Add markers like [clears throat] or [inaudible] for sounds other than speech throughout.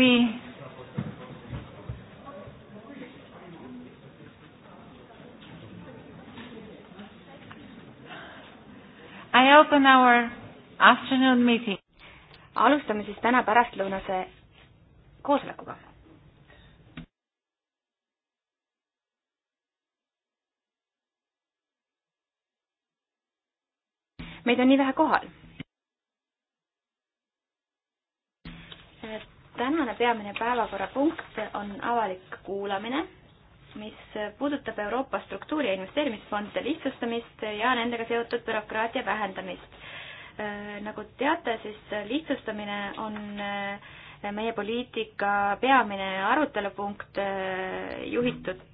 we I open our afternoon meeting. alustame siis täna pärastlõunase koosolekuga. meid on nii vähe kohal tänane peamine päevakorrapunkt on avalik kuulamine, mis puudutab Euroopa struktuuri- ja investeerimisfondide lihtsustamist ja nendega seotud bürokraatia vähendamist. Äh, nagu teate, siis lihtsustamine on äh, meie poliitika peamine arutelupunkt äh, juhitud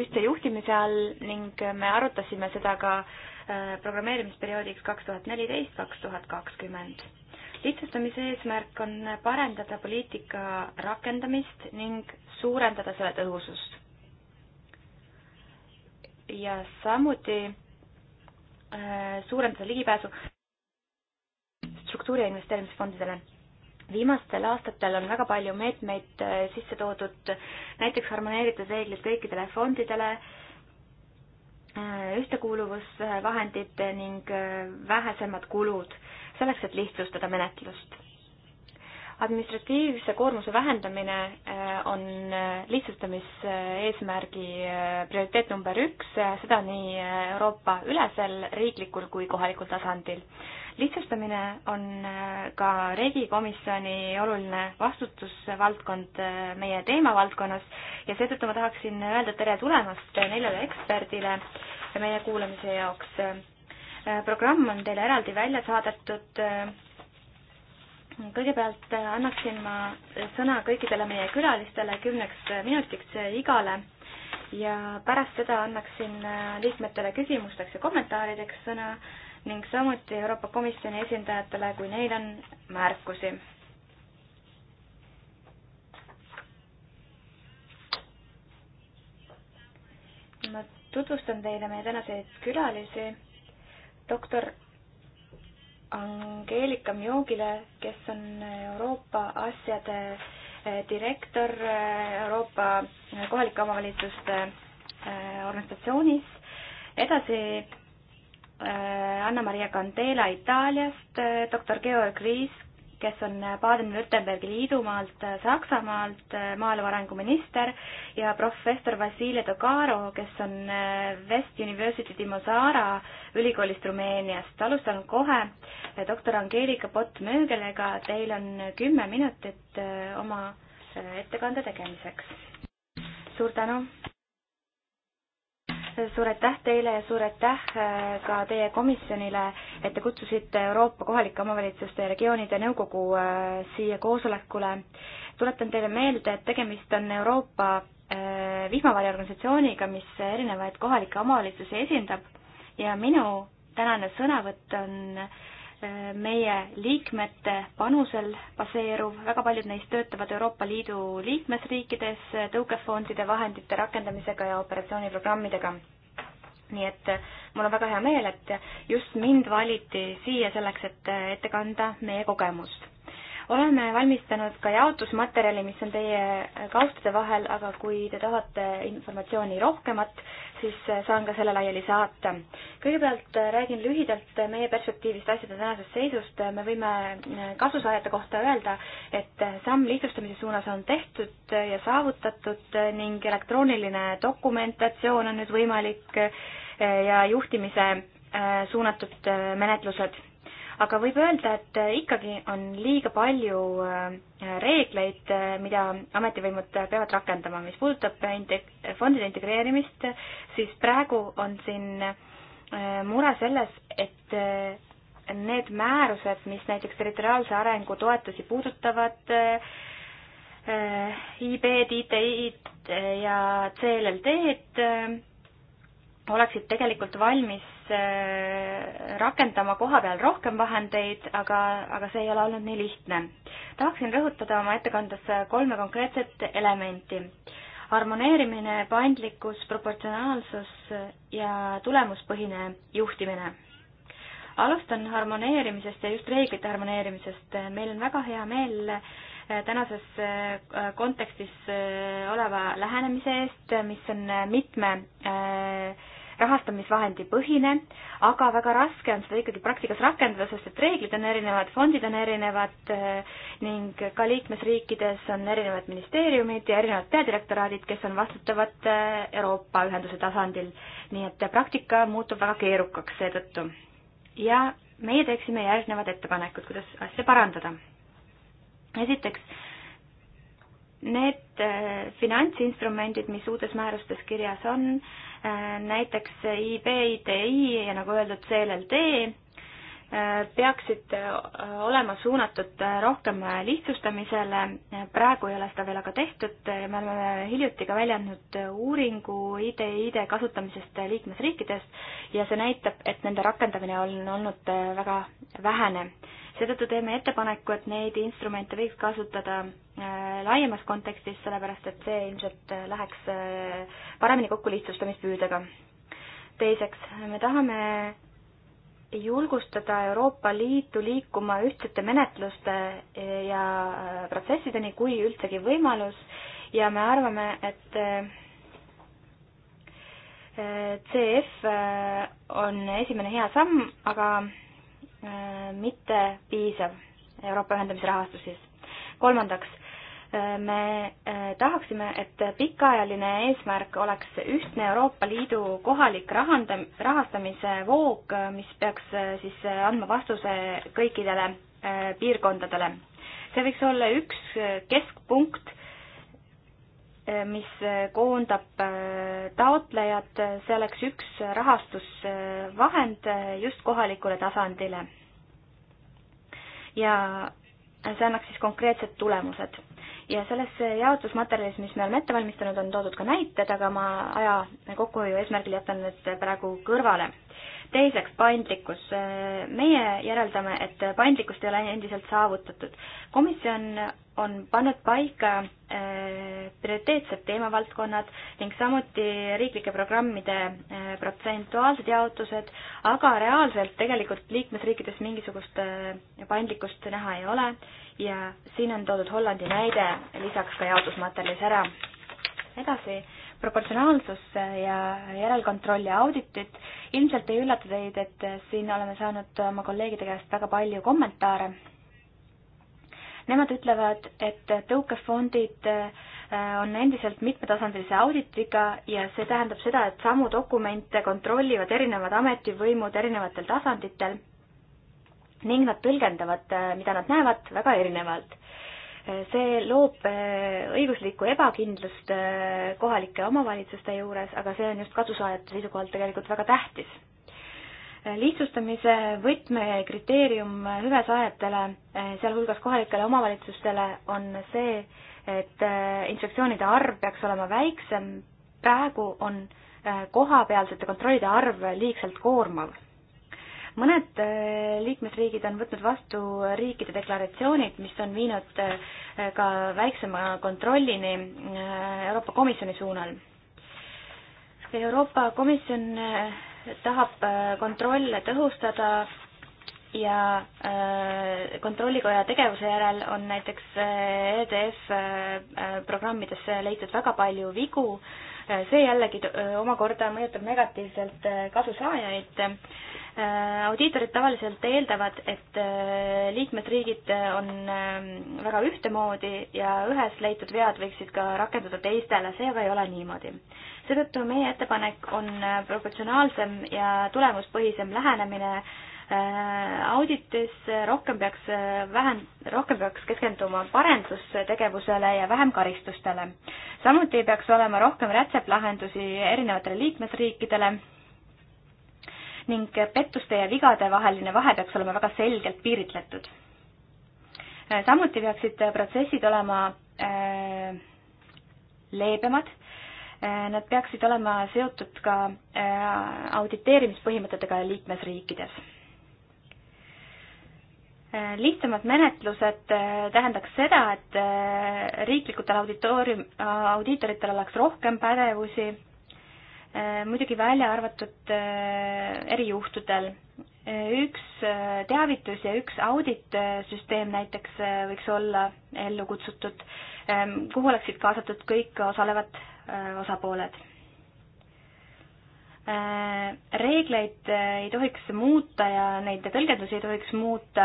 ühtse juhtimise all ning me arutasime seda ka programmeerimisperioodiks kaks tuhat neliteist, kaks tuhat kakskümmend lihtsustamise eesmärk on parendada poliitika rakendamist ning suurendada selle tõhusust. ja samuti äh, suurendada ligipääsu struktuuri ja investeerimisfondidele. viimastel aastatel on väga palju meetmeid äh, sisse toodud, näiteks harmoneeritud reeglid kõikidele fondidele, äh, ühtekuuluvusvahendid ning vähesemad kulud selleks, et lihtsustada menetlust. administratiivse koormuse vähendamine äh, on äh, lihtsustamiseesmärgi äh, prioriteet number üks, seda nii Euroopa ülesel, riiklikul kui kohalikul tasandil. lihtsustamine on ka regikomisjoni oluline vastutusvaldkond meie teemavaldkonnas ja seetõttu ma tahaksin öelda tere tulemast neljale eksperdile meie kuulamise jaoks Äh, programm on teile eraldi välja saadetud. Äh, kõigepealt äh, annaksin ma sõna kõikidele meie külalistele kümneks minutiks igale ja pärast seda annaksin liikmetele küsimusteks ja kommentaarideks sõna ning samuti Euroopa Komisjoni esindajatele, kui neil on märkusi ma tutvustan teile meie tänaseid külalisi doktor Angeelika Mjogile, kes on Euroopa asjade eh, direktor eh, Euroopa kohalike omavalitsuste eh, organisatsioonis. edasi Anna-Maria Candela Itaaliast, doktor Georg Riis kes on Baden-Württembergi liidumaalt, Saksamaalt maaelu arenguminister ja professor Vasile Dogaro, kes on äh, West University Timisoara ülikoolist Rumeeniast. alustanud kohe äh, doktor Angeelika Pott-Möögelega, teil on kümme minutit äh, oma ettekande tegemiseks. suur tänu suur aitäh teile ja suur aitäh äh, ka teie komisjonile, et te kutsusite Euroopa Kohalike Omavalitsuste ja Regioonide Nõukogu äh, siia koosolekule. tuletan teile meelde, et tegemist on Euroopa äh, vihmavarjuorganisatsiooniga, mis erinevaid kohalikke omavalitsusi esindab ja minu tänane sõnavõtt on äh, Äh, meie liikmete panusel baseeruv, väga paljud neist töötavad Euroopa Liidu liikmesriikides tõukefondide vahendite rakendamisega ja operatsiooniprogrammidega. nii et äh, mul on väga hea meel, et just mind valiti siia selleks, et äh, ette kanda meie kogemust oleme valmistanud ka jaotusmaterjali, mis on teie kaustade vahel, aga kui te tahate informatsiooni rohkemat, siis saan ka selle laiali saata. kõigepealt räägin lühidalt meie perspektiivist asjade tänasest seisust. me võime kasusaajate kohta öelda, et samm lihtsustamise suunas on tehtud ja saavutatud ning elektrooniline dokumentatsioon on nüüd võimalik ja juhtimise suunatud menetlused aga võib öelda, et äh, ikkagi on liiga palju äh, reegleid, äh, mida ametivõimud peavad rakendama. mis puudutab integ-, fondide integreerimist, siis praegu on siin mure selles, et need määrused, mis näiteks territoriaalse arengu toetusi puudutavad, IB-d, ITI-d ja CLLD-d, oleksid tegelikult valmis Äh, rakendama koha peal rohkem vahendeid, aga, aga see ei ole olnud nii lihtne. tahaksin rõhutada oma ettekandes kolme konkreetset elementi. harmoneerimine, paindlikkus, proportsionaalsus ja tulemuspõhine juhtimine. alustan harmoneerimisest ja just reeglite harmoneerimisest. meil on väga hea meel äh, tänases äh, kontekstis oleva lähenemise eest, mis on mitme äh, rahastamisvahendi põhine, aga väga raske on seda ikkagi praktikas rakendada, sest et reeglid on erinevad, fondid on erinevad eh, ning ka liikmesriikides on erinevad ministeeriumid ja erinevad peadirektoraadid, kes on vastutavad eh, Euroopa ühenduse tasandil. nii et praktika muutub väga keerukaks seetõttu. ja meie teeksime järgnevad ettepanekud, kuidas asja parandada. esiteks need eh, finantsinstrumendid, mis uutes määrustes kirjas on, näiteks IB, ITI ja nagu öeldud, CLLD äh, peaksid äh, olema suunatud äh, rohkem lihtsustamisele, praegu ei ole seda veel aga tehtud, me oleme hiljuti ka välja andnud uuringu ID-ID kasutamisest liikmesriikides ja see näitab, et nende rakendamine on olnud väga vähene seetõttu teeme ettepaneku, et neid instrumente võiks kasutada äh, laiemas kontekstis, sellepärast et see ilmselt äh, läheks äh, paremini kokku lihtsustamispüüdega. teiseks, me tahame julgustada Euroopa Liitu liikuma ühtsete menetluste ja protsessideni, kui üldsegi võimalus, ja me arvame, et CF on esimene hea samm, aga Äh, mitte piisav Euroopa ühendamise rahastus siis. kolmandaks, äh, me äh, tahaksime, et pikaajaline eesmärk oleks ühtne Euroopa Liidu kohalik rahandam-, rahastamise voog, mis peaks siis andma vastuse kõikidele piirkondadele. see võiks olla üks keskpunkt mis koondab äh, taotlejad, see oleks üks rahastusvahend äh, just kohalikule tasandile. ja see annaks siis konkreetsed tulemused. ja selles äh, jaotusmaterjalis, mis me oleme ette valmistanud, on toodud ka näited, aga ma aja kokkuhoiu eesmärgil jätan need praegu kõrvale teiseks, paindlikkus. meie järeldame, et paindlikkust ei ole endiselt saavutatud. komisjon on pannud paika eh, prioriteetsed teemavaldkonnad ning samuti riiklike programmide eh, protsentuaalsed jaotused, aga reaalselt tegelikult liikmesriikides mingisugust eh, paindlikkust näha ei ole ja siin on toodud Hollandi näide lisaks ka jaotusmaterjalis ära. edasi proportsionaalsus ja järelkontroll ja auditid. ilmselt ei üllata teid, et siin oleme saanud oma kolleegide käest väga palju kommentaare. Nemad ütlevad, et tõukefondid äh, on endiselt mitmetasandilise auditiga ja see tähendab seda, et samu dokumente kontrollivad erinevad ametivõimud erinevatel tasanditel ning nad tõlgendavad, äh, mida nad näevad, väga erinevalt see loob äh, õiguslikku ebakindlust äh, kohalike omavalitsuste juures, aga see on just kasusaajate seisukohalt tegelikult väga tähtis. Äh, lihtsustamise võtmekriteerium hüvesaajatele, sealhulgas kohalikele omavalitsustele, on see, et inspektsioonide arv peaks olema väiksem, praegu on kohapealsete kontrollide arv liigselt koormav mõned äh, liikmesriigid on võtnud vastu riikide deklaratsioonid, mis on viinud äh, ka väiksema kontrollini äh, Euroopa Komisjoni suunal. Euroopa Komisjon tahab kontrolle tõhustada ja kontrollikoja tegevuse järel on näiteks EDF programmidesse leitud väga palju vigu see jällegi omakorda mõjutab negatiivselt äh, kasusaajaid. Äh, audiitorid tavaliselt eeldavad, et äh, liikmesriigid on ähm, väga ühtemoodi ja ühes leitud vead võiksid ka rakenduda teistele, see aga ei ole niimoodi. seetõttu meie ettepanek on proportsionaalsem ja tulemuspõhisem lähenemine Äh, auditis rohkem peaks äh, vähem, rohkem peaks keskenduma parendustegevusele ja vähem karistustele. samuti peaks olema rohkem rätseplahendusi erinevatele liikmesriikidele ning pettuste ja vigade vaheline vahe peaks olema väga selgelt piiritletud. Äh, samuti peaksid protsessid olema äh, leebemad nad peaksid olema seotud ka auditeerimispõhimõtetega liikmesriikides lihtsamad menetlused äh, tähendaks seda, et äh, riiklikutel auditoorium, audiitoritel oleks rohkem pädevusi, äh, muidugi välja arvatud erijuhtudel. üks teavitus ja üks auditsüsteem näiteks võiks olla ellu kutsutud, kuhu oleksid kaasatud kõik osalevad osapooled Äh, reegleid äh, ei tohiks muuta ja neid tõlgendusi ei tohiks muuta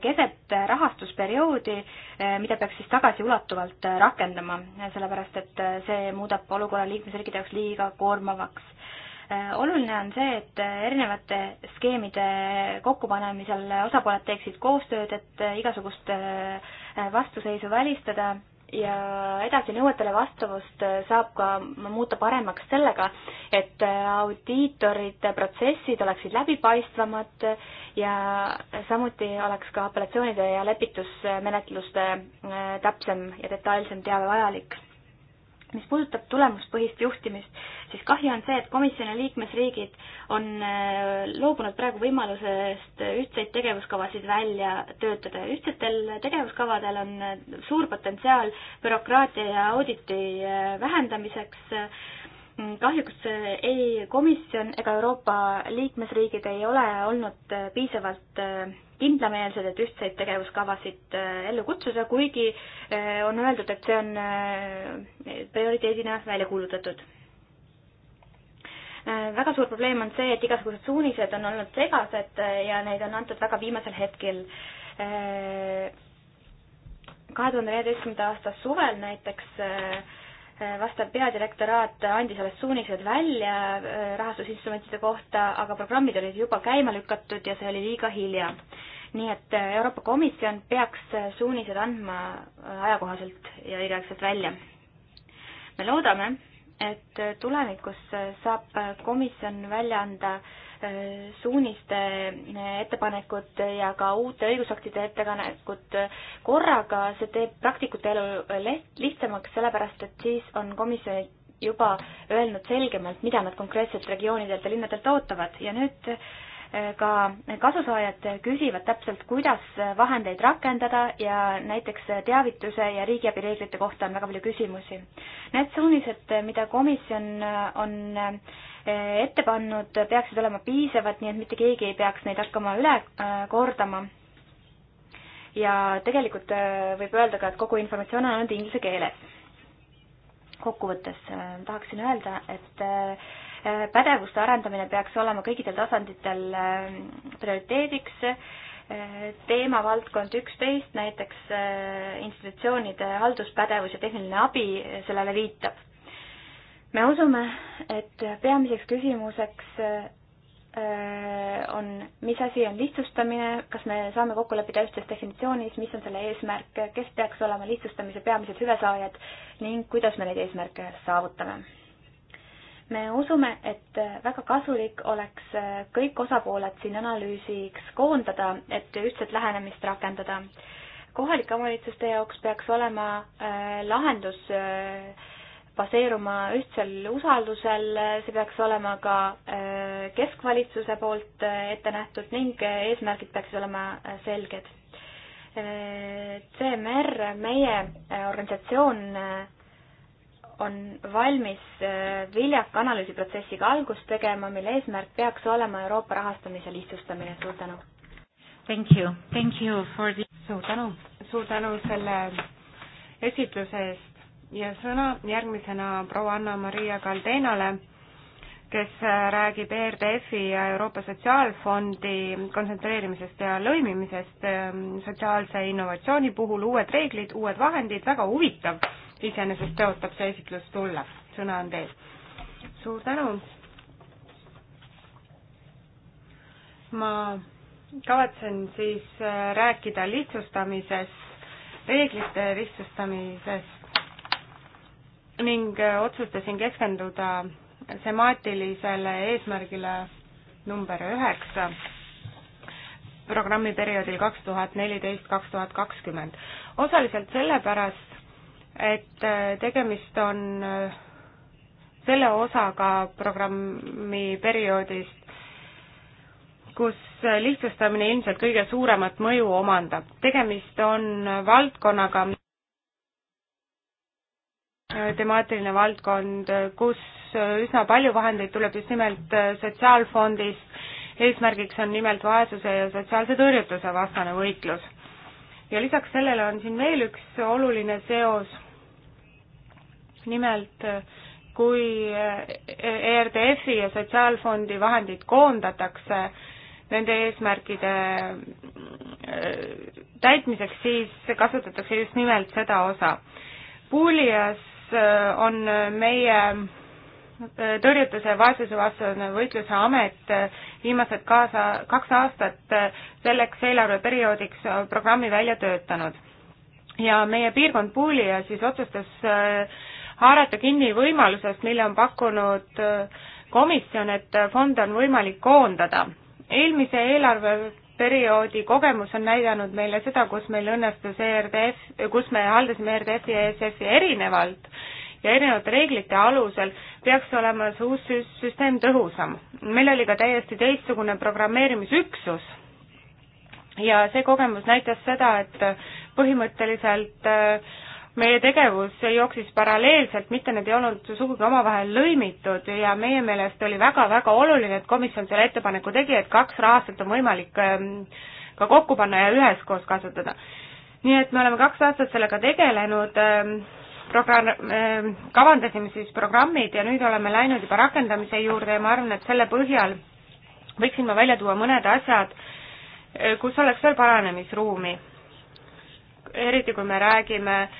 keset rahastusperioodi, äh, mida peaks siis tagasiulatuvalt rakendama, sellepärast et see muudab olukorra liikmesriikide jaoks liiga koormavaks. oluline on see, et erinevate skeemide kokkupanemisel osapooled teeksid koostööd, et igasugust vastuseisu välistada ja edasi nõuetele vastavust saab ka muuta paremaks sellega, et audiitorite protsessid oleksid läbipaistvamad ja samuti oleks ka apellatsioonide ja lepitusmenetluste täpsem ja detailsem teave vajalik mis puudutab tulemuspõhist juhtimist, siis kahju on see, et komisjoni liikmesriigid on äh, loobunud praegu võimalusest ühtseid tegevuskavasid välja töötada. ühtsetel tegevuskavadel on äh, suur potentsiaal bürokraatia ja auditi äh, vähendamiseks. Mm, kahjuks ei komisjon ega Euroopa liikmesriigid ei ole olnud piisavalt kindlameelsed, et ühtseid tegevuskavasid äh, ellu kutsuda, kuigi äh, on öeldud, et see on äh, prioriteedina välja kuulutatud. väga suur probleem on see, et igasugused suunised on olnud segased ja neid on antud väga viimasel hetkel. kahe tuhande neljateistkümnenda aasta suvel näiteks vastav peadirektoraat andis alles suunised välja äh, rahastusinstrumentide kohta, aga programmid olid juba käima lükatud ja see oli liiga hilja. nii et äh, Euroopa Komisjon peaks äh, suunised andma ajakohaselt ja õigeaegselt välja. me loodame, et tulevikus saab komisjon välja anda äh, Äh, suuniste äh, ettepanekut ja ka uute õigusaktide ettepanekut äh, korraga, see teeb praktikute elu lihtsamaks, sellepärast et siis on komisjonid juba öelnud selgemalt, mida nad konkreetselt regioonidelt ja linnadelt ootavad ja nüüd ka kasusaajad küsivad täpselt, kuidas vahendeid rakendada ja näiteks teavituse ja riigiabi reeglite kohta on väga palju küsimusi. Need suunised, mida komisjon on Äh, ette pannud, peaksid olema piisavad, nii et mitte keegi ei peaks neid hakkama üle äh, kordama. ja tegelikult äh, võib öelda ka, et kogu informatsioon on ainult inglise keeles. kokkuvõttes tahaksin öelda, et pädevuste arendamine peaks olema kõikidel tasanditel prioriteediks teemavaldkond üksteist, näiteks institutsioonide halduspädevus ja tehniline abi sellele viitab me usume, et peamiseks küsimuseks äh, on, mis asi on lihtsustamine, kas me saame kokku leppida ühtses definitsioonis, mis on selle eesmärk, kes peaks olema lihtsustamise peamised hüvesaajad ning kuidas me neid eesmärke saavutame. me usume, et väga kasulik oleks kõik osapooled siin analüüsiks koondada, et ühtset lähenemist rakendada. kohalike omavalitsuste jaoks peaks olema äh, lahendus äh, baseeruma ühtsel usaldusel, see peaks olema ka äh, keskvalitsuse poolt äh, ette nähtud ning äh, eesmärgid peaksid olema selged. CMR, meie organisatsioon on valmis viljaka analüüsiprotsessiga algust tegema, mille eesmärk peaks olema Euroopa rahastamise lihtsustamine, suur tänu! Thank you, thank you for the suur tänu, suur tänu selle esitluse eest ja sõna järgmisena proua Anna-Maria Kaldenale, kes äh, räägib ERDF-i ja Euroopa Sotsiaalfondi kontsentreerimisest ja lõimimisest ähm, sotsiaalse innovatsiooni puhul, uued reeglid, uued vahendid, väga huvitav iseenesest tõotab see esitlus tulla. sõna on teil. suur tänu. ma kavatsen siis äh, rääkida lihtsustamisest, reeglite lihtsustamisest ning äh, otsustasin keskenduda semaatilisele eesmärgile number üheksa programmiperioodil kaks tuhat neliteist, kaks tuhat kakskümmend. osaliselt sellepärast, et äh, tegemist on äh, selle osaga programmi perioodist, kus lihtsustamine ilmselt kõige suuremat mõju omandab. tegemist on valdkonnaga, Äh, temaatiline valdkond, äh, kus äh, üsna palju vahendeid tuleb just nimelt sotsiaalfondist, eesmärgiks on nimelt vaesuse ja sotsiaalse tõrjutuse vastane võitlus. ja lisaks sellele on siin veel üks oluline seos, nimelt kui ERDF-i ja Sotsiaalfondi vahendid koondatakse nende eesmärkide täitmiseks, siis kasutatakse just nimelt seda osa. Puulias Äh, on meie äh, tõrjutuse vaesuse vastane võitluse amet äh, viimased kaasa, kaks aastat selleks eelarveperioodiks programmi välja töötanud. ja meie piirkond Puulija siis otsustas haarata kinni võimalusest, mille on pakkunud komisjon, et fond on võimalik koondada. eelmise eelarve perioodi kogemus on näidanud meile seda, kus meil õnnestus ERDF, kus me haldasime ERDF-i ja ESF-i erinevalt ja erinevate reeglite alusel, peaks olema see uus süsteem tõhusam. meil oli ka täiesti teistsugune programmeerimisüksus ja see kogemus näitas seda, et põhimõtteliselt äh, meie tegevus jooksis paralleelselt, mitte need ei olnud sugugi omavahel lõimitud ja meie meelest oli väga-väga oluline, et komisjon selle ettepaneku tegi, et kaks rahastut on võimalik ähm, ka kokku panna ja üheskoos kasutada. nii et me oleme kaks aastat sellega tegelenud, ähm, programm, ähm, kavandasime siis programmid ja nüüd oleme läinud juba rakendamise juurde ja ma arvan, et selle põhjal võiksin ma välja tuua mõned asjad, äh, kus oleks veel paranemisruumi. eriti kui me räägime äh,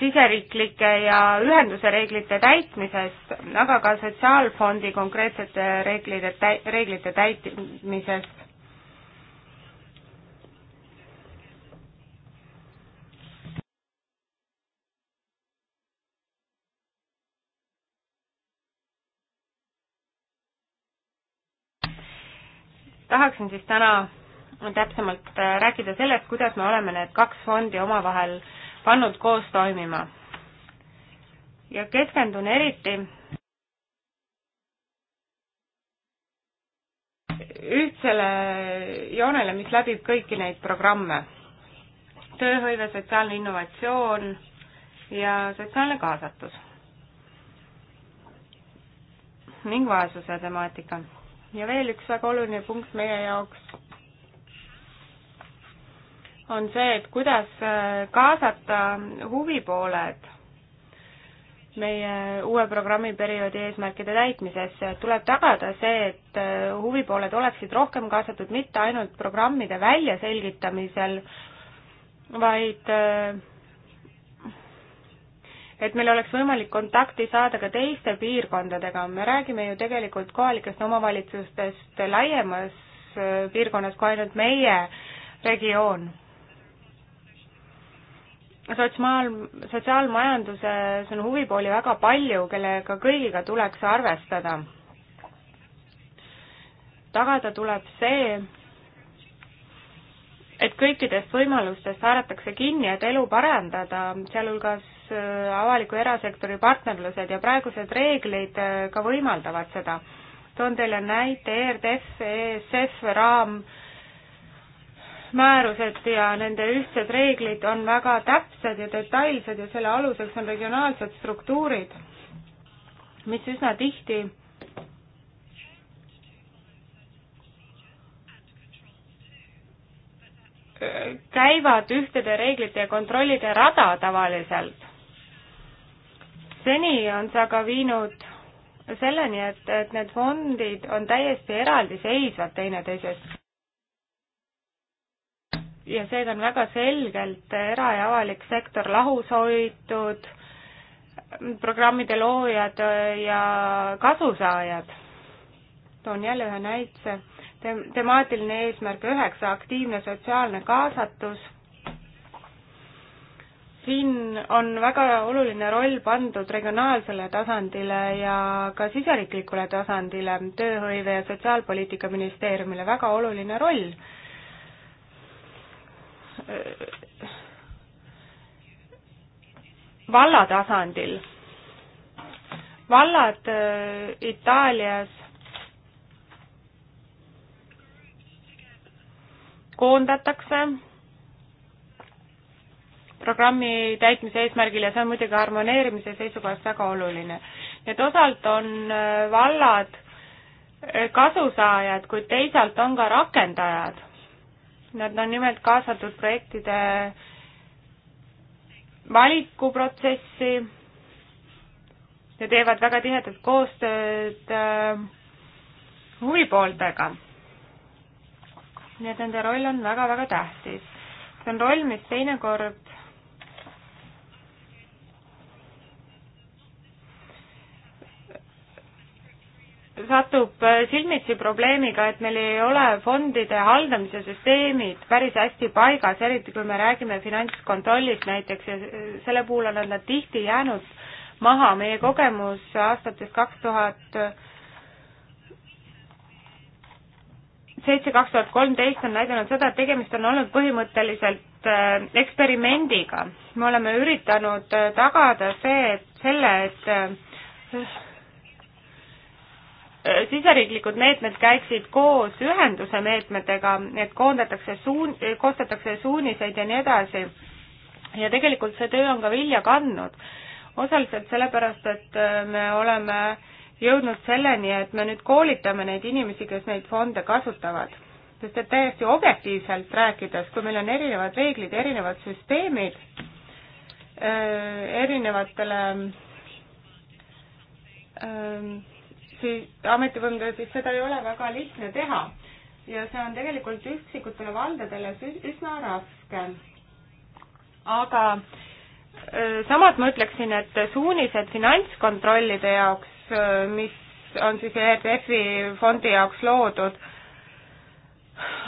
siseriiklike ja ühenduse reeglite täitmisest, aga ka Sotsiaalfondi konkreetsete reeglide, reeglite täitmisest. tahaksin siis täna täpsemalt äh, rääkida sellest, kuidas me oleme need kaks fondi omavahel äh, pannud koos toimima. ja keskendun eriti ühtsele joonele, mis läbib kõiki neid programme. tööhõive, sotsiaalne innovatsioon ja sotsiaalne kaasatus. ning vaesuse temaatika. ja veel üks väga oluline punkt meie jaoks on see, et kuidas äh, kaasata huvipooled meie uue programmiperioodi eesmärkide täitmisesse, tuleb tagada see, et äh, huvipooled oleksid rohkem kaasatud mitte ainult programmide väljaselgitamisel, vaid äh, et meil oleks võimalik kontakti saada ka teiste piirkondadega, me räägime ju tegelikult kohalikest omavalitsustest laiemas piirkonnas kui ainult meie regioon sotsiaal, sotsiaalmajanduses on huvipooli väga palju, kellega kõigiga tuleks arvestada. tagada tuleb see, et kõikidest võimalustest haaratakse kinni, et elu parandada, sealhulgas äh, avaliku erasektori partnerlused ja praegused reeglid äh, ka võimaldavad seda. toon teile näite ERDF, ESF raam, määrused ja nende ühtsed reeglid on väga täpsed ja detailsed ja selle aluseks on regionaalsed struktuurid, mis üsna tihti käivad ühtede reeglite ja kontrollide rada tavaliselt. seni on see aga viinud selleni, et, et need fondid on täiesti eraldiseisvad teineteisest ja seega on väga selgelt era- ja avalik sektor lahus hoitud, programmide loojad äh, ja kasusaajad. toon jälle ühe näituse Te,, temaatiline eesmärk üheksa, aktiivne sotsiaalne kaasatus. siin on väga oluline roll pandud regionaalsele tasandile ja ka siseriiklikule tasandile, tööhõive ja sotsiaalpoliitika ministeeriumile väga oluline roll Äh, valla tasandil. vallad äh, Itaalias koondatakse programmi täitmise eesmärgil ja see on muidugi harmoneerimise seisukohast väga oluline. et osalt on äh, vallad kasusaajad, kuid teisalt on ka rakendajad Nad on nimelt kaasatud projektide valikuprotsessi ja teevad väga tihedat koostööd äh, huvipooltega. nii et nende roll on väga-väga tähtis. see on roll, mis teinekord satub äh, silmitsi probleemiga, et meil ei ole fondide haldamise süsteemid päris hästi paigas, eriti kui me räägime finantskontrollist näiteks ja selle puhul on nad tihti jäänud maha. meie kogemus aastatest kaks tuhat seitse, kaks tuhat kolmteist on näidanud seda, et tegemist on olnud põhimõtteliselt äh, eksperimendiga. me oleme üritanud äh, tagada see, et selle, et Äh, siseriiklikud meetmed käiksid koos ühenduse meetmetega, et koondatakse suun-, äh, koostatakse suuniseid ja nii edasi. ja tegelikult see töö on ka vilja kandnud. osaliselt sellepärast, et äh, me oleme jõudnud selleni, et me nüüd koolitame neid inimesi, kes neid fonde kasutavad. sest et täiesti objektiivselt rääkides, kui meil on erinevad reeglid, erinevad süsteemid, erinevatele öö, ähm, siis ametivõimudel, siis seda ei ole väga lihtne teha. ja see on tegelikult üksikutele valdadele üsna raske. aga äh, samas ma ütleksin, et suunised finantskontrollide jaoks, äh, mis on siis ERF-i fondi jaoks loodud,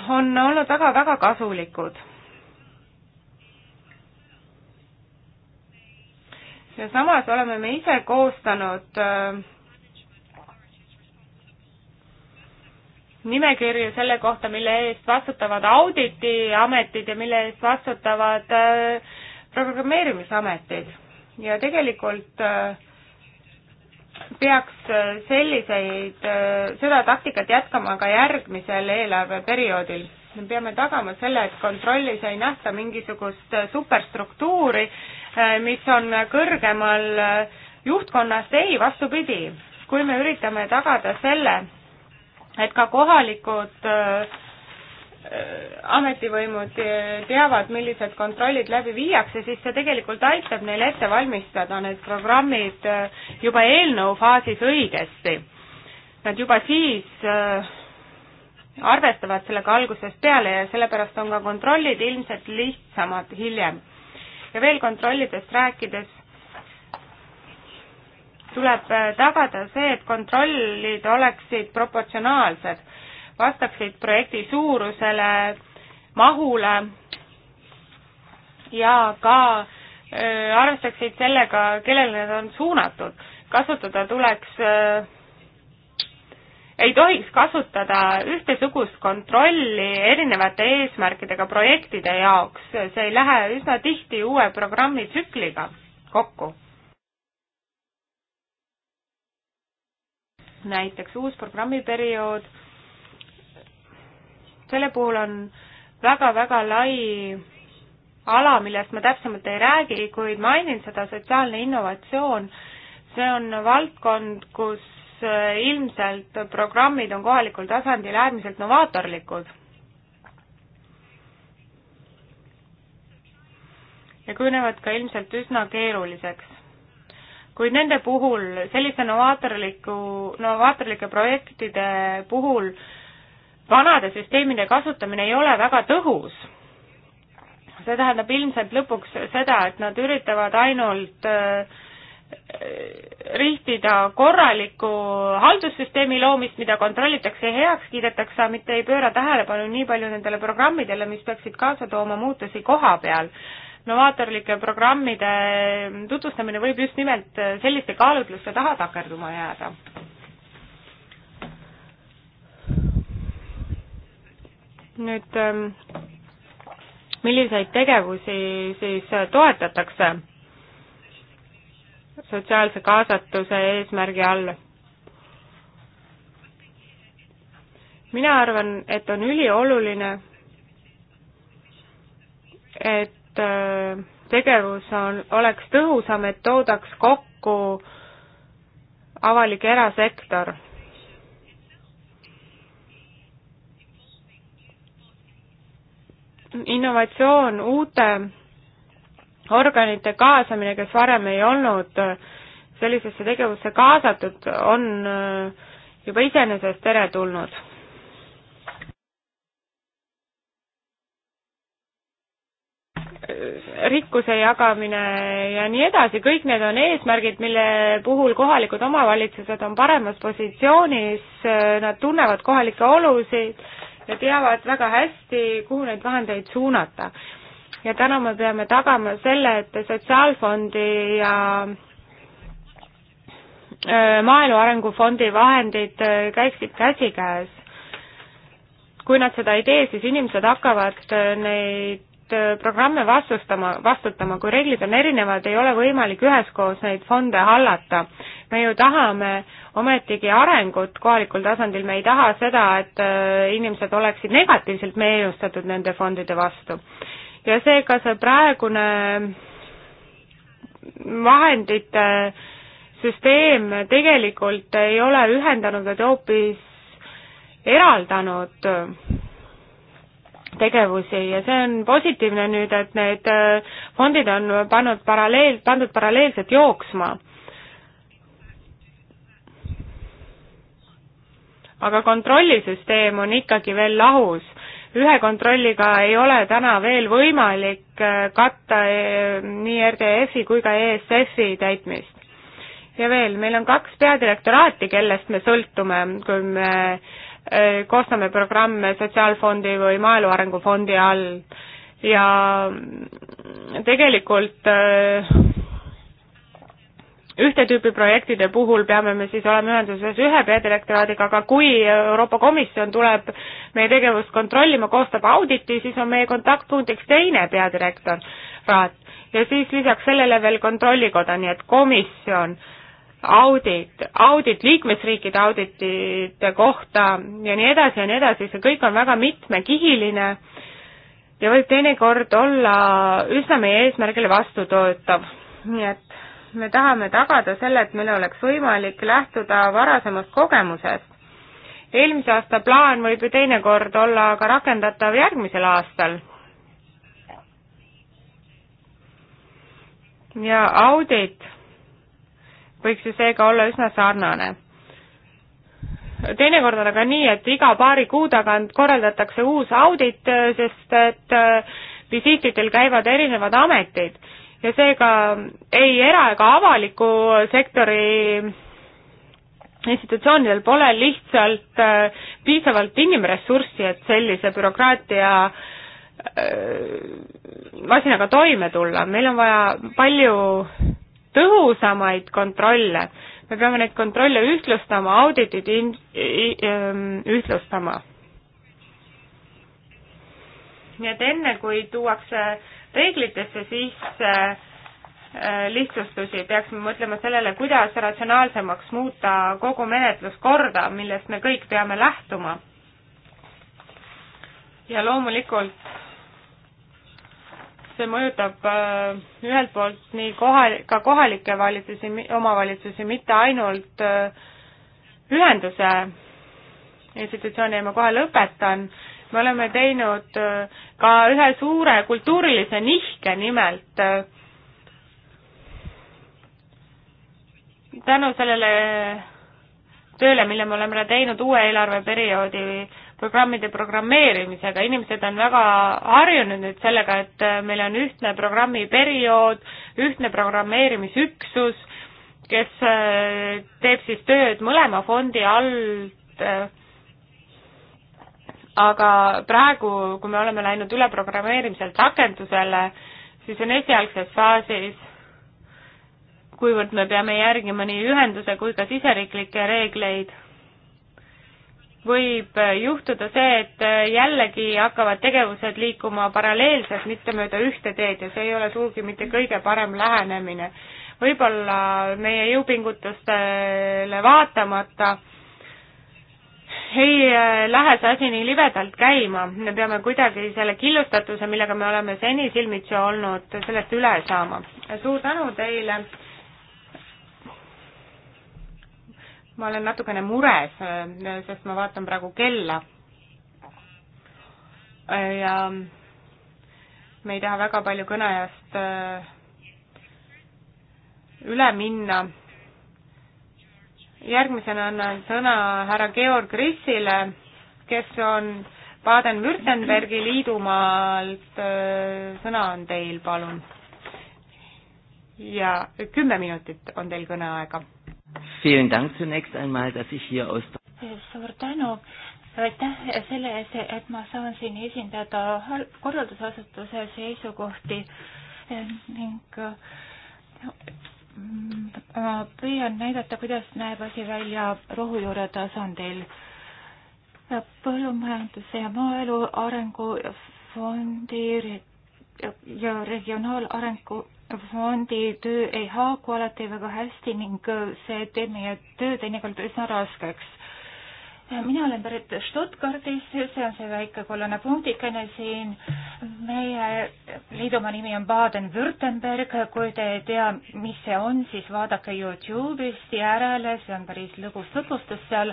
on olnud väga-väga kasulikud. ja samas oleme me ise koostanud äh, nimekirju selle kohta, mille eest vastutavad auditiametid ja mille eest vastutavad äh, programmeerimisametid. ja tegelikult äh, peaks äh, selliseid, seda taktikat jätkama ka järgmisel eelarveperioodil. me peame tagama selle, et kontrollis ei nähta mingisugust superstruktuuri, mis on kõrgemal juhtkonnast, ei, vastupidi, kui me üritame tagada selle, et ka kohalikud äh, ametivõimud äh, teavad, millised kontrollid läbi viiakse, siis see tegelikult aitab neil ette valmistada need programmid äh, juba eelnõu faasis õigesti. Nad juba siis arvestavad sellega algusest peale ja sellepärast on ka kontrollid ilmselt lihtsamad hiljem. ja veel kontrollidest rääkides tuleb äh, tagada see, et kontrollid oleksid proportsionaalsed, vastaksid projekti suurusele, mahule ja ka öö, äh, arvestaksid sellega, kellele need on suunatud. kasutada tuleks, äh, ei tohiks kasutada ühtesugust kontrolli erinevate eesmärkidega projektide jaoks, see ei lähe üsna tihti uue programmi tsükliga kokku näiteks uus programmiperiood, selle puhul on väga-väga lai ala, millest ma täpsemalt ei räägi, kuid mainin seda, sotsiaalne innovatsioon, see on valdkond, kus äh, ilmselt programmid on kohalikul tasandil äärmiselt novaatorlikud. ja kujunevad ka ilmselt üsna keeruliseks kuid nende puhul, selliste novaatorliku, novaatorlike projektide puhul vanade süsteemide kasutamine ei ole väga tõhus. see tähendab ilmselt lõpuks seda, et nad üritavad ainult äh, rihtida korraliku haldussüsteemi loomist, mida kontrollitakse ja heaks kiidetakse, mitte ei pööra tähelepanu nii palju nendele programmidele, mis peaksid kaasa tooma muutusi koha peal novaatorlike programmide tutvustamine võib just nimelt selliste kaalutluste taha takerduma jääda. nüüd ähm, milliseid tegevusi siis toetatakse sotsiaalse kaasatuse eesmärgi all? mina arvan, et on ülioluline, et Äh, tegevus on, oleks tõhusam, et toodaks kokku avalik erasektor. innovatsioon, uute organite kaasamine, kes varem ei olnud äh, sellisesse tegevusse kaasatud, on äh, juba iseenesest teretulnud rikkuse jagamine ja nii edasi, kõik need on eesmärgid, mille puhul kohalikud omavalitsused on paremas positsioonis, nad tunnevad kohalikke olusid ja teavad väga hästi, kuhu neid vahendeid suunata. ja täna me peame tagama selle, et Sotsiaalfondi ja äh, Maaelu Arengufondi vahendid äh, käiksid käsikäes kui nad seda ei tee, siis inimesed hakkavad äh, neid erinevaid äh, programme vastustama, vastutama, kui reeglid on erinevad, ei ole võimalik üheskoos neid fonde hallata. me ju tahame ometigi arengut kohalikul tasandil, me ei taha seda, et äh, inimesed oleksid negatiivselt meelustatud nende fondide vastu. ja seega see praegune vahendite süsteem tegelikult ei ole ühendanud, vaid hoopis eraldanud tegevusi ja see on positiivne nüüd, et need äh, fondid on pannud paralleel, pandud paralleelselt jooksma. aga kontrollisüsteem on ikkagi veel lahus. ühe kontrolliga ei ole täna veel võimalik äh, katta äh, nii RDF-i kui ka ESF-i täitmist. ja veel, meil on kaks peadirektoraati, kellest me sõltume, kui me Äh, koostame programme Sotsiaalfondi või Maaelu Arengu Fondi all ja tegelikult äh, ühte tüüpi projektide puhul peame me siis olema ühenduses ühe peadirektoraadiga, aga kui Euroopa Komisjon tuleb meie tegevust kontrollima, koostab auditi, siis on meie kontaktpunktiks teine peadirektoraat ja siis lisaks sellele veel Kontrollikoda, nii et komisjon äh, audit, audit liikmesriikide auditite kohta ja nii edasi ja nii edasi, see kõik on väga mitmekihiline ja võib teinekord olla üsna meie eesmärgile vastutöötav. nii et me tahame tagada selle, et meil oleks võimalik lähtuda varasemast kogemusest. eelmise aasta plaan võib ju teinekord olla ka rakendatav järgmisel aastal. ja audit võiks ju seega olla üsna sarnane. teinekord on aga nii, et iga paari kuu tagant korraldatakse uus audit, sest et äh, visiitidel käivad erinevad ametid ja seega ei era- ega avaliku sektori institutsioonidel pole lihtsalt äh, piisavalt inimressurssi, et sellise bürokraatia äh, masinaga toime tulla, meil on vaja palju tõhusamaid kontrolle. me peame neid kontrolle ühtlustama, auditid in-, ehm, ühtlustama. nii et enne, kui tuuakse reeglitesse sisse äh, lihtsustusi, peaksime mõtlema sellele, kuidas ratsionaalsemaks muuta kogu menetluskorda, millest me kõik peame lähtuma. ja loomulikult see mõjutab äh, ühelt poolt nii kohal, ka kohalikke valitsusi, omavalitsusi, mitte ainult äh, ühenduse institutsiooni ja ma kohe lõpetan, me oleme teinud äh, ka ühe suure kultuurilise nihke nimelt tänu sellele tööle, mille me oleme teinud uue eelarveperioodi programmide programmeerimisega, inimesed on väga harjunud nüüd sellega, et äh, meil on ühtne programmiperiood, ühtne programmeerimisüksus, kes äh, teeb siis tööd mõlema fondi alt, äh. aga praegu, kui me oleme läinud üle programmeerimiselt rakendusele, siis on esialgses faasis, kuivõrd me peame järgima nii ühenduse kui ka siseriiklikke reegleid võib juhtuda see, et jällegi hakkavad tegevused liikuma paralleelselt, mitte mööda ühte teed ja see ei ole sugugi mitte kõige parem lähenemine. võib-olla meie jõupingutustele vaatamata ei äh, lähe see asi nii libedalt käima, me peame kuidagi selle killustatuse, millega me oleme seni silmitsi olnud, sellest üle saama. suur tänu teile ma olen natukene mures, äh, sest ma vaatan praegu kella. Äh, ja me ei taha väga palju kõneajast äh, üle minna. järgmisena annan sõna härra Georg Rissile, kes on Baden-Württembergi liidumaalt, sõna on teil, palun. ja kümme minutit on teil kõneaega Vielen Dank zunächst einmal, dass ich hier aus. suur tänu, aitäh selle eest, et ma saan siin esindada korraldusasutuse seisukohti ning mm, ma püüan näidata, kuidas näeb asi välja rohujuure tasandil. põllumajanduse ja maaelu arengufondi ja regionaalarengu fondi töö ei haaku alati väga hästi ning see teeb meie töö teinekord üsna raskeks. mina olen pärit Stuttgardist, see on see väike kollane punktikene siin. meie liidumaa nimi on Baden-Württemberg, kui te ei tea, mis see on, siis vaadake Youtube'ist järele, see on päris lõbus tutvustus seal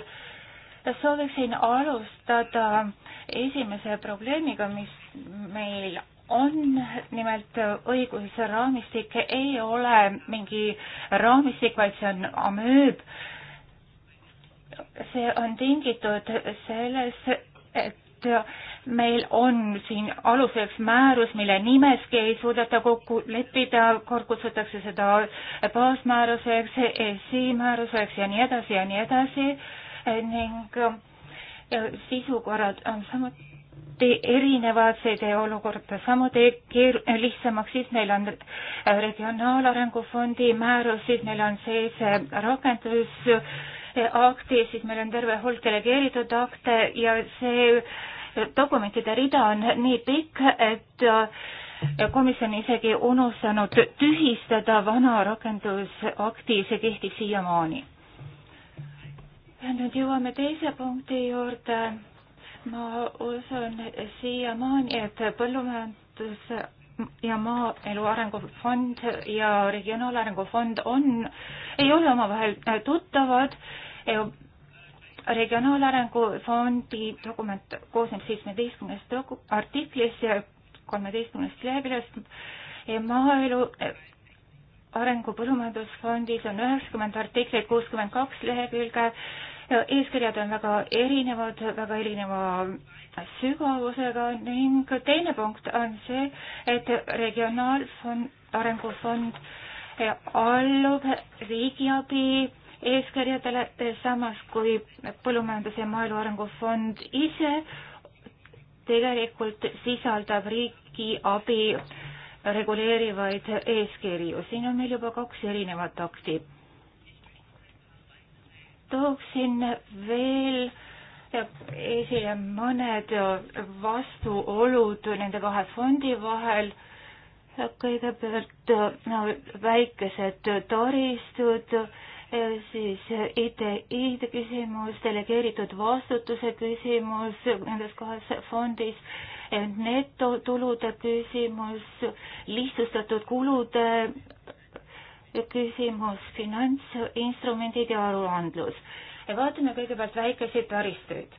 sooviksin alustada esimese probleemiga, mis meil on nimelt õiguse raamistik, ei ole mingi raamistik, vaid see on amööb. see on tingitud selles, et meil on siin aluseks määrus, mille nimeski ei suudeta kokku leppida, kutsutakse seda baasmääruseks, ESI määruseks ja nii edasi ja nii edasi ning sisukorrad on samuti samuti erinevad, see ei tee olukorda samuti keer-, lihtsamaks, siis meil on äh, Regionaalarengu Fondi määrus, siis meil on see, see äh, rakendusakti, siis meil on terve hulk delegeeritud akte ja see äh, dokumentide rida on nii pikk, et komisjon isegi unustanud tühistada vana rakendusakti, see kehtib siiamaani. ja nüüd jõuame teise punkti juurde ma usun siiamaani, et põllumajandus ja maaelu arengufond ja regionaalarengu fond on, ei ole omavahel äh, tuttavad. E, regionaalarengu fondi dokument koosneb seitsmeteistkümnest artiklist ja kolmeteistkümnest leheküljest. E, maaelu e, arengu põllumajandusfondis on üheksakümmend artiklit, kuuskümmend kaks lehekülge eeskirjad on väga erinevad, väga erineva sügavusega ning teine punkt on see, et regionaalfond, arengufond eh, allub riigiabi eeskirjadele, samas kui Põllumajandus- ja Maaelu Arengufond ise tegelikult sisaldab riigiabi reguleerivaid eeskirju. siin on meil juba kaks erinevat akti tooksin veel esile mõned vastuolud nende kahe fondi vahel. kõigepealt no, väikesed taristud, siis ITI-de küsimus, delegeeritud vastutuse küsimus nendes kahes fondis, netotulude küsimus, lihtsustatud kulude küsimus finantsinstrumendid ja aruandlus. vaatame kõigepealt väikeseid taristuid.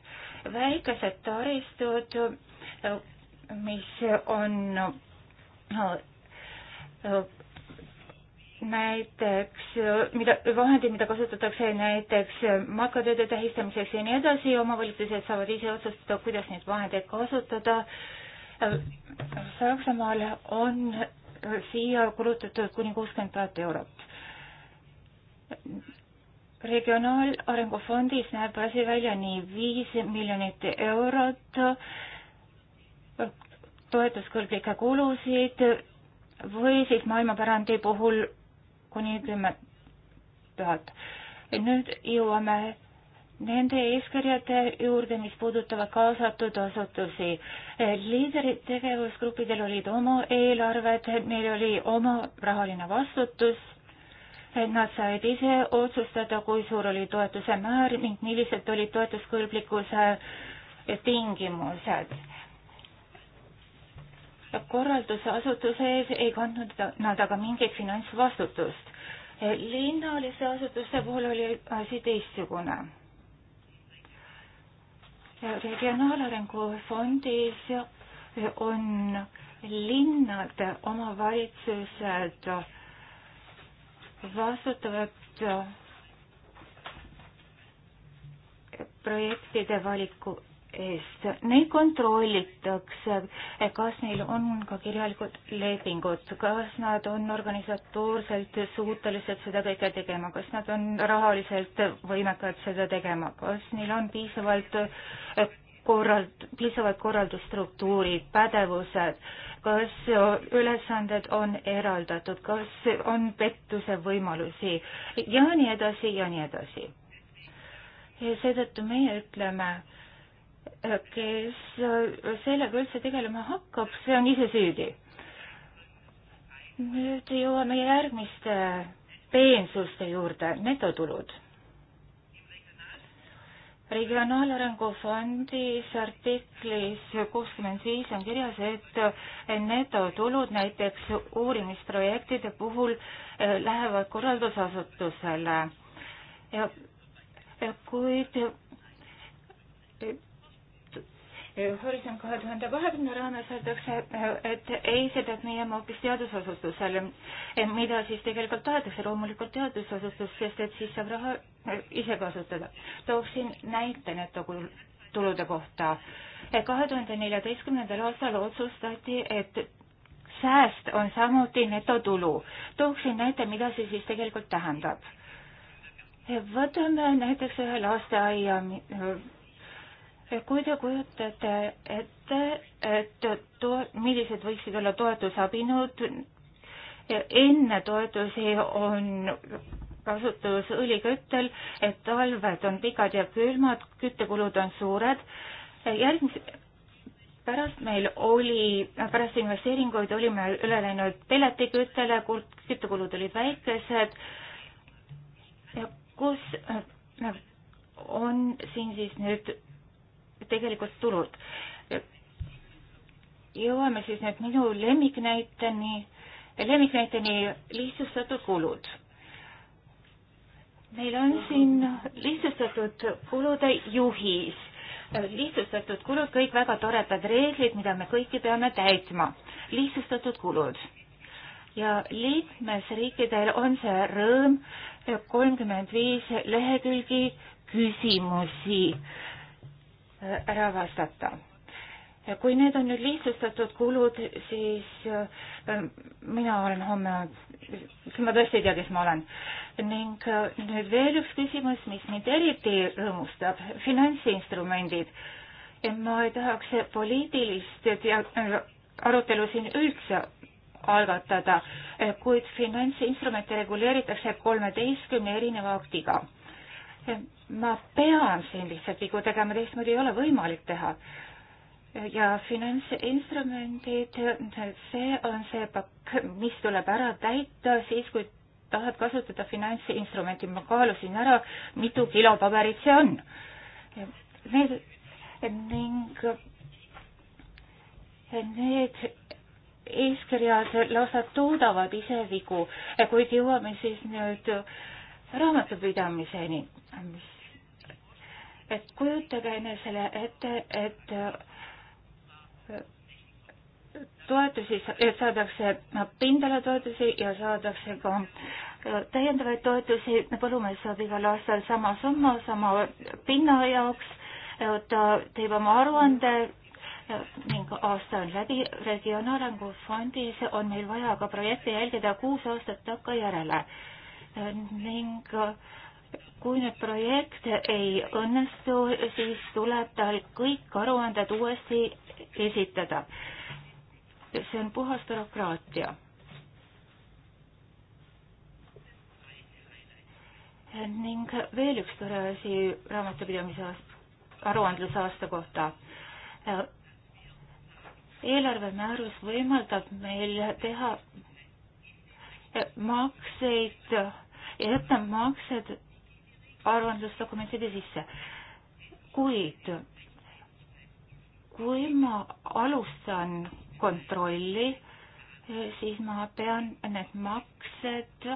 väikesed taristud, mis on näiteks, mida, vahendid, mida kasutatakse näiteks matkatööde tähistamiseks ja nii edasi, omavalitsused saavad ise otsustada, kuidas neid vahendeid kasutada. Saksamaal on siia kulutatud kuni kuuskümmend tuhat eurot. regionaalarengu fondis näeb asi välja nii, viis miljonit eurot toetuskõlblikke kulusid või siis maailmapärandi puhul kuni kümme tuhat. nüüd jõuame nende eeskirjade juurde, mis puudutavad kaasatud asutusi. liiderid tegevusgruppidel olid oma eelarved, neil oli oma rahaline vastutus, nad said ise otsustada, kui suur oli toetuse määr ning millised olid toetuskõlblikkuse tingimused korraldusasutuse ees ei kandnud nad aga mingit finantsvastutust. linnaliste asutuste puhul oli asi teistsugune regionaalarengu fondis on linnad, omavalitsused vastutavad projektide valiku eest. Neid kontrollitakse, kas neil on ka kirjalikud lepingud, kas nad on organisatoorselt suutelised seda kõike tegema, kas nad on rahaliselt võimekad seda tegema, kas neil on piisavalt eh, korrald-, piisavad korraldusstruktuurid, pädevused, kas ülesanded on eraldatud, kas on pettuse võimalusi ja nii edasi ja nii edasi. seetõttu meie ütleme, kes äh, sellega üldse tegelema hakkab, see on ise süüdi. nüüd jõuame järgmiste peensuste juurde, netotulud. regionaalarengu fondis artiklis kuuskümmend viis on kirjas, et netotulud äh, näiteks uurimisprojektide puhul äh, lähevad korraldusasutusele ja, ja kuid Horisont kahe tuhande kahekümne raames öeldakse, et EISED, et meie oleme hoopis teadusasutusel, mida siis tegelikult tahetakse, loomulikult teadusasutus, sest et siis saab raha eh, ise kasutada. tooksin näite netotulude kohta. Eh, kahe tuhande neljateistkümnendal aastal otsustati, et sääst on samuti netotulu. tooksin näite, mida see siis tegelikult tähendab. Eh, võtame näiteks ühe lasteaia kui te kujutate ette, et to, millised võiksid olla toetusabinõud, enne toetusi on kasutus õliküttel, et talved on pikad ja külmad, küttekulud on suured. järgmise, pärast meil oli, pärast investeeringuid olime üle läinud pelletiküttele, küttekulud olid väikesed, kus äh, on siin siis nüüd tegelikult tulud. jõuame siis nüüd minu lemmiknäiteni, lemmiknäiteni lihtsustatud kulud. meil on siin lihtsustatud kulude juhis, lihtsustatud kulud, kõik väga toredad reeglid, mida me kõiki peame täitma, lihtsustatud kulud ja liikmesriikidel on see rõõm kolmkümmend viis lehekülgi küsimusi ära vastata. ja kui need on nüüd lihtsustatud kulud, siis äh, mina olen homme, siis ma tõesti ei tea, kes ma olen. ning äh, nüüd veel üks küsimus, mis mind eriti rõõmustab, finantsinstrumendid. ma ei tahaks poliitilist arutelu siin üldse algatada, kuid finantsinstrumente reguleeritakse kolmeteistkümne erineva aktiga ma pean siin lihtsalt vigu tegema, teistmoodi ei ole võimalik teha. ja finantsinstrumendid, see on see pakk, mis tuleb ära täita siis, kui tahad kasutada finantsinstrumenti, ma kaalusin ära, mitu kilo paberit see on. Need ning need eeskirjad lausa toodavad ise vigu, kuid jõuame siis nüüd äh, raamatupidamiseni. et kujutage enesele ette, et toetusi, et saadakse pindala toetusi ja saadakse ka täiendavaid toetusi, põllumees saab igal aastal sama summa, sama pinna jaoks, ta teeb oma aruande ning aasta on läbi. regionaalarengu fondis on meil vaja ka projekte jälgida kuus aastat takkajärele ning äh, kui nüüd projekt ei õnnestu, siis tuleb tal kõik aruanded uuesti esitada. see on puhas bürokraatia. ning veel üks tore asi raamatupidamise aruandlusaasta kohta äh, eelarvemäärus võimaldab meil teha makseid ja jätta maksed arvandusdokumentide sisse. kuid kui ma alustan kontrolli, siis ma pean need maksed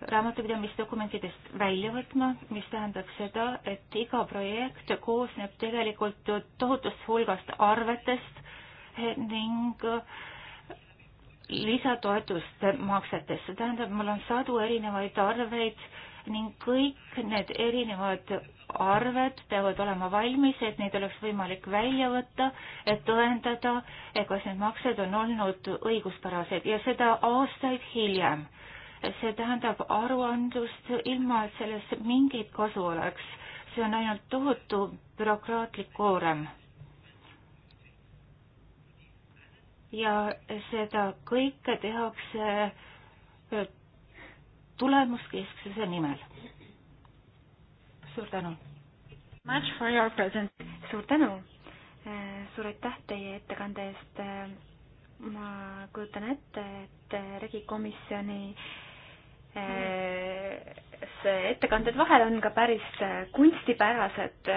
raamatupidamisdokumentidest välja võtma, mis tähendab seda, et iga projekt koosneb tegelikult tohutust hulgast arvetest ning äh, lisatoetuste maksetest, see tähendab, mul on sadu erinevaid arveid ning kõik need erinevad arved peavad olema valmis, et neid oleks võimalik välja võtta, et tõendada, kas need maksed on olnud õiguspärased ja seda aastaid hiljem. see tähendab aruandlust, ilma et sellest mingit kasu oleks. see on ainult tohutu bürokraatlik koorem ja seda kõike tehakse äh, tulemuskesksuse nimel. suur tänu! suur tänu! Äh, suur aitäh teie ettekande eest. Äh, ma kujutan ette, et regikomisjoni see ettekanded vahel on ka päris kunstipärased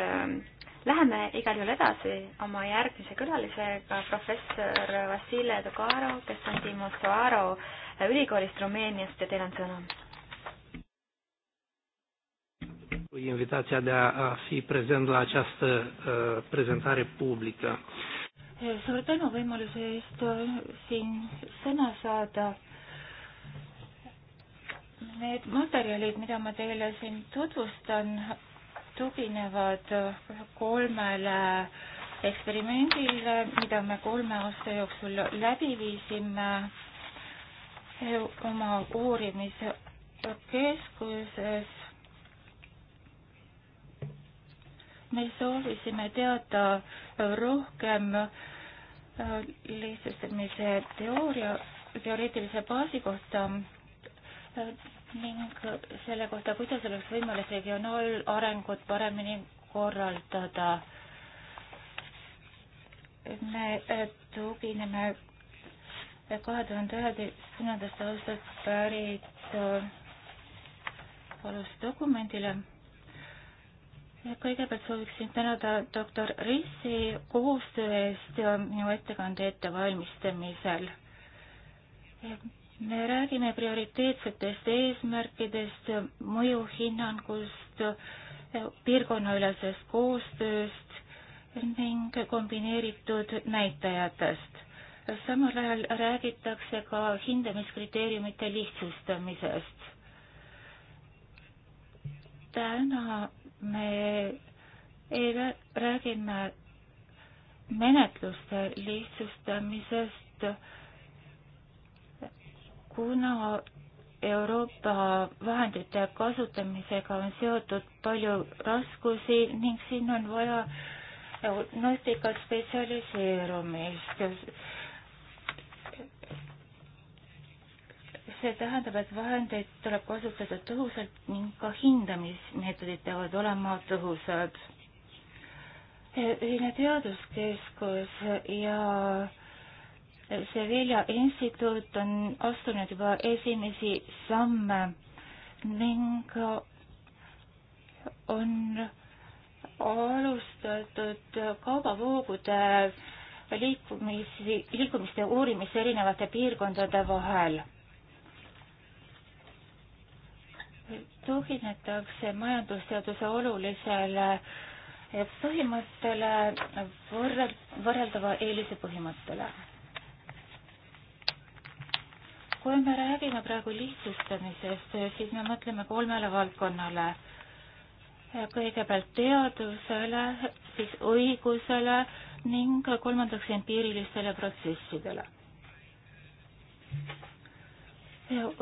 Läheme igal juhul edasi oma järgmise külalisega, professor Vassile Dugaro, kes on Timisoaro ülikoolist Rumeeniast ja teil on sõna. invitația de a fi prezent la această uh, prezentare publică. Suur tänu võimaluse eest äh, siin sõna saada. Need materjalid, mida ma teile siin tutvustan, tuginevad kolmele eksperimendile, mida me kolme aasta jooksul läbi viisime oma uurimiskeskuses. me soovisime teada rohkem lihtsustamise teooria, teoreetilise baasi kohta ning selle kohta, kuidas oleks võimalik regionaalarengut paremini korraldada. me äh, tugineme kahe tuhande üheteistkümnendast aastast pärit äh, alusdokumendile. kõigepealt sooviksin tänada doktor Rissi koostöö eest ja minu ettekande ettevalmistamisel me räägime prioriteetsetest eesmärkidest, mõjuhinnangust, piirkonnaülesest koostööst ning kombineeritud näitajatest. samal ajal räägitakse ka hindamiskriteeriumite lihtsustamisest. täna me ei räägime menetluste lihtsustamisest kuna Euroopa vahendite kasutamisega on seotud palju raskusi ning siin on vaja diagnostika spetsialiseerumist. see tähendab, et vahendeid tuleb kasutada tõhusalt ning ka hindamismeetodid peavad olema tõhusad. ühine teaduskeskus ja Sevilla instituut on astunud juba esimesi samme ning on alustatud kaubavoogude liikumisi, liikumiste uurimist erinevate piirkondade vahel. tuginetakse majandusteaduse olulisele põhimõttele, võrreldava eelise põhimõttele kui me räägime praegu lihtsustamisest, siis me mõtleme kolmele valdkonnale. kõigepealt teadusele, siis õigusele ning kolmandaks empiirilistele protsessidele.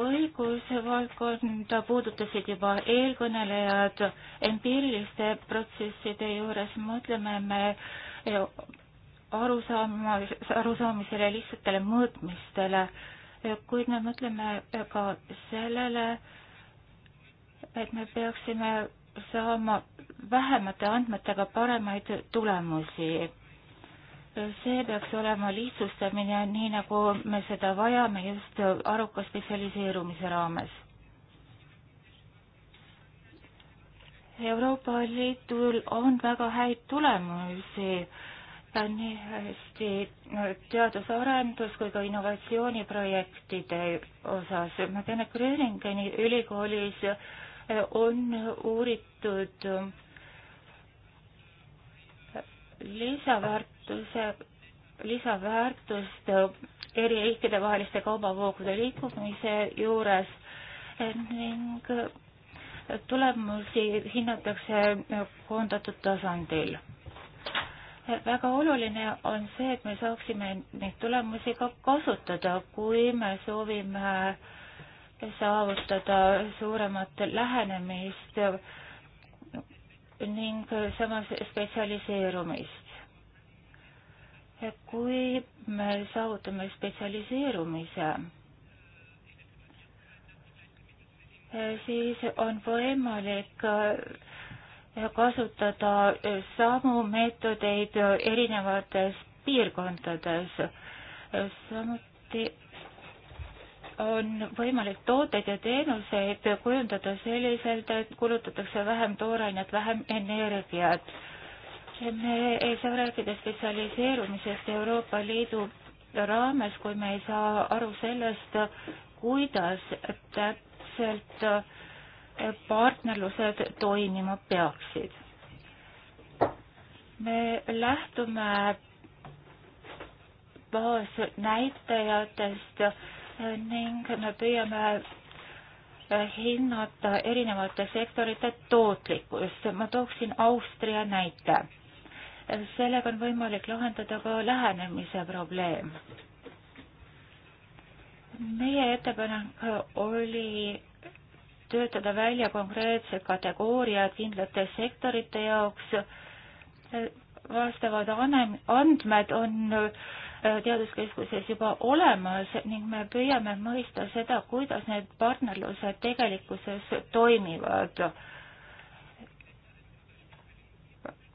õiguse valdkonda puudutasid juba eelkõnelejad, empiiriliste protsesside juures mõtleme me arusaama, arusaamisele lihtsatele mõõtmistele kuid me mõtleme ka sellele, et me peaksime saama vähemate andmetega paremaid tulemusi. see peaks olema lihtsustamine, nii nagu me seda vajame just aruka spetsialiseerumise raames. Euroopa Liidul on väga häid tulemusi nii hästi teadus-arendus kui ka innovatsiooniprojektide osas. ma tean, et Gröningeni ülikoolis on uuritud lisaväärtuse, lisaväärtust eri riikide vaheliste kaubavoogude liikumise juures ning tulemusi hinnatakse koondatud tasandil väga oluline on see, et me saaksime neid tulemusi ka kasutada, kui me soovime saavutada suuremat lähenemist ning samas spetsialiseerumist. kui me saavutame spetsialiseerumise, siis on võimalik kasutada e, samu meetodeid e, erinevates piirkondades. E, samuti on võimalik tooteid ja teenuseid kujundada selliselt, et kulutatakse vähem toorainet, vähem energiat. me ei saa rääkida spetsialiseerumisest Euroopa Liidu raames, kui me ei saa aru sellest, kuidas täpselt partnerlused toimima peaksid. me lähtume baasnäitajatest ning me püüame hinnata erinevate sektorite tootlikkust. ma tooksin Austria näite. sellega on võimalik lahendada ka lähenemise probleem. meie ettepanek oli töötada välja konkreetsed kategooriad kindlate sektorite jaoks. vastavad andmed on äh, teaduskeskuses juba olemas ning me püüame mõista seda, kuidas need partnerlused tegelikkuses toimivad.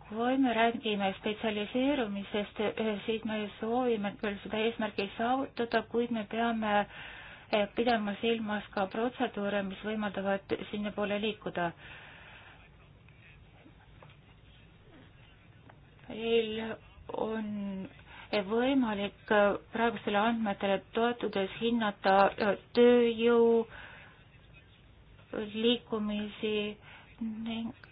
kui me räägime spetsialiseerumisest, äh, siis me soovime küll seda eesmärki saavutada, kuid me peame äh, Eh, pidama silmas ka protseduure, mis võimaldavad sinnapoole liikuda. Teil on võimalik praegustele andmetele toetudes hinnata eh, tööjõu liikumisi ning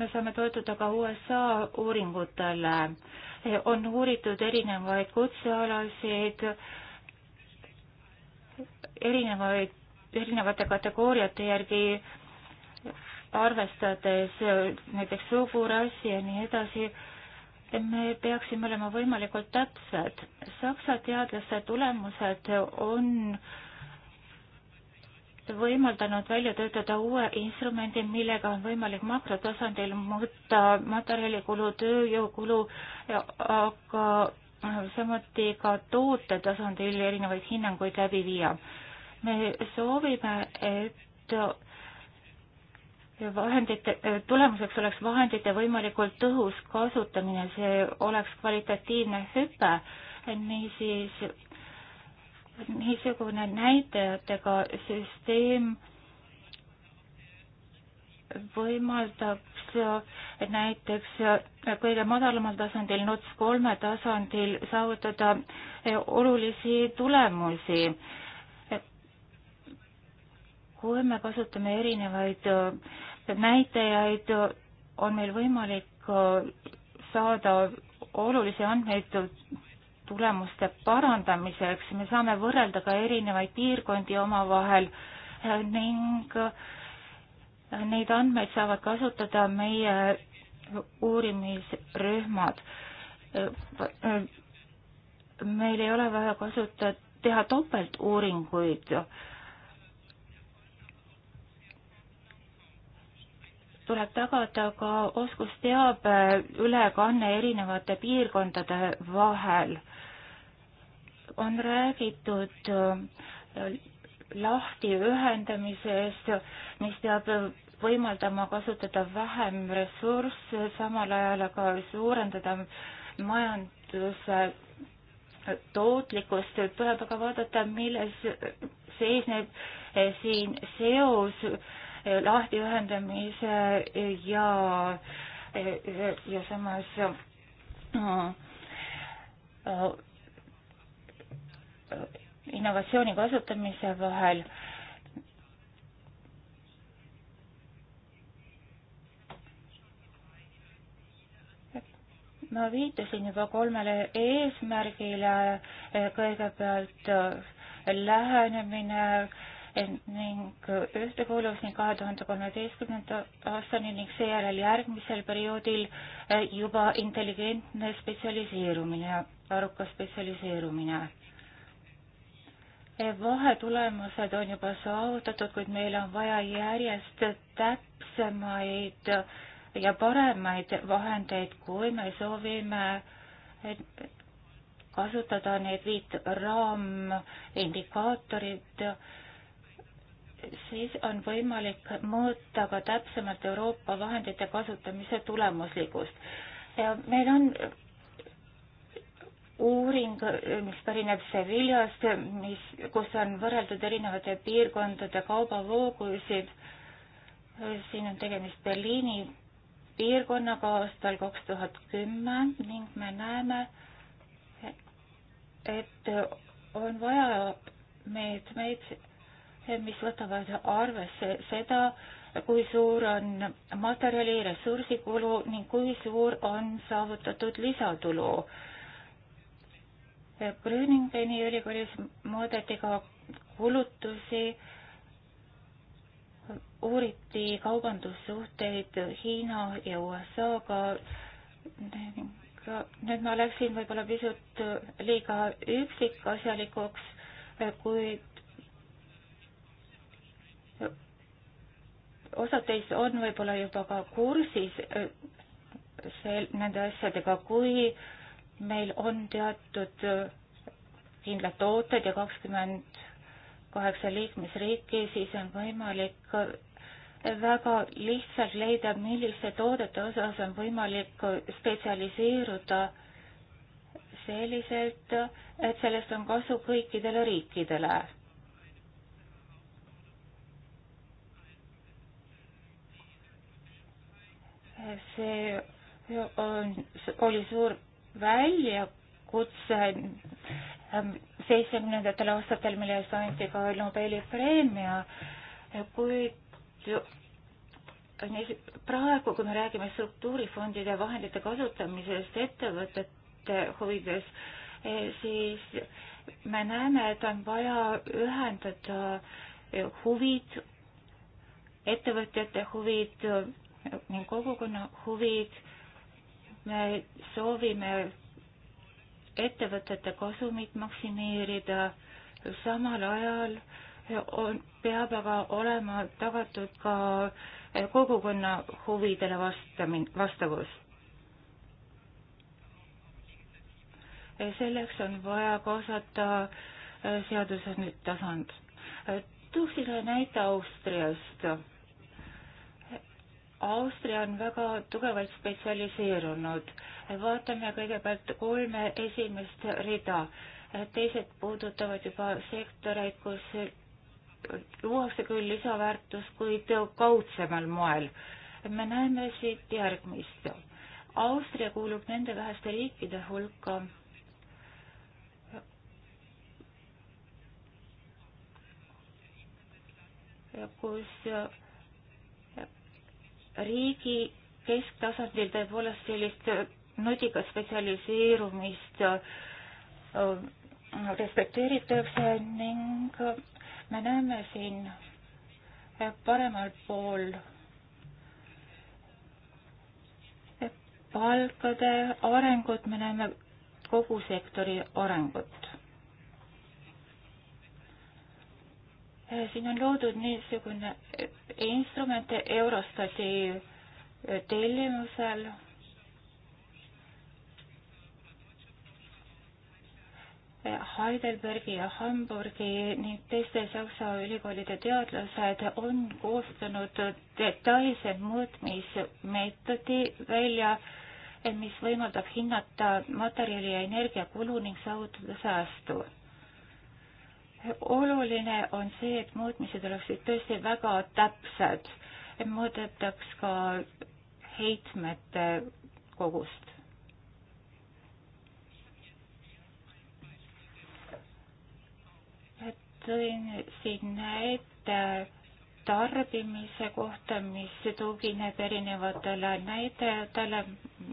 me saame toetuda ka USA uuringutele. Eh, on uuritud erinevaid kutsealasid, erinevaid, erinevate kategooriate järgi arvestades näiteks sugu, rassi ja nii edasi, me peaksime olema võimalikult täpsed. Saksa teadlaste tulemused on võimaldanud välja töötada uue instrumendi, millega on võimalik makrotasandil mõõta materjalikulu, tööjõukulu, aga samuti ka toote tasandil erinevaid hinnanguid läbi viia me soovime, et vahendite, tulemuseks oleks vahendite võimalikult tõhus kasutamine, see oleks kvalitatiivne hüpe, niisiis niisugune näitajatega süsteem võimaldaks näiteks kõige madalamal tasandil, NUTS kolme tasandil saavutada olulisi tulemusi kui me kasutame erinevaid äh, näitajaid, on meil võimalik äh, saada olulisi andmeid tulemuste parandamiseks, me saame võrrelda ka erinevaid piirkondi omavahel äh, ning neid andmeid saavad kasutada meie uurimisrühmad. meil ei ole vaja kasutada, teha topeltuuringuid tuleb tagada ka oskusteabe ülekanne erinevate piirkondade vahel. on räägitud äh, lahti ühendamisest, mis peab võimaldama kasutada vähem ressursse, samal ajal aga suurendada majanduse tootlikkust, tuleb aga vaadata, milles seisneb äh, siin seos Eh, lahtiühendamise eh, ja, eh, ja samas innovatsiooni kasutamise vahel ma viitasin juba kolmele eesmärgile, kõigepealt lähenemine, ning ühtekuuluvus ning kahe tuhande kolmeteistkümnenda aastani ning seejärel järgmisel perioodil eh, juba intelligentne spetsialiseerumine, arukas spetsialiseerumine. Eh, vahetulemused on juba saavutatud, kuid meil on vaja järjest täpsemaid ja paremaid vahendeid, kui me soovime eh, kasutada need viit raamindikaatorit siis on võimalik mõõta ka täpsemalt Euroopa vahendite kasutamise tulemuslikkust. ja meil on uuring, mis pärineb Sevillast, mis, kus on võrreldud erinevate piirkondade kaubavoogusid. siin on tegemist Berliini piirkonnaga aastal kaks tuhat kümme ning me näeme, et on vaja meetmeid meet, meet mis võtavad arvesse seda, kui suur on materjali ressursikulu ning kui suur on saavutatud lisatulu. Gröningeni ülikoolis mõõdeti ka kulutusi, uuriti kaubandussuhteid Hiina ja USA-ga ning nüüd ma läksin võib-olla pisut liiga üksikasjalikuks, kuid osad teist on võib-olla juba ka kursis äh, see, nende asjadega, kui meil on teatud äh, kindlad tooted ja kakskümmend kaheksa liikmesriiki, siis on võimalik äh, väga lihtsalt leida, milliste toodete osas on võimalik spetsialiseeruda selliselt, et sellest on kasu kõikidele riikidele see on, oli suur väljakutse ähm, seitsmekümnendatel aastatel, mille eest anti ka Nobeli preemia, kuid praegu, kui me räägime struktuurifondide vahendite kasutamisest ettevõtete huvides, eh, siis me näeme, et on vaja ühendada huvid, ettevõtjate huvid ning kogukonna huvid. me soovime ettevõtete kasumit maksimeerida, samal ajal on, peab aga olema tagatud ka kogukonna huvidele vastamine, vastavus. selleks on vaja kaasata seaduse tasand. Tuusile näite Austriast Austria on väga tugevalt spetsialiseerunud. vaatame kõigepealt kolme esimest rida. teised puudutavad juba sektoreid, kus luuakse küll lisaväärtus, kuid kaudsemal moel. me näeme siit järgmist. Austria kuulub nende väheste riikide hulka, kus riigi kesktasandil tõepoolest sellist äh, nutikat spetsialiseerumist äh, respekteeritakse ning äh, me näeme siin paremal pool palkade arengut, me näeme kogu sektori arengut. Eh, siin on loodud niisugune eh, instrument Eurostati eh, tellimusel. Heidelbergi ja Hamburgi ning teiste Saksa ülikoolide teadlased on koostanud detailse mõõtmismeetodi välja, mis võimaldab hinnata materjali ja energiakulu ning saavutada säästu oluline on see, et mõõtmised oleksid tõesti väga täpsed, mõõdetaks ka heitmete kogust. tõin siin näite tarbimise kohta, mis tugineb erinevatele näitajatele,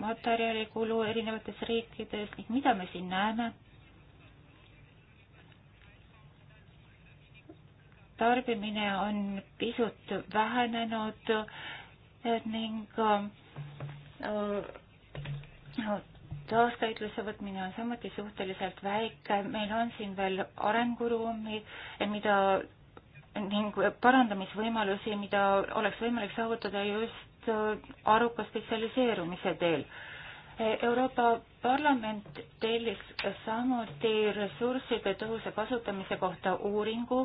materjalikulu erinevates riikides, mida me siin näeme tarbimine on pisut vähenenud ning äh, taaskäitluse võtmine on samuti suhteliselt väike, meil on siin veel arenguruumi, mida ning parandamisvõimalusi, mida oleks võimalik saavutada just äh, aruka spetsialiseerumise teel. Euroopa Parlament tellis samuti ressursside tõhusa kasutamise kohta uuringu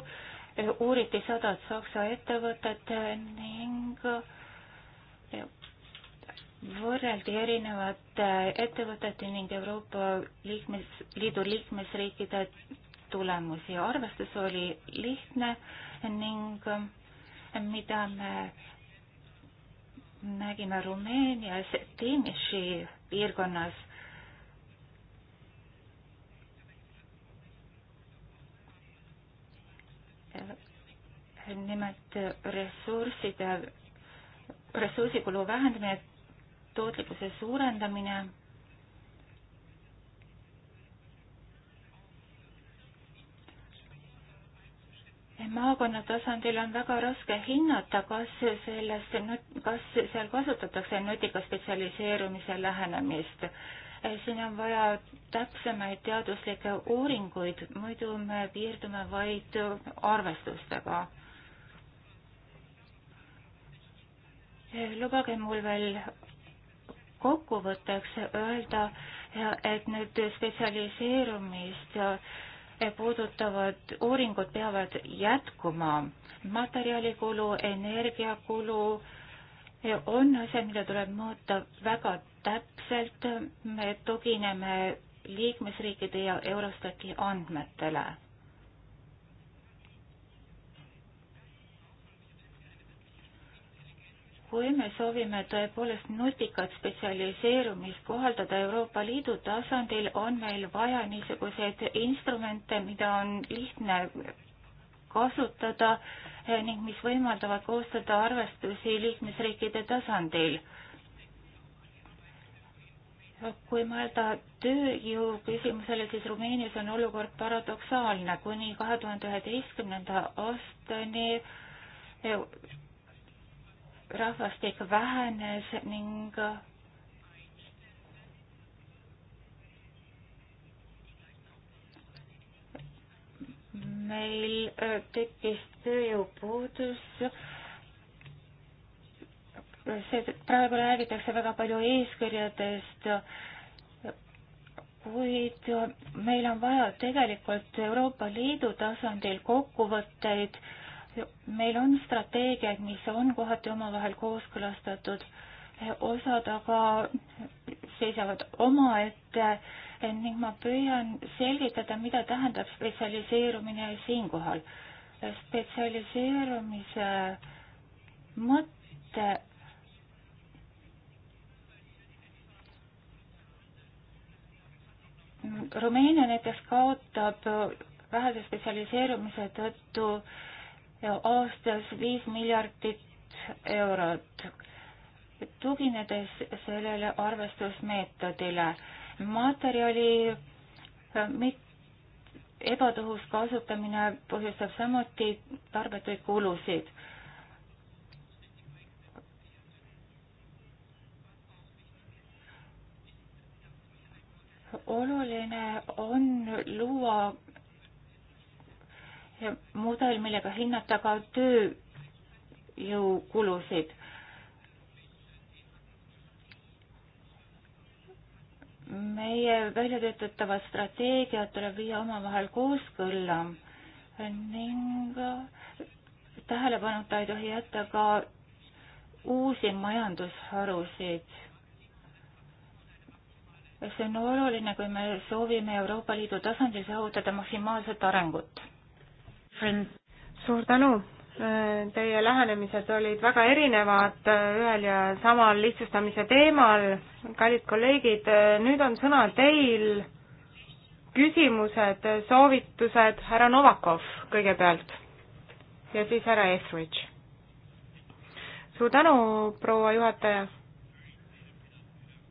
uuriti sadat Saksa ettevõtet ning võrreldi erinevate ettevõtete ning Euroopa liikmes, Liidu liikmesriikide tulemusi. arvestus oli lihtne ning mida me nägime Rumeenias Teeniši piirkonnas nimelt ressursside, ressursikulu vähendamine, tootlikkuse suurendamine. maakonna tasandil on väga raske hinnata, kas sellest, kas seal kasutatakse nutika spetsialiseerumise lähenemist siin on vaja täpsemaid teaduslikke uuringuid, muidu me piirdume vaid arvestustega. lubage mul veel kokkuvõtteks öelda, et need spetsialiseerumist puudutavad uuringud peavad jätkuma. materjalikulu, energiakulu on asjad, mida tuleb mõõta väga täpselt. me tugineme liikmesriikide ja Eurostati andmetele kui me soovime tõepoolest nutikat spetsialiseerumist kohaldada Euroopa Liidu tasandil, on meil vaja niisuguseid instrumente, mida on lihtne kasutada eh, ning mis võimaldavad koostada arvestusi liikmesriikide tasandil. kui mõelda tööjõu küsimusele, siis Rumeenias on olukord paradoksaalne, kuni kahe tuhande üheteistkümnenda aastani rahvastik vähenes ning meil äh, tekkis tööjõupuudus. see, praegu räägitakse väga palju eeskirjadest, kuid meil on vaja tegelikult Euroopa Liidu tasandil kokkuvõtteid äh, meil on strateegiaid, mis on kohati omavahel kooskõlastatud, osad aga seisavad omaette ning ma püüan selgitada, mida tähendab spetsialiseerumine siinkohal. spetsialiseerumise mõte Rumeenia näiteks kaotab vähese spetsialiseerumise tõttu äh, aastas viis miljardit eurot. tuginedes sellele arvestusmeetodile, materjali äh, mit-, ebatõhus kasutamine põhjustab samuti tarbetuid kulusid oluline on luua mudel, millega hinnata ka tööjõukulusid. meie väljatöötatavad strateegiad tuleb viia omavahel kooskõlla ning tähelepanuta ei tohi jätta ka uusi majandusharusid. see on oluline, kui me soovime Euroopa Liidu tasandil saavutada maksimaalset arengut suur tänu. Äh, teie lähenemised olid väga erinevad äh, ühel ja samal lihtsustamise teemal. kallid kolleegid, äh, nüüd on sõna teil. küsimused, soovitused, härra Novakov kõigepealt ja siis härra Etheridge. suur tänu, proua juhataja.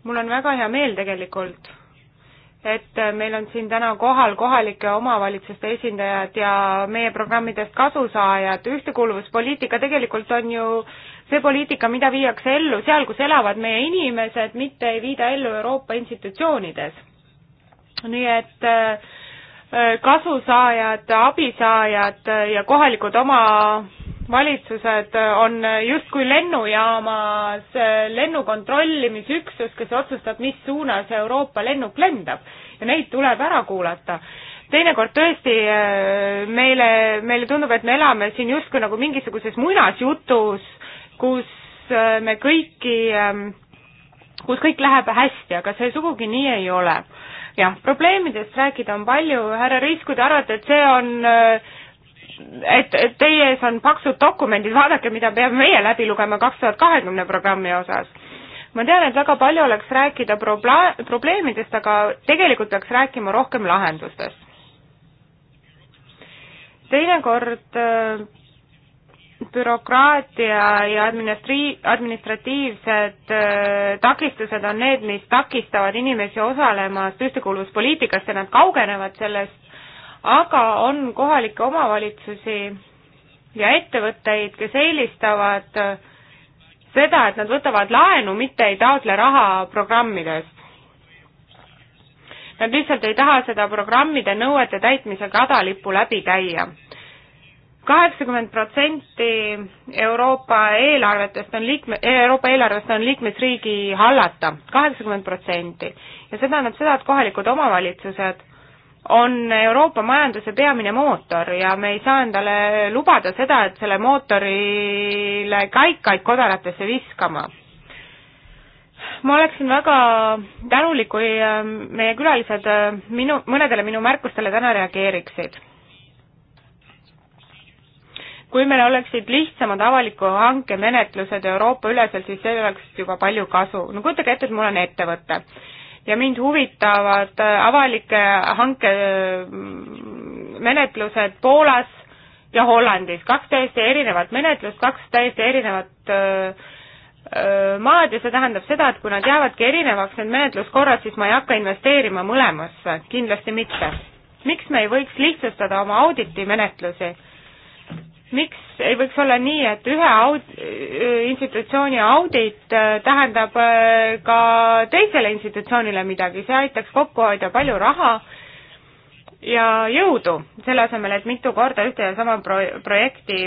mul on väga hea meel tegelikult et meil on siin täna kohal kohalike omavalitsuste esindajad ja meie programmidest kasusaajad. ühtekuuluvuspoliitika tegelikult on ju see poliitika, mida viiakse ellu seal, kus elavad meie inimesed, mitte ei viida ellu Euroopa institutsioonides. nii et äh, kasusaajad, abisaajad ja kohalikud oma valitsused on justkui lennujaamas lennukontrollimisüksus, kes otsustab, mis suunas Euroopa lennuk lendab ja neid tuleb ära kuulata. teinekord tõesti äh, meile, meile tundub, et me elame siin justkui nagu mingisuguses muinasjutus, kus äh, me kõiki, ähm, kus kõik läheb hästi, aga see sugugi nii ei ole. jah, probleemidest rääkida on palju, härra Riis, kui te arvate, et see on äh, et, et teie ees on paksud dokumendid, vaadake, mida peame meie läbi lugema kaks tuhat kahekümne programmi osas. ma tean, et väga palju oleks rääkida probla-, probleemidest, aga tegelikult peaks rääkima rohkem lahendustest. teinekord äh, bürokraatia ja administri-, administratiivsed äh, takistused on need, mis takistavad inimesi osalemast ühtekuuluvuspoliitikast ja nad kaugenevad sellest aga on kohalikke omavalitsusi ja ettevõtteid, kes eelistavad seda, et nad võtavad laenu, mitte ei taotle raha programmidest. Nad lihtsalt ei taha seda programmide nõuete täitmise kadalipu läbi käia kaheksakümmend protsenti Euroopa eelarvetest on liikme, Euroopa eelarvest on liikmesriigi hallata, kaheksakümmend protsenti. ja see tähendab seda, et kohalikud omavalitsused on Euroopa majanduse peamine mootor ja me ei saa endale lubada seda, et selle mootorile kaikaid kodaratesse viskama. ma oleksin väga tänulik, kui äh, meie külalised äh, minu, mõnedele minu märkustele täna reageeriksid. kui meil oleksid lihtsamad avaliku hanke menetlused Euroopa üleselt, siis sellel oleks juba palju kasu. no kujutage ette, et mul on ettevõte ja mind huvitavad äh, avalike hanke äh, menetlused Poolas ja Hollandis, kaks täiesti erinevat menetlust, kaks täiesti erinevat öö, äh, maad ja see tähendab seda, et kui nad jäävadki erinevaks, need menetluskorrad, siis ma ei hakka investeerima mõlemasse, kindlasti mitte. miks me ei võiks lihtsustada oma auditi menetlusi? miks ei võiks olla nii, et ühe aud-, institutsiooni audit äh, tähendab äh, ka teisele institutsioonile midagi, see aitaks kokku hoida palju raha ja jõudu, selle asemel, et mitu korda ühte ja sama pro-, projekti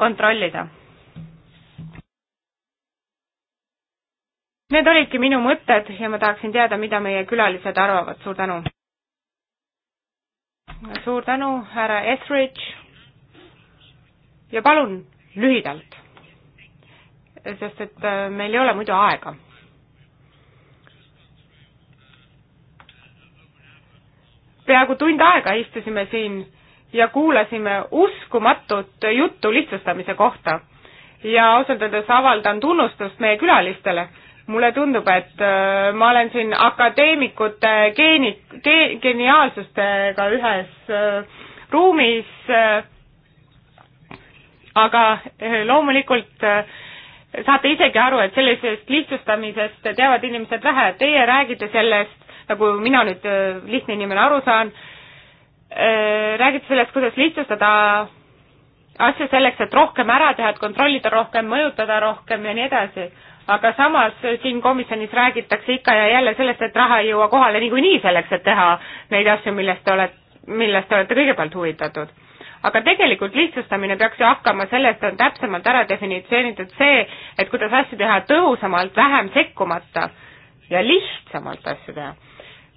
kontrollida. Need olidki minu mõtted ja ma tahaksin teada, mida meie külalised arvavad, suur tänu! suur tänu, härra Etheridge! ja palun lühidalt, sest et äh, meil ei ole muidu aega. peaaegu tund aega istusime siin ja kuulasime uskumatut juttu lihtsustamise kohta. ja ausalt öeldes avaldan tunnustust meie külalistele. mulle tundub, et äh, ma olen siin akadeemikute geeni- ge,, geniaalsustega ühes äh, ruumis äh, aga eh, loomulikult eh, saate isegi aru, et sellisest lihtsustamisest teavad inimesed vähe, teie räägite sellest, nagu mina nüüd eh, lihtne inimene aru saan, räägite sellest, kuidas lihtsustada asja selleks, et rohkem ära teha, et kontrollida rohkem, mõjutada rohkem ja nii edasi. aga samas siin komisjonis räägitakse ikka ja jälle sellest, et raha ei jõua kohale niikuinii selleks, et teha neid asju, millest te olete, millest te olete kõigepealt huvitatud aga tegelikult lihtsustamine peaks ju hakkama sellest, on täpsemalt ära definitseeritud see, et kuidas asju teha tõhusamalt, vähem sekkumata ja lihtsamalt asju teha.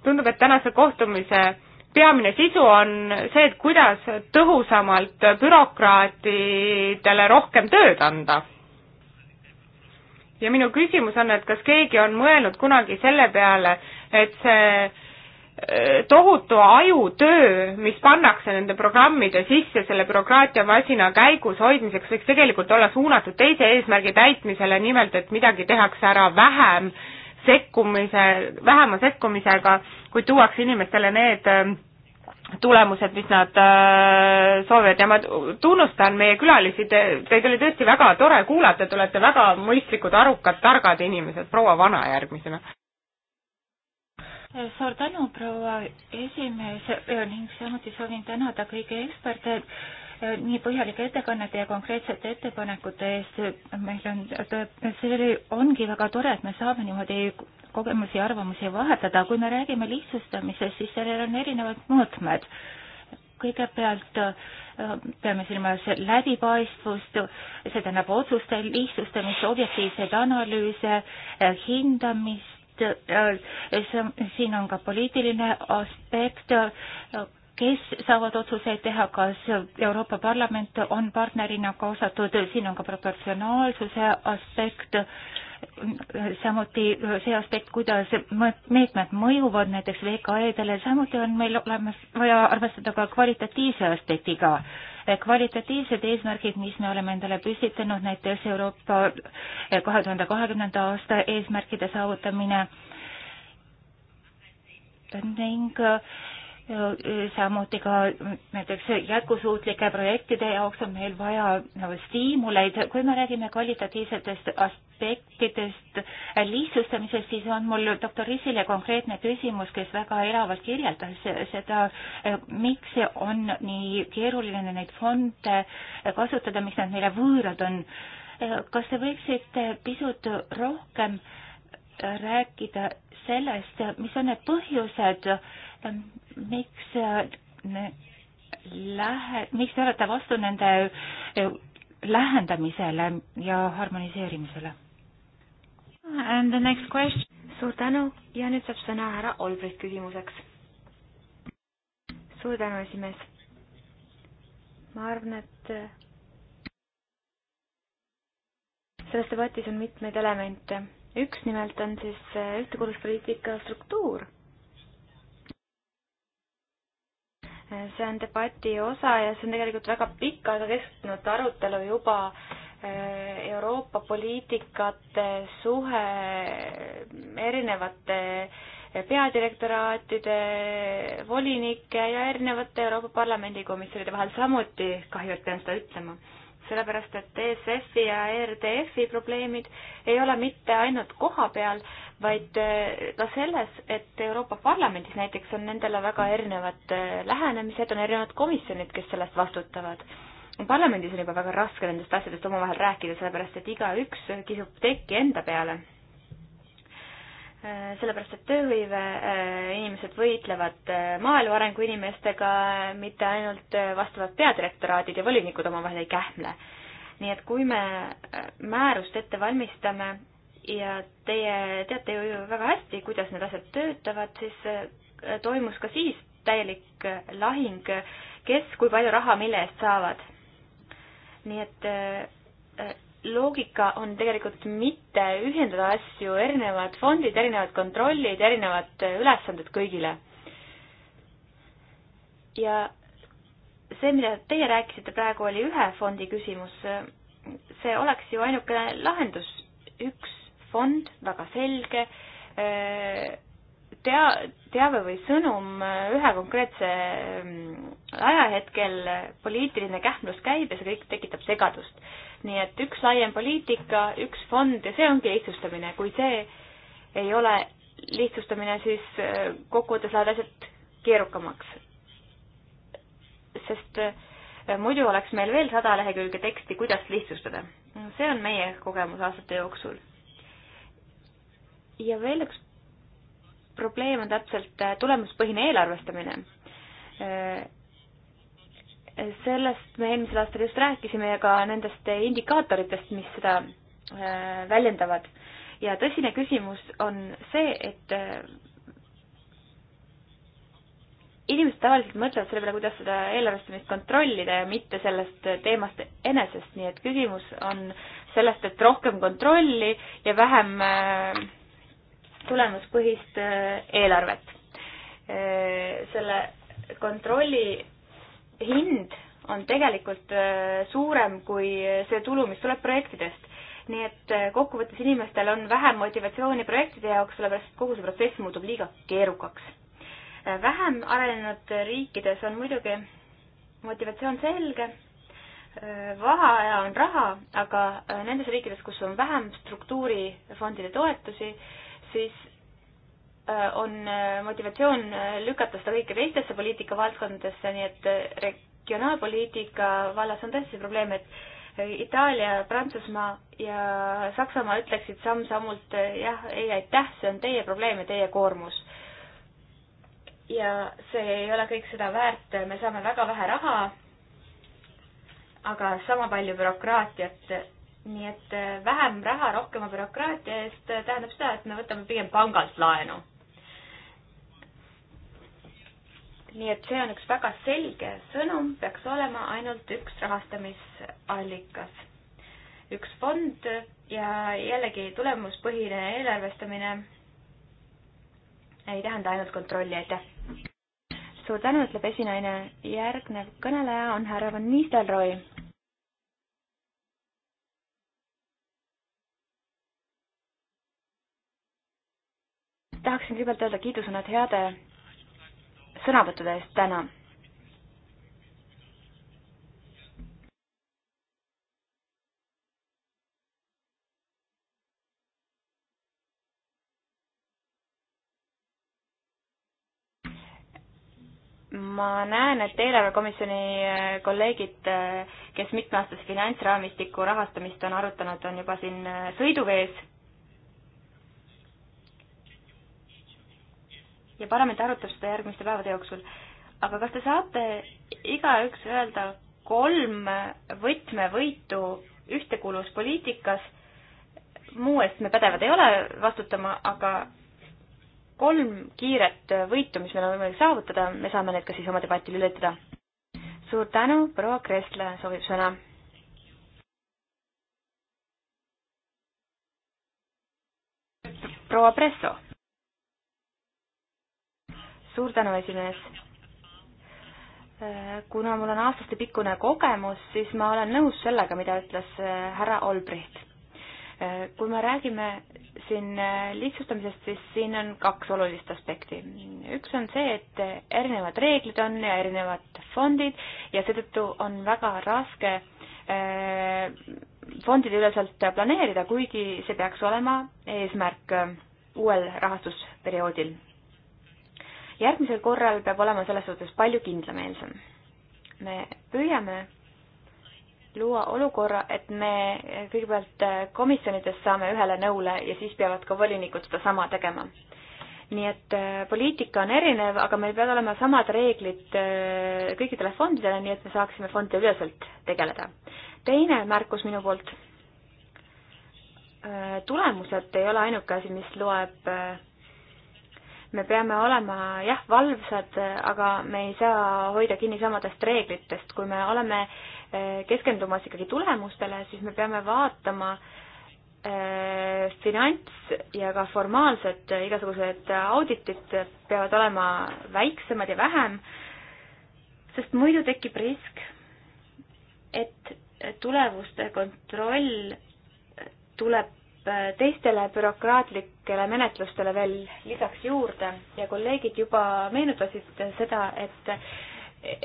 tundub, et tänase kohtumise peamine sisu on see, et kuidas tõhusamalt bürokraatidele rohkem tööd anda. ja minu küsimus on, et kas keegi on mõelnud kunagi selle peale, et see Äh, tohutu ajutöö, mis pannakse nende programmide sisse selle bürokraatiamasina käigus hoidmiseks, võiks tegelikult olla suunatud teise eesmärgi täitmisele, nimelt et midagi tehakse ära vähem sekkumise, vähema sekkumisega, kui tuuakse inimestele need äh, tulemused, mis nad äh, soovivad ja ma tunnustan meie külalisi, te, teid oli tõesti väga tore kuulata, te olete väga mõistlikud, arukad, targad inimesed, proua Vana järgmisena suur tänu, proua esimees ning samuti soovin tänada kõigi eksperte eh, nii põhjalike ettekannete ja konkreetsete ettepanekute eest. meil on, see ongi väga tore, et me saame niimoodi kogemusi ja arvamusi vahetada. kui me räägime lihtsustamisest, siis sellel on erinevad mõõtmed. kõigepealt eh, peame silmas läbipaistvust, see tähendab otsuste lihtsustamist, objektiivseid analüüse, eh, hindamist, aspekt, siin on ka poliitiline aspekt, kes saavad otsuseid teha, kas Euroopa Parlament on partnerina kaasatud, siin on ka proportsionaalsuse aspekt, samuti see aspekt, kuidas meetmed mõjuvad näiteks VKE-dele, samuti on meil olemas vaja arvestada ka kvalitatiivse aspektiga kvalitatiivsed eesmärgid, mis me oleme endale püstitanud, näiteks Euroopa eh, kahe tuhande kahekümnenda aasta eesmärkide saavutamine ning eh, samuti ka näiteks jätkusuutlike projektide jaoks on meil vaja nagu stiimuleid. kui me räägime kvalitatiivsetest aspektidest lihtsustamisest, siis on mul doktor Isile konkreetne küsimus, kes väga elavalt kirjeldas seda, miks on nii keeruline neid fonde kasutada, miks nad meile võõrad on. kas te võiksite pisut rohkem rääkida sellest, mis on need põhjused, miks äh, lähe-, miks te olete vastu nende äh, lähendamisele ja harmoniseerimisele? And the next question. suur tänu ja nüüd saab sõna härra Olbrit küsimuseks. suur tänu, esimees. ma arvan, et äh, selles debatis on mitmeid elemente. üks nimelt on siis ühtekuuluvuspoliitika struktuur see on debati osa ja see on tegelikult väga pikka aega kestnud arutelu juba eh, Euroopa poliitikate suhe erinevate peadirektoraatide, volinike ja erinevate Euroopa Parlamendi komisjonide vahel samuti, kahju, et pean seda ütlema sellepärast et ESF-i ja ERDF-i probleemid ei ole mitte ainult koha peal, vaid äh, ka selles, et Euroopa Parlamendis näiteks on nendele väga erinevad äh, lähenemised, on erinevad komisjonid, kes sellest vastutavad. parlamendis on juba väga raske nendest asjadest omavahel rääkida, sellepärast et igaüks äh, kisub tekki enda peale Äh, sellepärast, et tööhõive äh, inimesed võitlevad äh, maaelu arengu inimestega, mitte ainult vastavad peadirektoraadid ja volinikud omavahel ei kähmle. nii et kui me määrust ette valmistame ja teie teate ju väga hästi, kuidas need asjad töötavad, siis toimus ka siis täielik lahing, kes kui palju raha mille eest saavad. nii et loogika on tegelikult mitte ühendada asju, erinevad fondid, erinevad kontrollid, erinevad ülesanded kõigile. ja see, mida teie rääkisite praegu, oli ühe fondi küsimus. see oleks ju ainukene lahendus, üks fond, väga selge, tea-, teave või sõnum ühe konkreetse mm, ajahetkel, poliitiline kähmlus käib ja see kõik tekitab segadust nii et üks laiem poliitika, üks fond ja see ongi lihtsustamine, kui see ei ole lihtsustamine, siis äh, kokkuvõttes lähevad asjad keerukamaks. sest äh, muidu oleks meil veel sada lehekülge teksti, kuidas lihtsustada. see on meie kogemus aastate jooksul. ja veel üks probleem on täpselt äh, tulemuspõhine eelarvestamine sellest me eelmisel aastal just rääkisime ja ka nendest indikaatoritest, mis seda äh, väljendavad. ja tõsine küsimus on see, et äh, inimesed tavaliselt mõtlevad selle peale, kuidas seda eelarvestamist kontrollida ja mitte sellest teemast enesest, nii et küsimus on sellest, et rohkem kontrolli ja vähem äh, tulemuspõhist eelarvet. selle kontrolli hind on tegelikult äh, suurem kui see tulu, mis tuleb projektidest. nii et äh, kokkuvõttes inimestel on vähem motivatsiooni projektide jaoks, sellepärast kogu see protsess muutub liiga keerukaks. Äh, vähem arenenud riikides on muidugi motivatsioon selge, vaheaja on raha, aga nendes riikides, kus on vähem struktuurifondide toetusi, siis Äh, on äh, motivatsioon äh, lükata seda kõike teistesse poliitikavaldkondadesse, nii et regionaalpoliitika vallas on tõesti probleem, et Itaalia, Prantsusmaa ja Saksamaa ütleksid samm-sammult jah, ei aitäh, see on teie probleem ja teie koormus. ja see ei ole kõik seda väärt, me saame väga vähe raha, aga sama palju bürokraatiat nii et vähem raha rohkema bürokraatia eest tähendab seda, et me võtame pigem pangalt laenu. nii et see on üks väga selge sõnum, peaks olema ainult üks rahastamisallikas, üks fond ja jällegi tulemuspõhine eelarvestamine ei tähenda ainult kontrolli, aitäh! suur tänu, ütleb esinaine. järgnev kõneleja on härra Van Nistelrooy. tahaksin kõigepealt öelda kiidusõnad heade sõnavõttude eest täna. ma näen, et eelarvekomisjoni äh, kolleegid, äh, kes mitmeaastase finantsraamistiku rahastamist on arutanud, on juba siin äh, sõiduvees ja parlament arutab seda järgmiste päevade jooksul. aga kas te saate igaüks öelda kolm võtmevõitu ühtekuuluvuspoliitikas, muu eest me pädevad ei ole vastutama, aga kolm kiiret võitu, mis meil on võimalik saavutada, me saame need ka siis oma debatti lülitada. suur tänu, proua Kressle soovib sõna. proua Presso suur tänu, esimees. kuna mul on aastatepikkune kogemus, siis ma olen nõus sellega, mida ütles äh, härra Olbricht. Äh, kui me räägime siin äh, lihtsustamisest, siis siin on kaks olulist aspekti. üks on see, et erinevad reeglid on ja erinevad fondid ja seetõttu on väga raske fondide üleselt planeerida, kuigi see peaks olema eesmärk uuel rahastusperioodil järgmisel korral peab olema selles suhtes palju kindlameelsem. me püüame luua olukorra, et me kõigepealt komisjonides saame ühele nõule ja siis peavad ka volinikud sedasama tegema. nii et äh, poliitika on erinev, aga meil peavad olema samad reeglid äh, kõikidele fondidele, nii et me saaksime fondiüleselt tegeleda. teine märkus minu poolt. Äh, tulemused ei ole ainuke asi, mis loeb me peame olema jah, valvsad, aga me ei saa hoida kinni samadest reeglitest, kui me oleme eh, keskendumas ikkagi tulemustele, siis me peame vaatama äh, finants ja ka formaalsed eh, igasugused auditid peavad olema väiksemad ja vähem, sest muidu tekib risk, et tulevuste kontroll tuleb Äh, teistele bürokraatlikele menetlustele veel lisaks juurde ja kolleegid juba meenutasid seda, et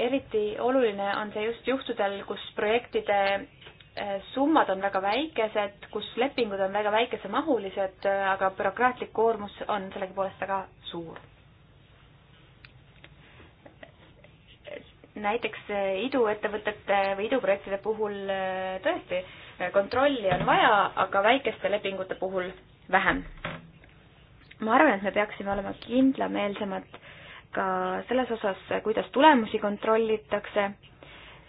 eriti oluline on see just juhtudel, kus projektide äh, summad on väga väikesed, kus lepingud on väga väikesemahulised, äh, aga bürokraatlik koormus on sellegipoolest väga suur. näiteks iduettevõtete või iduprojektide puhul tõesti äh, kontrolli on vaja, aga väikeste lepingute puhul vähem. ma arvan, et me peaksime olema kindlameelsemad ka selles osas, kuidas tulemusi kontrollitakse,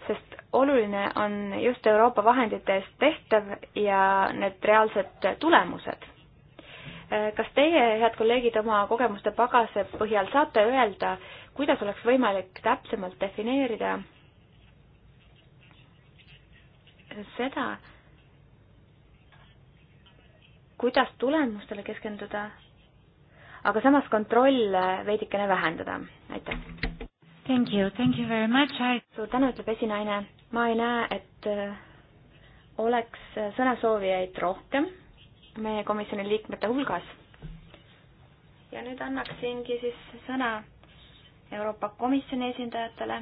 sest oluline on just Euroopa vahendite eest tehtav ja need reaalsed tulemused. kas teie, head kolleegid, oma kogemuste pagase põhjal saate öelda, kuidas oleks võimalik täpsemalt defineerida seda, kuidas tulemustele keskenduda, aga samas kontrolle veidikene vähendada. aitäh! Thank you, thank you very much I.... suur tänu, ütleb esinaine. ma ei näe, et äh, oleks sõnasoovijaid rohkem meie komisjoni liikmete hulgas. ja nüüd annaksingi siis sõna Euroopa Komisjoni esindajatele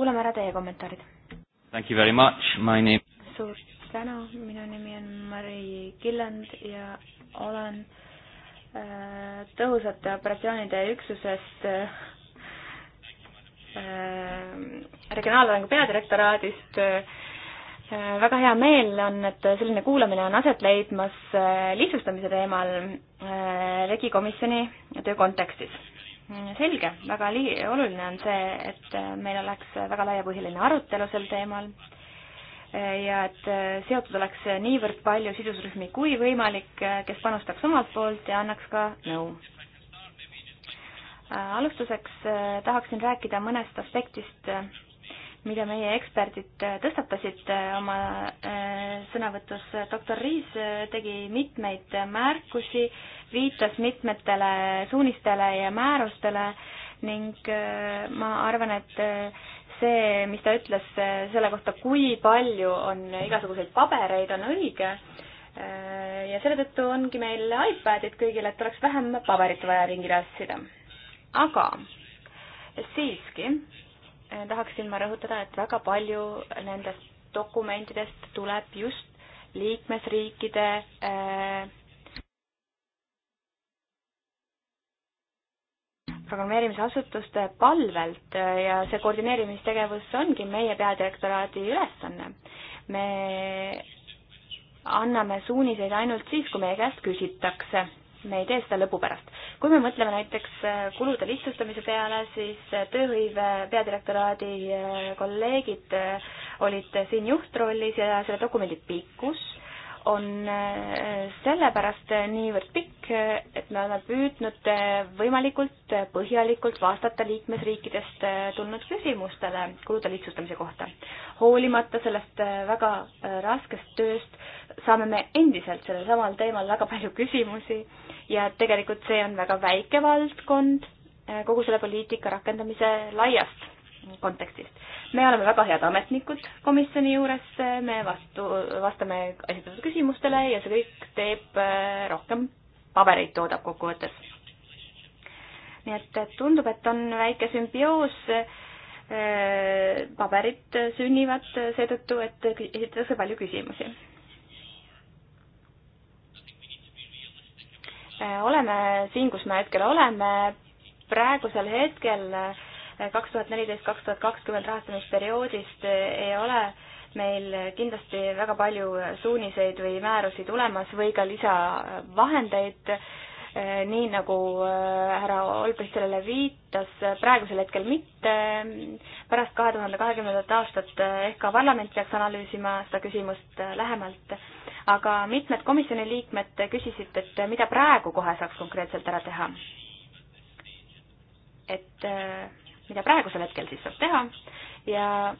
kuulame ära teie kommentaarid. Thank you very much, my name suur tänu, minu nimi on Mari Killand ja olen äh, tõhusate operatsioonide üksusest äh, äh, regionaalarengu peadirektoraadist. väga hea meel on, et selline kuulamine on aset leidmas lihtsustamise teemal regikomisjoni töö kontekstis selge, väga li-, oluline on see, et äh, meil oleks väga laiapõhjaline arutelu sel teemal äh, ja et äh, seotud oleks niivõrd palju sidusrühmi kui võimalik, kes panustaks omalt poolt ja annaks ka nõu. alustuseks tahaksin rääkida mõnest aspektist, mida meie eksperdid äh, tõstatasid äh, oma äh, sõnavõtus. doktor Riis tegi mitmeid märkusi, viitas mitmetele suunistele ja määrustele ning ma arvan, et see, mis ta ütles selle kohta, kui palju on igasuguseid pabereid, on õige. ja selle tõttu ongi meil iPadid kõigil, et oleks vähem paberit vaja ringi tassida. aga siiski Äh, tahaksin ma rõhutada, et väga palju nendest dokumentidest tuleb just liikmesriikide äh, programmeerimisasutuste palvelt äh, ja see koordineerimistegevus ongi meie peadirektoraadi ülesanne. me anname suuniseid ainult siis, kui meie käest küsitakse me ei tee seda lõpu pärast. kui me mõtleme näiteks äh, kulude lihtsustamise peale, siis äh, tööhõive peadirektoraadi äh, kolleegid olid siin juhtrollis ja selle dokumendi pikkus on sellepärast niivõrd pikk, et me oleme püüdnud võimalikult põhjalikult vastata liikmesriikidest tulnud küsimustele kulude lihtsustamise kohta. hoolimata sellest väga raskest tööst saame me endiselt sellel samal teemal väga palju küsimusi ja et tegelikult see on väga väike valdkond äh, kogu selle poliitika rakendamise laiast kontekstist. me oleme väga head ametnikud komisjoni juures, me vastu, vastame esitatud küsimustele ja see kõik teeb äh, rohkem pabereid, toodab kokkuvõttes. nii et tundub, et on väike sümbioos äh, paberid sünnivad seetõttu, et esitatakse palju küsimusi. Äh, oleme siin, kus me hetkel oleme, praegusel hetkel äh, kaks tuhat neliteist, kaks tuhat kakskümmend rahastamisperioodist äh, ei ole meil kindlasti väga palju suuniseid või määrusi tulemas või ka lisavahendeid Eh, nii nagu eh, härra Olbrist sellele viitas, eh, praegusel hetkel mitte. pärast kahe tuhande kahekümnendat aastat ehk ka parlament peaks analüüsima seda küsimust lähemalt. aga mitmed komisjoni liikmed küsisid, et mida praegu kohe saaks konkreetselt ära teha. et mida praegusel hetkel siis saab teha ja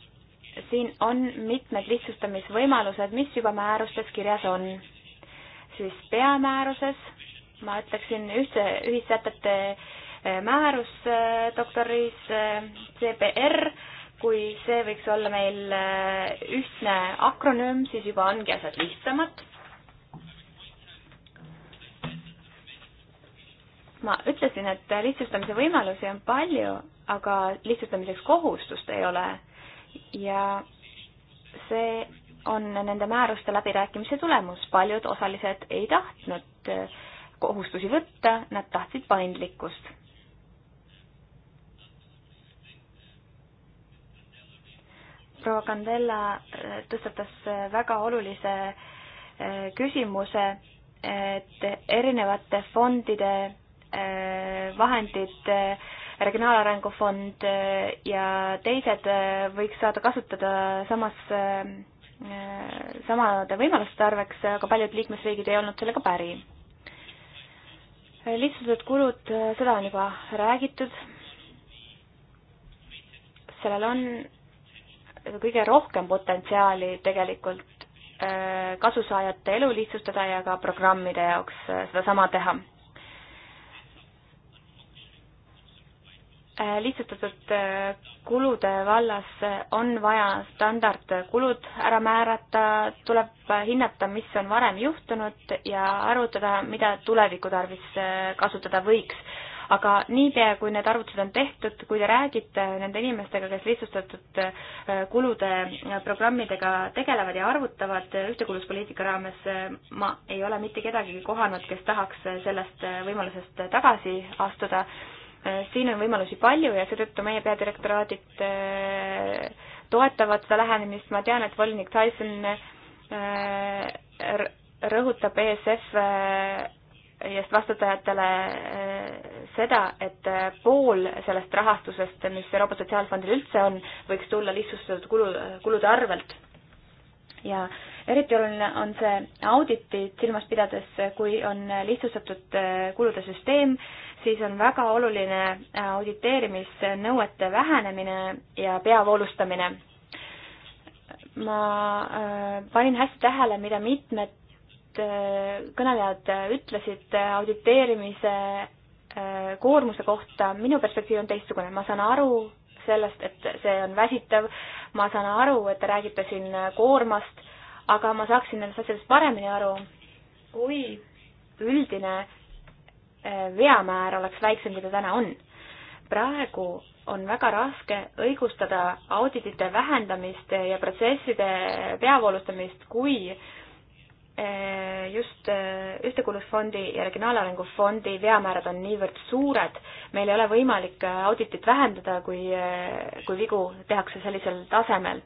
siin on mitmed lihtsustamisvõimalused, mis juba määrustes kirjas on. siis peamääruses ma ütleksin ühtse, ühissätete eh, määrus eh, doktoris eh, CPR, kui see võiks olla meil ühtne akronüüm, siis juba ongi asjad lihtsamad. ma ütlesin, et lihtsustamise võimalusi on palju, aga lihtsustamiseks kohustust ei ole ja see on nende määruste läbirääkimise tulemus, paljud osalised ei tahtnud äh, kohustusi võtta, nad tahtsid paindlikkust. proua Candela äh, tõstatas äh, väga olulise äh, küsimuse, et erinevate fondide vahendid, Regionaalarengu fond ja teised võiks saada kasutada samas samade võimaluste arveks, aga paljud liikmesriigid ei olnud sellega päri lihtsustatud kulud, seda on juba räägitud. sellel on kõige rohkem potentsiaali tegelikult äh, kasusaajate elu lihtsustada ja ka programmide jaoks äh, sedasama teha Äh, lihtsustatud äh, kulude vallas äh, on vaja standardkulud ära määrata, tuleb hinnata, mis on varem juhtunud ja arvutada, mida tuleviku tarvis kasutada võiks. aga niipea, kui need arvutused on tehtud, kui te räägite nende inimestega, kes lihtsustatud kulude programmidega tegelevad ja arvutavad ühtekuuluvuspoliitika raames, ma ei ole mitte kedagi kohanud, kes tahaks sellest võimalusest tagasi astuda siin on võimalusi palju ja seetõttu meie peadirektoraadid äh, toetavad seda lähenemist, ma tean, et volinik Tyson äh, rõhutab ESF äh, ja vastutajatele seda, et pool sellest rahastusest, mis Euroopa Sotsiaalfondil üldse on, võiks tulla lihtsustatud kulu, kulude arvelt. ja äh, eriti oluline on see auditit silmas pidades, kui on lihtsustatud äh, kulude süsteem, siis on väga oluline äh, auditeerimisnõuete vähenemine ja peavoolustamine. ma äh, panin hästi tähele, mida mitmed kõnelejad ütlesid auditeerimise koormuse kohta, minu perspektiiv on teistsugune, ma saan aru sellest, et see on väsitav, ma saan aru, et te räägite siin koormast aga ma saaksin nendest asjadest paremini aru, kui üldine eh, veamäär oleks väiksem, kui ta täna on. praegu on väga raske õigustada auditite vähendamist ja protsesside peavoolustamist, kui eh, just eh, Ühtekuuluvusfondi ja Regionaalarengu Fondi veamäärad on niivõrd suured, meil ei ole võimalik auditit vähendada, kui, kui vigu tehakse sellisel tasemel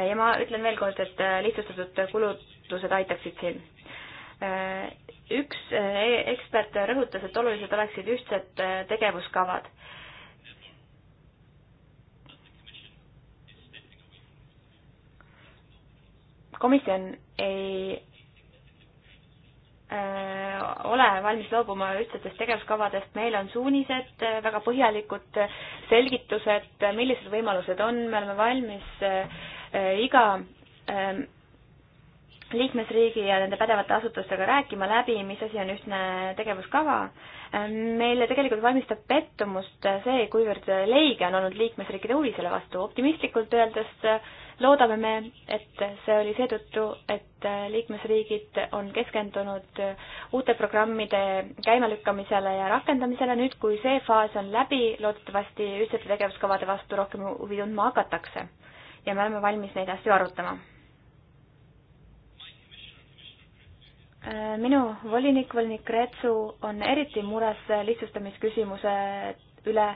ja ma ütlen veel kord, et äh, lihtsustatud kulutused aitaksid siin. Äh, üks äh, ekspert rõhutas, et olulised oleksid ühtsed tegevuskavad. komisjon ei ole valmis loobuma ühtsetest tegevuskavadest, meil on suunised, väga põhjalikud selgitused, millised võimalused on, me oleme valmis Äh, iga ähm, liikmesriigi ja nende pädevate asutustega rääkima läbi, mis asi on ühtne tegevuskava. Ähm, meile tegelikult valmistab pettumust see, kuivõrd leige on olnud liikmesriikide huvi selle vastu. optimistlikult öeldes äh, loodame me, et see oli seetõttu, et äh, liikmesriigid on keskendunud uute programmide käimelükkamisele ja rakendamisele. nüüd, kui see faas on läbi, loodetavasti ühtsete tegevuskavade vastu rohkem huvi tundma hakatakse ja me oleme valmis neid asju arutama. minu volinik, volinik Reetsu on eriti mures lihtsustamisküsimuse üle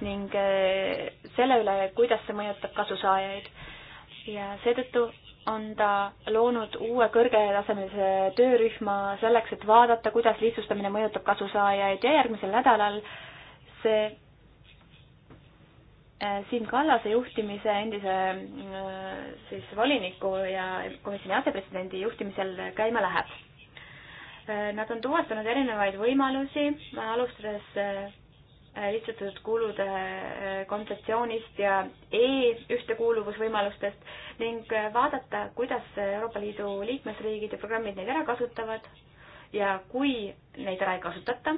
ning eh, selle üle, kuidas see mõjutab kasusaajaid. ja seetõttu on ta loonud uue kõrgetasemelise töörühma selleks, et vaadata, kuidas lihtsustamine mõjutab kasusaajaid ja järgmisel nädalal see Äh, Siim Kallase juhtimise endise äh, siis voliniku ja komisjoni asepresidendi juhtimisel käima läheb. Äh, nad on tuvastanud erinevaid võimalusi, alustades lihtsustatud kulude kontseptsioonist ja e-ühtekuuluvusvõimalustest ning vaadata, kuidas Euroopa Liidu liikmesriigid ja programmid neid ära kasutavad ja kui neid ära ei kasutata,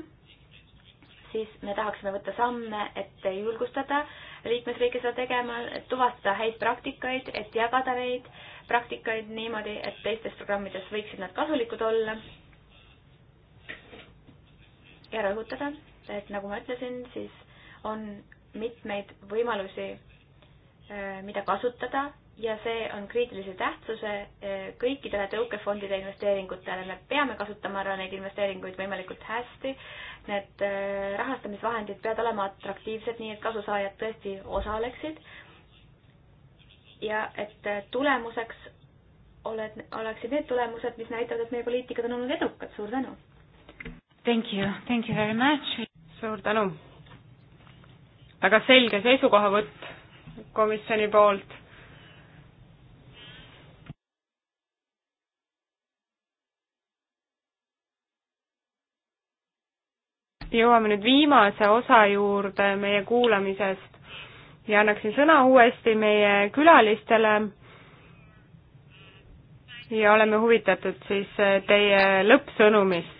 siis me tahaksime võtta samme, et julgustada äh, liikmesriike seda tegema, et tuvastada häid praktikaid, et jagada neid praktikaid niimoodi, et teistes programmides võiksid nad kasulikud olla. ja rõhutada, et nagu ma ütlesin, siis on mitmeid võimalusi, äh, mida kasutada ja see on kriitilise tähtsuse eh, kõikidele tõukefondide investeeringutele. me peame kasutama ära neid investeeringuid võimalikult hästi. Need eh, rahastamisvahendid peavad olema atraktiivsed, nii et kasusaajad tõesti osaleksid. ja et eh, tulemuseks oled, oleksid need tulemused, mis näitavad, et meie poliitikad on olnud edukad. suur tänu! Thank you, thank you very much! suur tänu! väga selge seisukohavõtt komisjoni poolt jõuame nüüd viimase osa juurde meie kuulamisest ja annaksin sõna uuesti meie külalistele ja oleme huvitatud siis teie lõppsõnumist.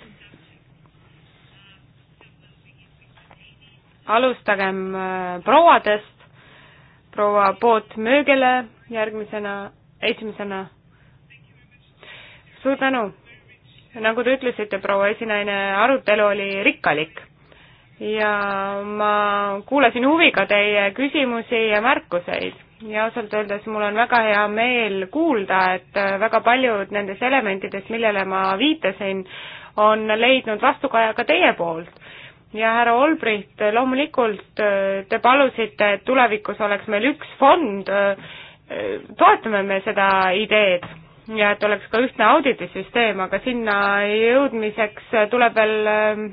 alustagem äh, prouadest, proua Poot Möögele järgmisena, esimesena. suur tänu! nagu te ütlesite, proua esinaine, arutelu oli rikkalik ja ma kuulasin huviga teie küsimusi ja märkuseid ja ausalt öeldes mul on väga hea meel kuulda, et väga paljud nendest elementidest, millele ma viitasin, on leidnud vastukaja ka teie poolt ja härra Olbricht, loomulikult äh, te palusite, et tulevikus oleks meil üks fond, äh, toetame me seda ideed ja et oleks ka ühtne auditisüsteem, aga sinna jõudmiseks tuleb veel ähm,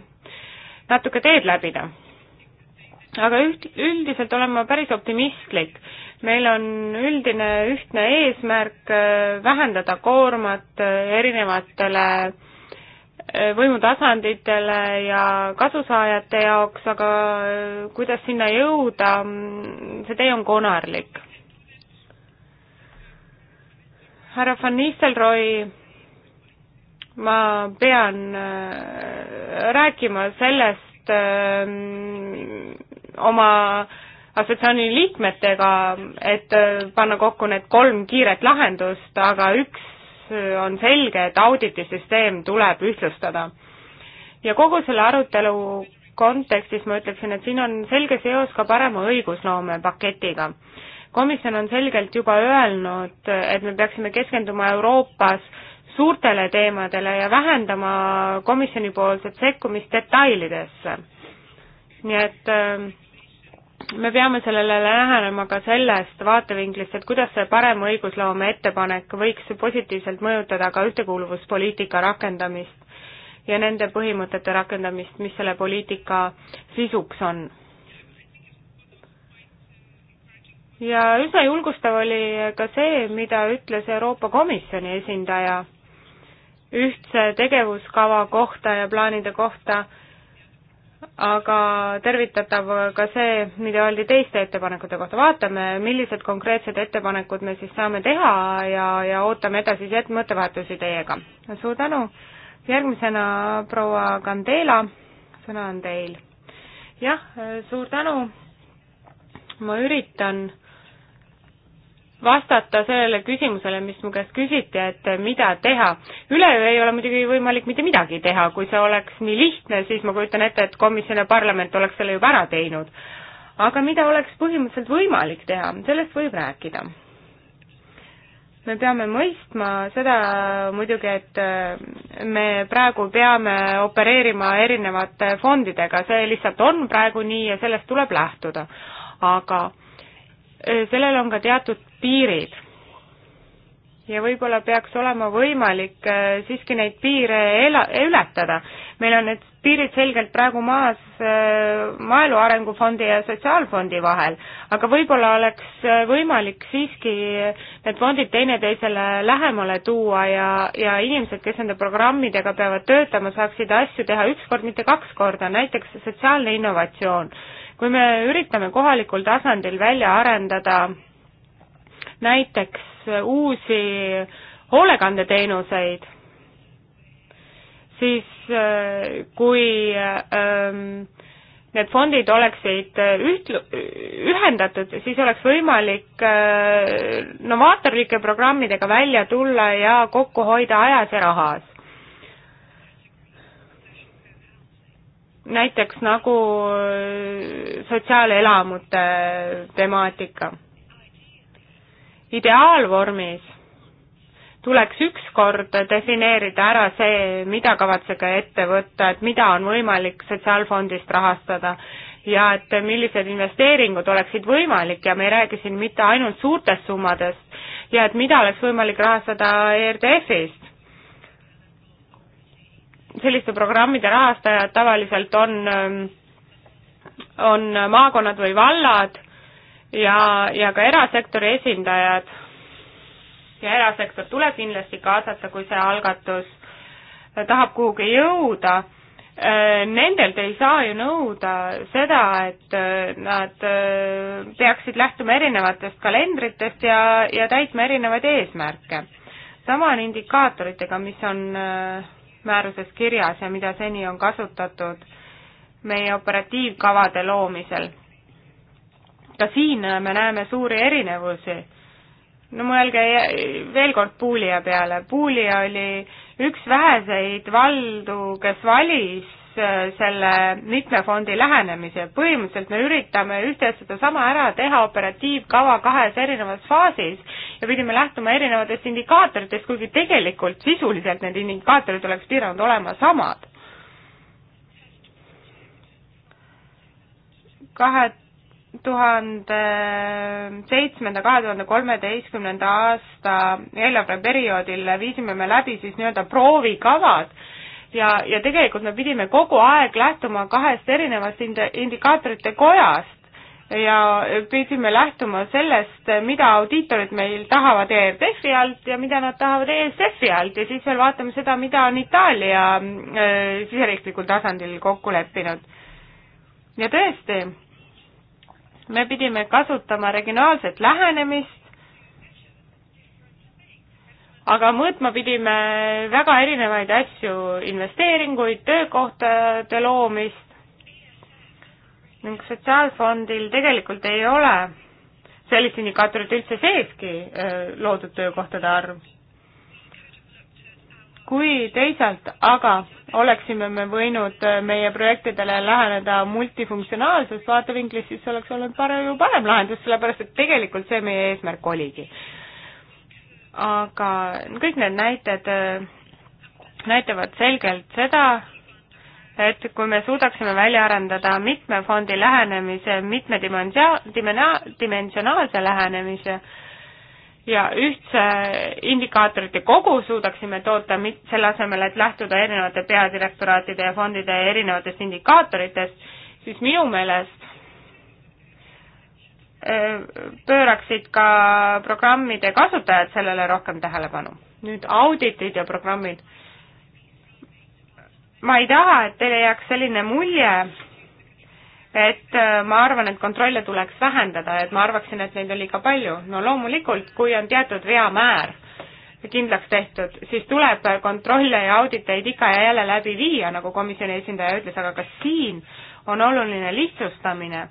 natuke teed läbida. aga üht, üldiselt olen ma päris optimistlik. meil on üldine ühtne eesmärk äh, vähendada koormat äh, erinevatele äh, võimutasanditele ja kasusaajate jaoks, aga kuidas sinna jõuda, mm, see tee on konarlik härra Van Nistelrooy, ma pean äh, rääkima sellest äh, oma assotsiatsiooni liikmetega, et äh, panna kokku need kolm kiiret lahendust, aga üks on selge, et auditisüsteem tuleb ühtlustada. ja kogu selle arutelu kontekstis ma ütleksin, et siin on selge seos ka parema õigusloome paketiga komisjon on selgelt juba öelnud, et me peaksime keskenduma Euroopas suurtele teemadele ja vähendama komisjonipoolset sekkumist detailidesse. nii et ähm, me peame sellele lähenema ka sellest vaatevinklist, et kuidas see parem õigusloome ettepanek võiks positiivselt mõjutada ka ühtekuuluvuspoliitika rakendamist ja nende põhimõtete rakendamist, mis selle poliitika sisuks on ja üsna julgustav oli ka see, mida ütles Euroopa Komisjoni esindaja ühtse tegevuskava kohta ja plaanide kohta, aga tervitatav ka see, mida öeldi teiste ettepanekute kohta, vaatame, millised konkreetsed ettepanekud me siis saame teha ja, ja ootame edasisi mõttevahetusi teiega. suur tänu, järgmisena proua Kandela, sõna on teil. jah, suur tänu, ma üritan vastata sellele küsimusele, mis mu käest küsiti, et mida teha. üleöö ei ole muidugi võimalik mitte midagi teha, kui see oleks nii lihtne, siis ma kujutan ette, et komisjon ja parlament oleks selle juba ära teinud. aga mida oleks põhimõtteliselt võimalik teha, sellest võib rääkida. me peame mõistma seda muidugi, et äh, me praegu peame opereerima erinevate fondidega, see lihtsalt on praegu nii ja sellest tuleb lähtuda. aga äh, sellel on ka teatud piirid. ja võib-olla peaks olema võimalik äh, siiski neid piire ela-, ületada. meil on need piirid selgelt praegu maas äh, Maaelu Arengufondi ja Sotsiaalfondi vahel, aga võib-olla oleks äh, võimalik siiski need fondid teineteisele lähemale tuua ja, ja inimesed, kes nende programmidega peavad töötama, saaksid asju teha üks kord, mitte kaks korda, näiteks sotsiaalne innovatsioon. kui me üritame kohalikul tasandil välja arendada näiteks uusi hoolekandeteenuseid, siis äh, kui ähm, need fondid oleksid äh, üht-, ühendatud, siis oleks võimalik äh, novaatorlike programmidega välja tulla ja kokku hoida ajas ja rahas. näiteks nagu sotsiaalelamute temaatika ideaalvormis tuleks ükskord defineerida ära see, mida kavatsege ette võtta, et mida on võimalik sotsiaalfondist rahastada ja et millised investeeringud oleksid võimalik ja me ei räägi siin mitte ainult suurtest summadest ja et mida oleks võimalik rahastada ERDF-ist. selliste programmide rahastajad tavaliselt on, ähm, on maakonnad või vallad ja, ja ka erasektori esindajad. ja erasektor tuleb kindlasti kaasata, kui see algatus tahab kuhugi jõuda. Äh, nendelt ei saa ju nõuda seda, et äh, nad äh, peaksid lähtuma erinevatest kalendritest ja, ja täitma erinevaid eesmärke. sama on indikaatoritega, mis on määruses kirjas ja mida seni on kasutatud meie operatiivkavade loomisel ka siin me näeme suuri erinevusi. no mõelge veel kord Puulia peale, Puulia oli üks väheseid valdu, kes valis äh, selle mitme fondi lähenemise, põhimõtteliselt me üritame ühte ja sedasama ära teha operatiivkava kahes erinevas faasis ja pidime lähtuma erinevatest indikaatoritest, kuigi tegelikult sisuliselt need indikaatorid oleks pidanud olema samad. kahe tuhande seitsmenda, kahe tuhande kolmeteistkümnenda aasta eelarveperioodil viisime me läbi siis nii-öelda proovikavad ja, ja tegelikult me pidime kogu aeg lähtuma kahest erinevast ind-, indikaatorite kojast ja pidime lähtuma sellest, mida audiitorid meil tahavad ERDF-i alt ja mida nad tahavad ESF-i alt ja siis veel vaatame seda, mida on Itaalia äh, siseriiklikul tasandil kokku leppinud. ja tõesti me pidime kasutama regionaalset lähenemist, aga mõõtma pidime väga erinevaid asju, investeeringuid, töökohtade loomist ning sotsiaalfondil tegelikult ei ole sellist indikaatorit üldse seeski loodud töökohtade arv. kui teisalt aga oleksime me võinud äh, meie projektidele läheneda multifunktsionaalsest vaatevinklist, siis oleks olnud palju parem lahendus, sellepärast et tegelikult see meie eesmärk oligi. aga kõik need näited äh, näitavad selgelt seda, et kui me suudaksime välja arendada mitme fondi lähenemise, mitmedimensia-, dimensionaalse lähenemise, ja ühtse indikaatorite kogu suudaksime toota, selle asemel, et lähtuda erinevate peadirektoraatide ja fondide erinevatest indikaatoritest, siis minu meelest äh, pööraksid ka programmide kasutajad sellele rohkem tähelepanu. nüüd auditid ja programmid. ma ei taha, et teile jääks selline mulje, et äh, ma arvan, et kontrolle tuleks vähendada, et ma arvaksin, et neid on liiga palju. no loomulikult, kui on teatud veamäär kindlaks tehtud, siis tuleb kontrolle ja auditeid ikka ja jälle läbi viia, nagu komisjoni esindaja ütles, aga ka siin on oluline lihtsustamine.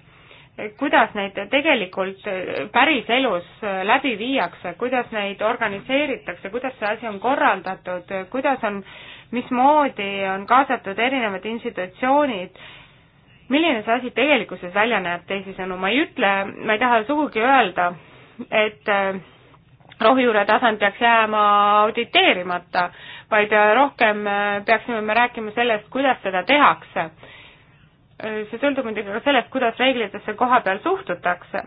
kuidas neid tegelikult äh, päriselus äh, läbi viiakse, kuidas neid organiseeritakse, kuidas see asi on korraldatud, kuidas on mismoodi on kaasatud erinevad institutsioonid milline see asi tegelikkuses välja näeb, teisisõnu, ma ei ütle, ma ei taha sugugi öelda, et äh, rohujuure tasand peaks jääma auditeerimata, vaid äh, rohkem äh, peaksime me rääkima sellest, kuidas seda tehakse. see sõltub muidugi ka sellest, kuidas reeglitesse koha peal suhtutakse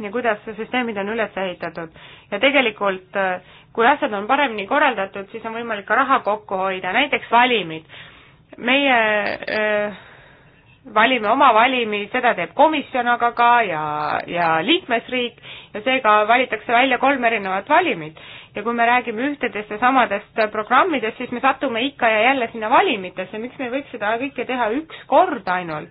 ja kuidas süsteemid on üles ehitatud. ja tegelikult, kui asjad on paremini korraldatud, siis on võimalik ka raha kokku hoida, näiteks valimid. meie öö, valime oma valimi, seda teeb komisjon aga ka ja, ja liikmesriik ja seega valitakse välja kolm erinevat valimit. ja kui me räägime ühtedest ja samadest programmidest, siis me satume ikka ja jälle sinna valimitesse, miks me ei võiks seda kõike teha üks kord ainult?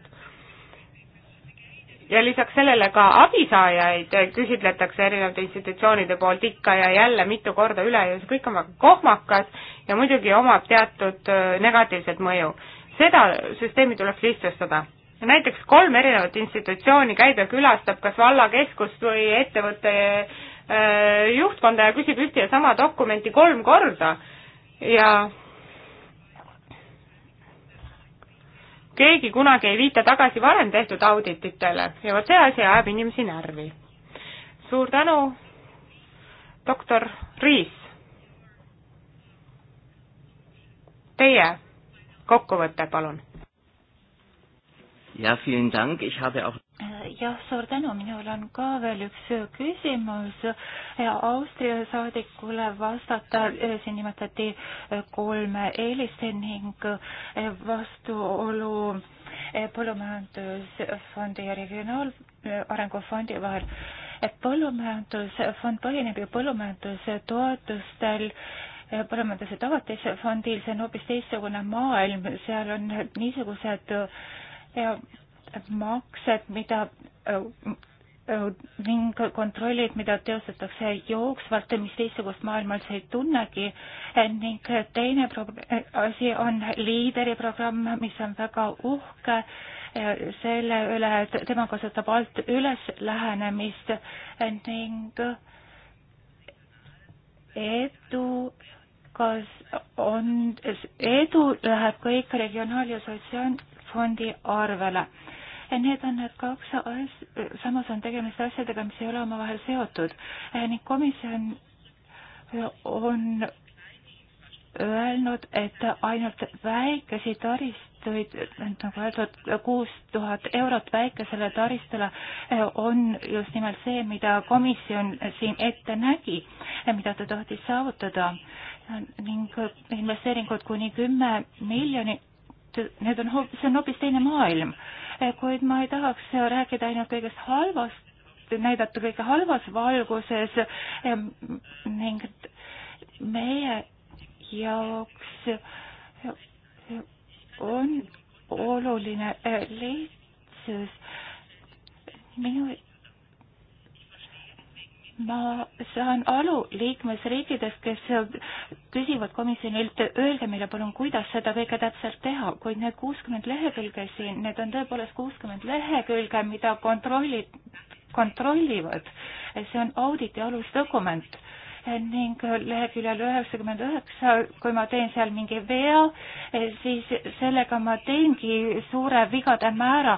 ja lisaks sellele ka abisaajaid küsitletakse erinevate institutsioonide poolt ikka ja jälle mitu korda üle ja see kõik on väga kohmakas ja muidugi omab teatud äh, negatiivset mõju seda süsteemi tuleks lihtsustada. näiteks kolm erinevat institutsiooni käib ja külastab kas vallakeskust või ettevõtte äh, juhtkonda ja küsib ühte ja sama dokumenti kolm korda ja keegi kunagi ei viita tagasi varem tehtud audititele ja vot see asi ajab inimesi närvi. suur tänu, doktor Riis. Teie kokkuvõte, palun. ja, jah, suur tänu, minul on ka veel üks küsimus Austria saadikule vastata, eh, siin nimetati eh, kolme eelist ning eh, vastuolu põllumajandusfondi ja regionaalarengufondi vahel et põllumajandusfond põhineb ju põllumajandustoetustel parlamendise tagatisfondil, see on hoopis teistsugune maailm, seal on niisugused äh, maksed, mida äh, ning kontrollid, mida teostatakse jooksvalt, mis teistsugust maailma üldse ei tunnegi äh, ning teine asi on liideri programm, mis on väga uhke selle üle, et tema kasutab alt üles lähenemist ning edu kas on, edu läheb kõik regionaal- ja sotsiaalfondi arvele. Ja need on need kaks as-, samas on tegemist asjadega, mis ei ole omavahel seotud ning komisjon on öelnud, et ainult väikesi taristuid, nagu öeldud, kuus tuhat eurot väikesele taristule eh, on just nimelt see, mida komisjon siin ette nägi, eh, mida ta tahtis saavutada ning investeeringud kuni kümme miljonit, need on hoopis, see on hoopis teine maailm, eh, kuid ma ei tahaks rääkida ainult kõigest halvast, näidata kõige halvas valguses ning meie jaoks on oluline eh, lihtsus. minu, ma saan aru liikmesriikidest, kes küsivad komisjonilt, öelge meile palun, kuidas seda kõike täpselt teha, kuid need kuuskümmend lehekülge siin, need on tõepoolest kuuskümmend lehekülge, mida kontrollid, kontrollivad. see on auditi alusdokument ning leheküljel üheksakümmend üheksa, kui ma teen seal mingi vea, siis sellega ma teengi suure vigade määra.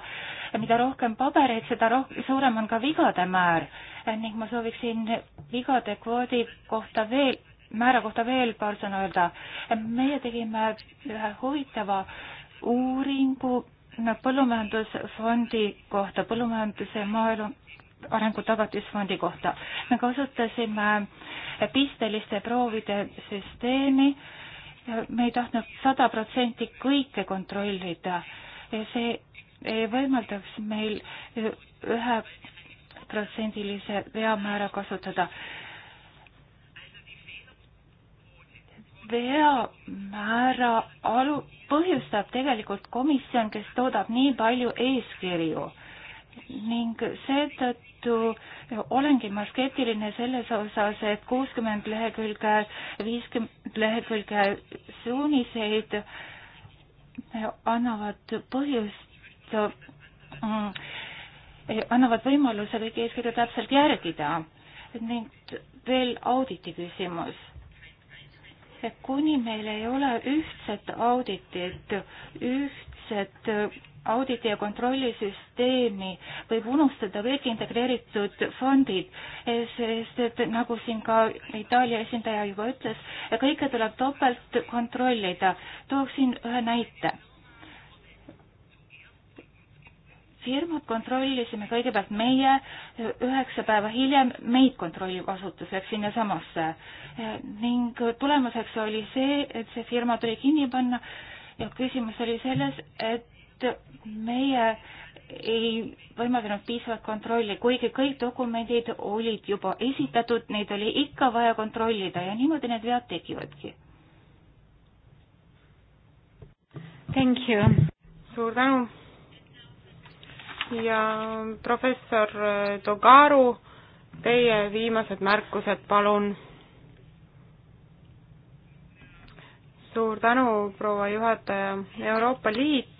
mida rohkem pabereid, seda roh-, suurem on ka vigade määr ning ma sooviksin vigade kvoodi kohta veel, määra kohta veel paar sõna öelda. meie tegime ühe huvitava uuringu Põllumajandusfondi kohta, põllumajanduse maaelu arengutagatisfondi kohta. me kasutasime pisteliste proovide süsteemi, me ei tahtnud sada protsenti kõike kontrollida, see võimaldaks meil ühe protsendilise veamäära kasutada. veamäära alu, põhjustab tegelikult komisjon, kes toodab nii palju eeskirju ning seetõttu olengi ma skeptiline selles osas, et kuuskümmend lehekülge, viiskümmend lehekülge suuniseid annavad põhjust, mm, annavad võimaluse kõiki eeskirju täpselt järgida ning veel auditi küsimus. kuni meil ei ole ühtset auditit, ühtset auditi ja kontrollisüsteemi võib unustada veelgi integreeritud fondid, eh, sest et nagu siin ka Itaalia esindaja juba ütles, kõike tuleb topelt kontrollida. tooksin ühe näite. firmat kontrollisime kõigepealt meie, üheksa päeva hiljem meid kontrolliv asutus läks sinnasamasse eh, ning tulemuseks oli see, et see firma tuli kinni panna ja küsimus oli selles, et et meie ei võimaldanud piisavat kontrolli, kuigi kõik dokumendid olid juba esitatud, neid oli ikka vaja kontrollida ja niimoodi need vead tekivadki. Thank you. suur tänu. ja professor Togaru, teie viimased märkused, palun. suur tänu, proua juhataja. Euroopa Liit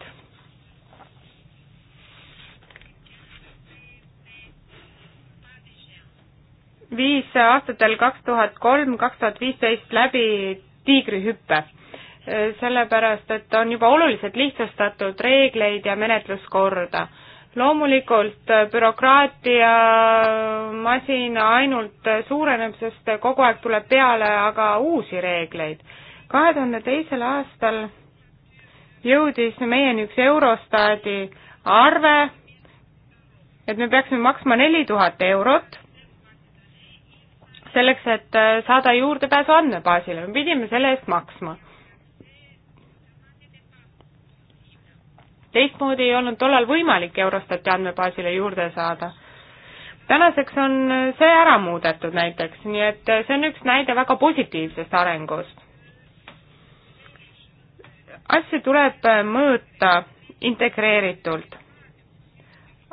viis aastatel kaks tuhat kolm, kaks tuhat viisteist läbi tiigrihüppe, sellepärast et on juba oluliselt lihtsustatud reegleid ja menetluskorda. loomulikult bürokraatia masin ainult suureneb, sest kogu aeg tuleb peale aga uusi reegleid. kahe tuhande teisel aastal jõudis meieni üks Eurostaadi arve, et me peaksime maksma neli tuhat eurot selleks, et äh, saada juurdepääsu andmebaasile, me pidime selle eest maksma. teistmoodi ei olnud tollal võimalik Eurostati andmebaasile juurde saada. tänaseks on äh, see ära muudetud näiteks, nii et äh, see on üks näide väga positiivsest arengust. asju tuleb mõõta integreeritult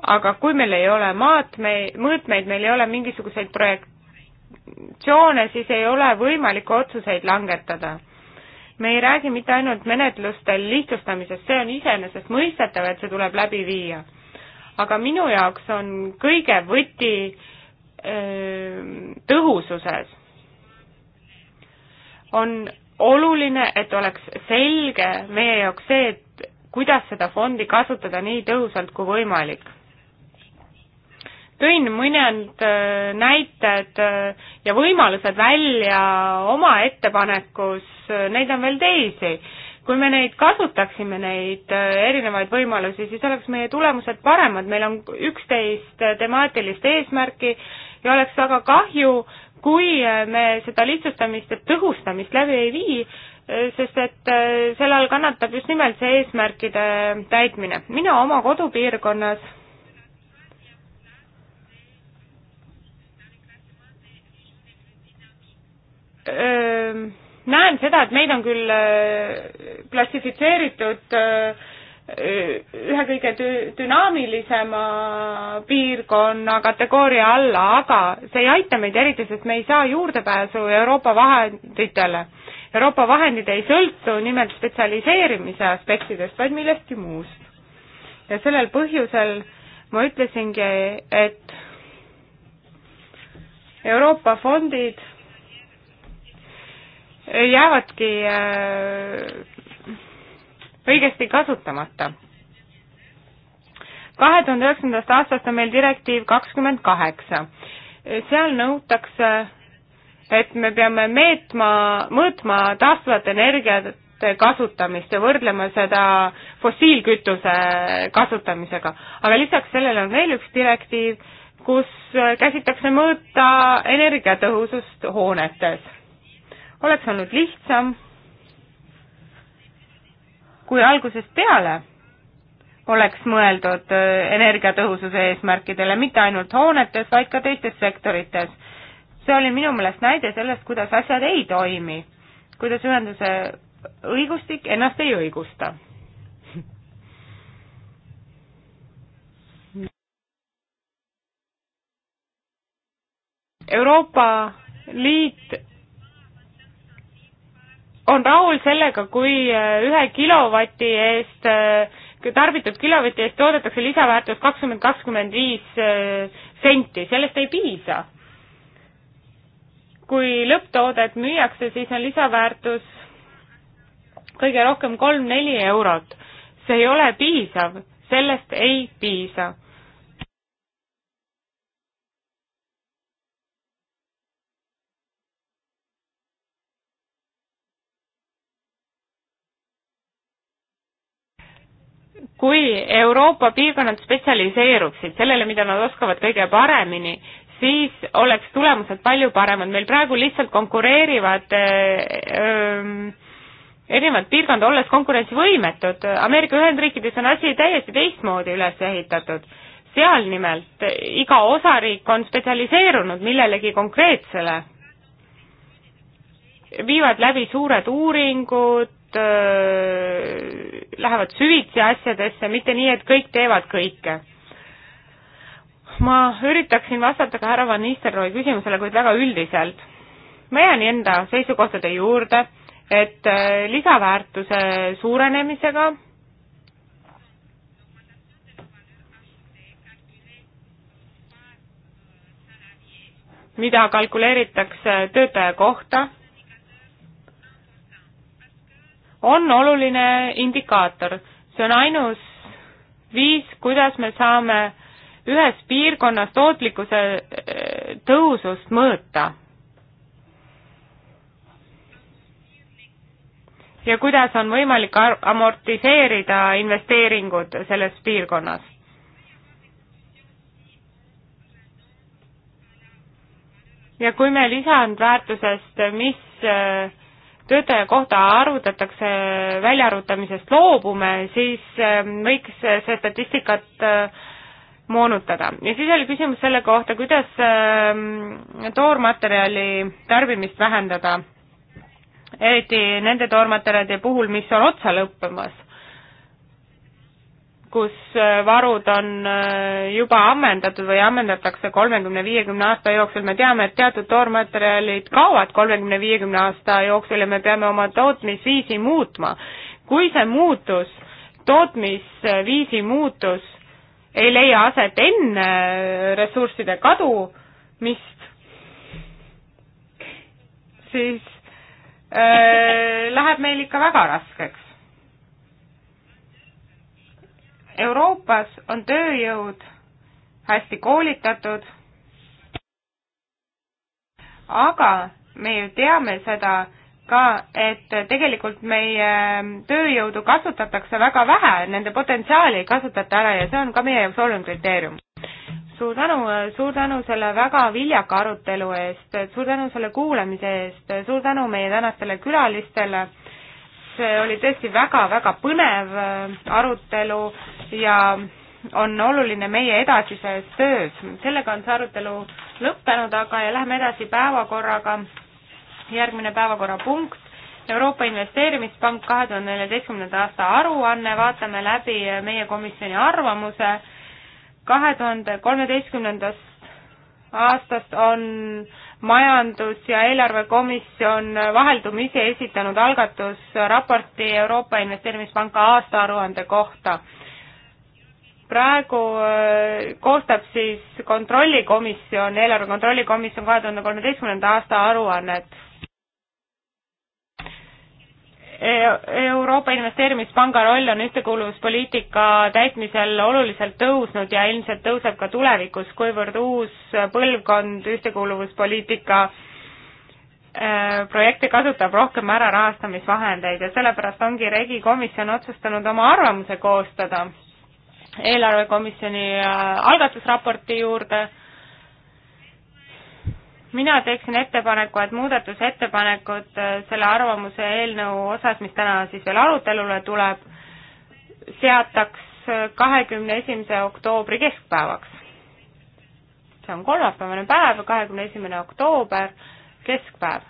aga kui meil ei ole maatme-, mõõtmeid, meil ei ole mingisuguseid projekt-, tsoone, siis ei ole võimalik otsuseid langetada. me ei räägi mitte ainult menetluste lihtsustamisest, see on iseenesestmõistetav, et see tuleb läbi viia. aga minu jaoks on kõige võti öö, ähm, tõhususes. on oluline, et oleks selge meie jaoks see, et kuidas seda fondi kasutada nii tõhusalt kui võimalik tõin mõned äh, näited äh, ja võimalused välja oma ettepanekus, äh, neid on veel teisi. kui me neid kasutaksime, neid erinevaid võimalusi, siis oleks meie tulemused paremad, meil on üksteist temaatilist eesmärki ja oleks väga kahju, kui me seda lihtsustamist ja tõhustamist läbi ei vii, sest et selle all kannatab just nimelt see eesmärkide täitmine. mina oma kodupiirkonnas näen seda, et meid on küll klassifitseeritud ühe kõige dünaamilisema piirkonna kategooria alla, aga see ei aita meid eriti, sest me ei saa juurdepääsu Euroopa vahenditele. Euroopa vahendid ei sõltu nimelt spetsialiseerimise aspektidest, vaid millestki muust. ja sellel põhjusel ma ütlesingi, et Euroopa fondid jäävadki äh, õigesti kasutamata. kahe tuhande üheksandast aastast on meil direktiiv kakskümmend kaheksa. seal nõutakse, et me peame meetma, mõõtma taastuvat energiat kasutamist ja võrdlema seda fossiilkütuse kasutamisega. aga lisaks sellele on veel üks direktiiv, kus käsitakse mõõta energiatõhusust hoonetes oleks olnud lihtsam, kui algusest peale oleks mõeldud äh, energiatõhususe eesmärkidele, mitte ainult hoonetes, vaid ka teistes sektorites. see oli minu meelest näide sellest, kuidas asjad ei toimi, kuidas ühenduse õigustik ennast ei õigusta. Euroopa Liit on rahul sellega, kui äh, ühe kilovati eest, äh, tarbitud kilovati eest toodetakse lisaväärtus kakskümmend, kakskümmend viis äh, senti, sellest ei piisa. kui lõpptoodet müüakse, siis on lisaväärtus kõige rohkem kolm-neli eurot. see ei ole piisav, sellest ei piisa kui Euroopa piirkonnad spetsialiseeruksid sellele, mida nad oskavad kõige paremini, siis oleks tulemused palju paremad, meil praegu lihtsalt konkureerivad öö, äh, ähm, erinevad piirkond, olles konkurentsivõimetud, Ameerika Ühendriikides on asi täiesti teistmoodi üles ehitatud. seal nimelt iga osariik on spetsialiseerunud millelegi konkreetsele. viivad läbi suured uuringud, Äh, lähevad süvitsi asjadesse, mitte nii, et kõik teevad kõike. ma üritaksin vastata ka härra Van Nistelrooy küsimusele, kuid väga üldiselt. ma jään enda seisukohtade juurde, et äh, lisaväärtuse suurenemisega mida kalkuleeritakse töötaja kohta on oluline indikaator. see on ainus viis, kuidas me saame ühes piirkonnas tootlikkuse eh, tõusust mõõta. ja kuidas on võimalik amortiseerida investeeringud selles piirkonnas. ja kui me lisandväärtusest, mis äh, töötaja kohta arvutatakse väljaarvutamisest loobume, siis ähm, võiks see statistikat äh, moonutada. ja siis oli küsimus selle kohta, kuidas ähm, toormaterjali tarbimist vähendada, eriti nende toormaterjalide puhul, mis on otsa lõppemas kus äh, varud on äh, juba ammendatud või ammendatakse kolmekümne, viiekümne aasta jooksul, me teame, et teatud toormaterjalid kaovad kolmekümne, viiekümne aasta jooksul ja me peame oma tootmisviisi muutma. kui see muutus, tootmisviisi muutus ei leia aset enne äh, ressursside kadumist, siis äh, läheb meil ikka väga raskeks Euroopas on tööjõud hästi koolitatud, aga me ju teame seda ka, et tegelikult meie tööjõudu kasutatakse väga vähe, nende potentsiaali ei kasutata ära ja see on ka meie jaoks oluline kriteerium. suur tänu, suur tänu selle väga viljaka arutelu eest, suur tänu selle kuulamise eest, suur tänu meie tänastele külalistele see oli tõesti väga-väga põnev äh, arutelu ja on oluline meie edasises töös. sellega on see arutelu lõppenud, aga ja läheme edasi päevakorraga. järgmine päevakorrapunkt, Euroopa Investeerimispank kahe tuhande neljateistkümnenda aasta aruanne, vaatame läbi meie komisjoni arvamuse. kahe tuhande kolmeteistkümnendast aastast on majandus- ja eelarvekomisjon vaheldumisi esitanud algatusraporti Euroopa Investeerimispanka aastaaruande kohta. praegu äh, koostab siis kontrollikomisjon, eelarve kontrollikomisjon kahe tuhande kolmeteistkümnenda aasta aruannet E-, Euroopa Investeerimispanga roll on ühtekuuluvuspoliitika täitmisel oluliselt tõusnud ja ilmselt tõuseb ka tulevikus, kuivõrd uus põlvkond ühtekuuluvuspoliitika e-, projekte kasutab rohkem ära rahastamisvahendeid ja sellepärast ongi Regi komisjon otsustanud oma arvamuse koostada eelarvekomisjoni e-, algatusraporti juurde mina teeksin ettepaneku, et muudatusettepanekud äh, selle arvamuse eelnõu osas, mis täna siis veel arutelule tuleb, seataks äh, kahekümne esimese oktoobri keskpäevaks. see on kolmapäevane päev, kahekümne esimene oktoober, keskpäev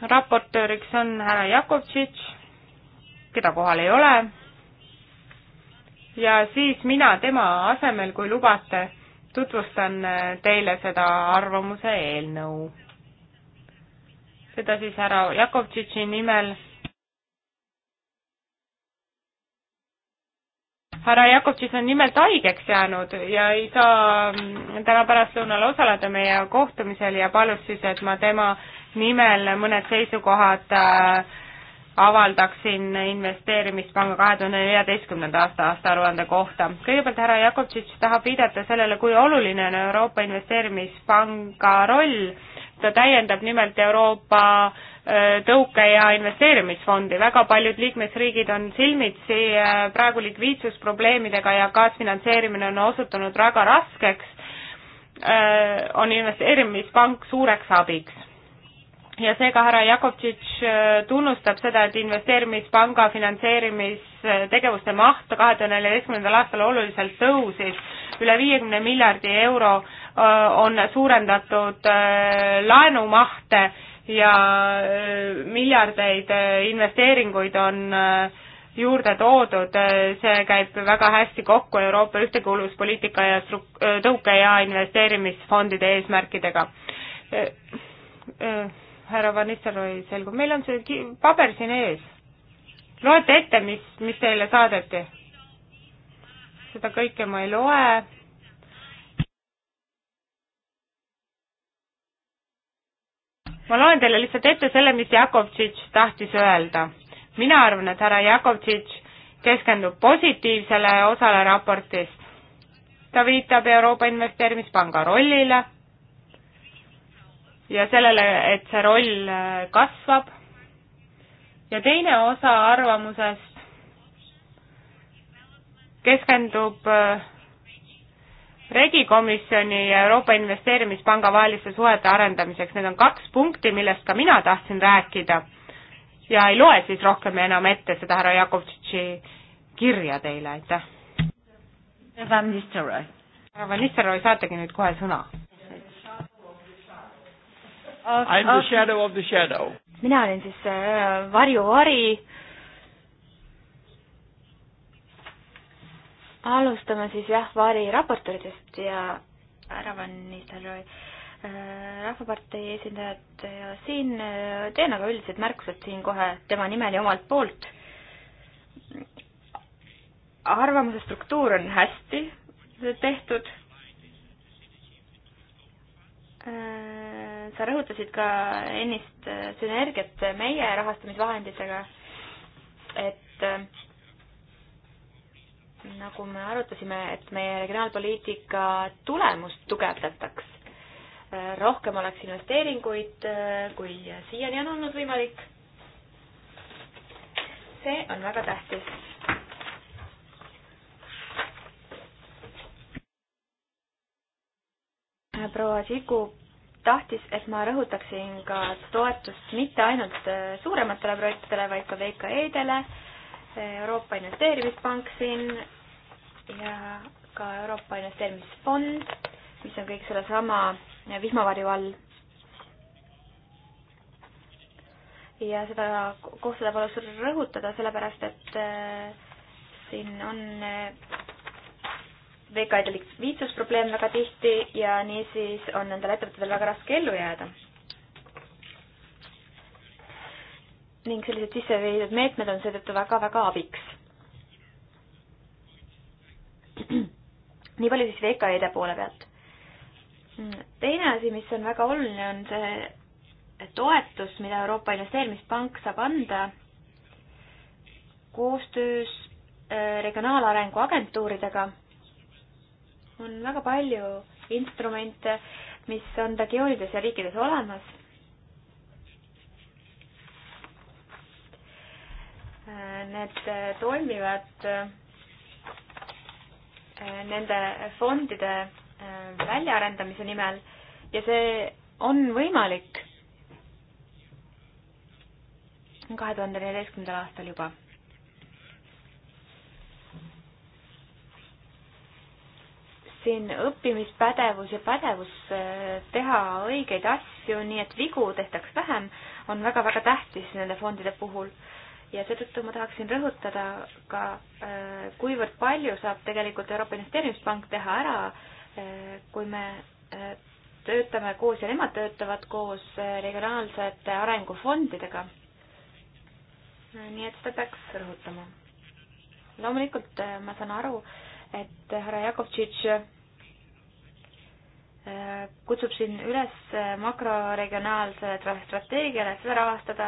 raportööriks on härra Jakovtšitš, keda kohal ei ole ja siis mina tema asemel, kui lubate, tutvustan äh, teile seda arvamuse eelnõu. seda siis härra Jakovtšitši nimel. härra Jakovtšis on nimelt haigeks jäänud ja ei saa mm, täna pärastlõunal osaleda meie kohtumisel ja palus siis, et ma tema nimel mõned seisukohad äh, avaldaksin investeerimispanga kahe tuhande neljateistkümnenda aasta aastaaruande kohta. kõigepealt härra Jakobtšitš tahab viidata sellele, kui oluline on Euroopa Investeerimispanga roll. ta täiendab nimelt Euroopa tõuke- ja investeerimisfondi. väga paljud liikmesriigid on silmitsi praegu likviidsusprobleemidega ja kaasfinantseerimine on osutunud väga raskeks. on investeerimispank suureks abiks ja seega härra Jakobtšitš äh, tunnustab seda, et investeerimispanga finantseerimistegevuste maht kahe tuhande neljateistkümnendal aastal oluliselt tõusis, üle viiekümne miljardi euro äh, on suurendatud äh, laenumahte ja miljardeid investeeringuid on juurde toodud, see käib väga hästi kokku Euroopa ühtekuuluvuspoliitika ja tõuke- ja investeerimisfondide eesmärkidega härra Van Nistelrooy selgub, meil on see paber siin ees. loete ette, mis, mis teile saadeti? seda kõike ma ei loe. ma loen teile lihtsalt ette selle, mis Jakovtšitš tahtis öelda. mina arvan, et härra Jakovtšitš keskendub positiivsele osale raportist. ta viitab Euroopa Investeerimispanga rollile ja sellele, et see roll äh, kasvab. ja teine osa arvamusest keskendub äh, regikomisjoni ja Euroopa Investeerimispanga vaheliste suhete arendamiseks, need on kaks punkti, millest ka mina tahtsin rääkida ja ei loe siis rohkem enam ette seda härra Jakovtšitši kirja teile, aitäh. härra Van Nistelrooy, saategi nüüd kohe sõna aga... I am the shadow of the shadow. mina olen siis äh, varjuvari. alustame siis jah, variraportoritest ja härra Van Nistelrooy äh,, Rahvapartei esindajad ja siin äh, teen aga üldised märkused siin kohe tema nimel ja omalt poolt. arvamuse struktuur on hästi tehtud äh, sa rõhutasid ka ennist sünergiat meie rahastamisvahenditega, et äh, nagu me arutasime, et meie regionaalpoliitika tulemust tugevdataks. Äh, rohkem oleks investeeringuid, äh, kui siiani on olnud võimalik. see on väga tähtis. proua Sigu tahtis, et ma rõhutaksin ka toetust mitte ainult äh, suurematele projektidele, vaid ka VKE-dele, Euroopa Investeerimispank siin ja ka Euroopa Investeerimisfond, mis on kõik sellesama äh, vihmavarju all. ja seda kohta tuleb alles rõhutada, sellepärast et äh, siin on VKD likviidsusprobleem väga tihti ja niisiis on nendel ettevõtetel väga raske ellu jääda. ning sellised sisse viidud meetmed on seetõttu väga-väga abiks. [clears throat] nii palju siis VKD poole pealt. teine asi, mis on väga oluline, on see toetus, mida Euroopa Investeerimispank saab anda koostöös äh, regionaalarengu agentuuridega on väga palju instrumente, mis on regioonides ja riikides olemas. Need toimivad eh, nende fondide eh, väljaarendamise nimel ja see on võimalik kahe tuhande neljateistkümnendal aastal juba siin õppimispädevus ja pädevus äh, teha õigeid asju, nii et vigu tehtaks vähem, on väga-väga tähtis nende fondide puhul. ja seetõttu ma tahaksin rõhutada ka, äh, kuivõrd palju saab tegelikult Euroopa Investeerimispank teha ära, äh, kui me töötame koos ja nemad töötavad koos regionaalsete arengufondidega. nii et seda peaks rõhutama. loomulikult ma saan aru, et härra Jakovtšitš kutsub siin üles makroregionaalsele strateegiale seda rahastada,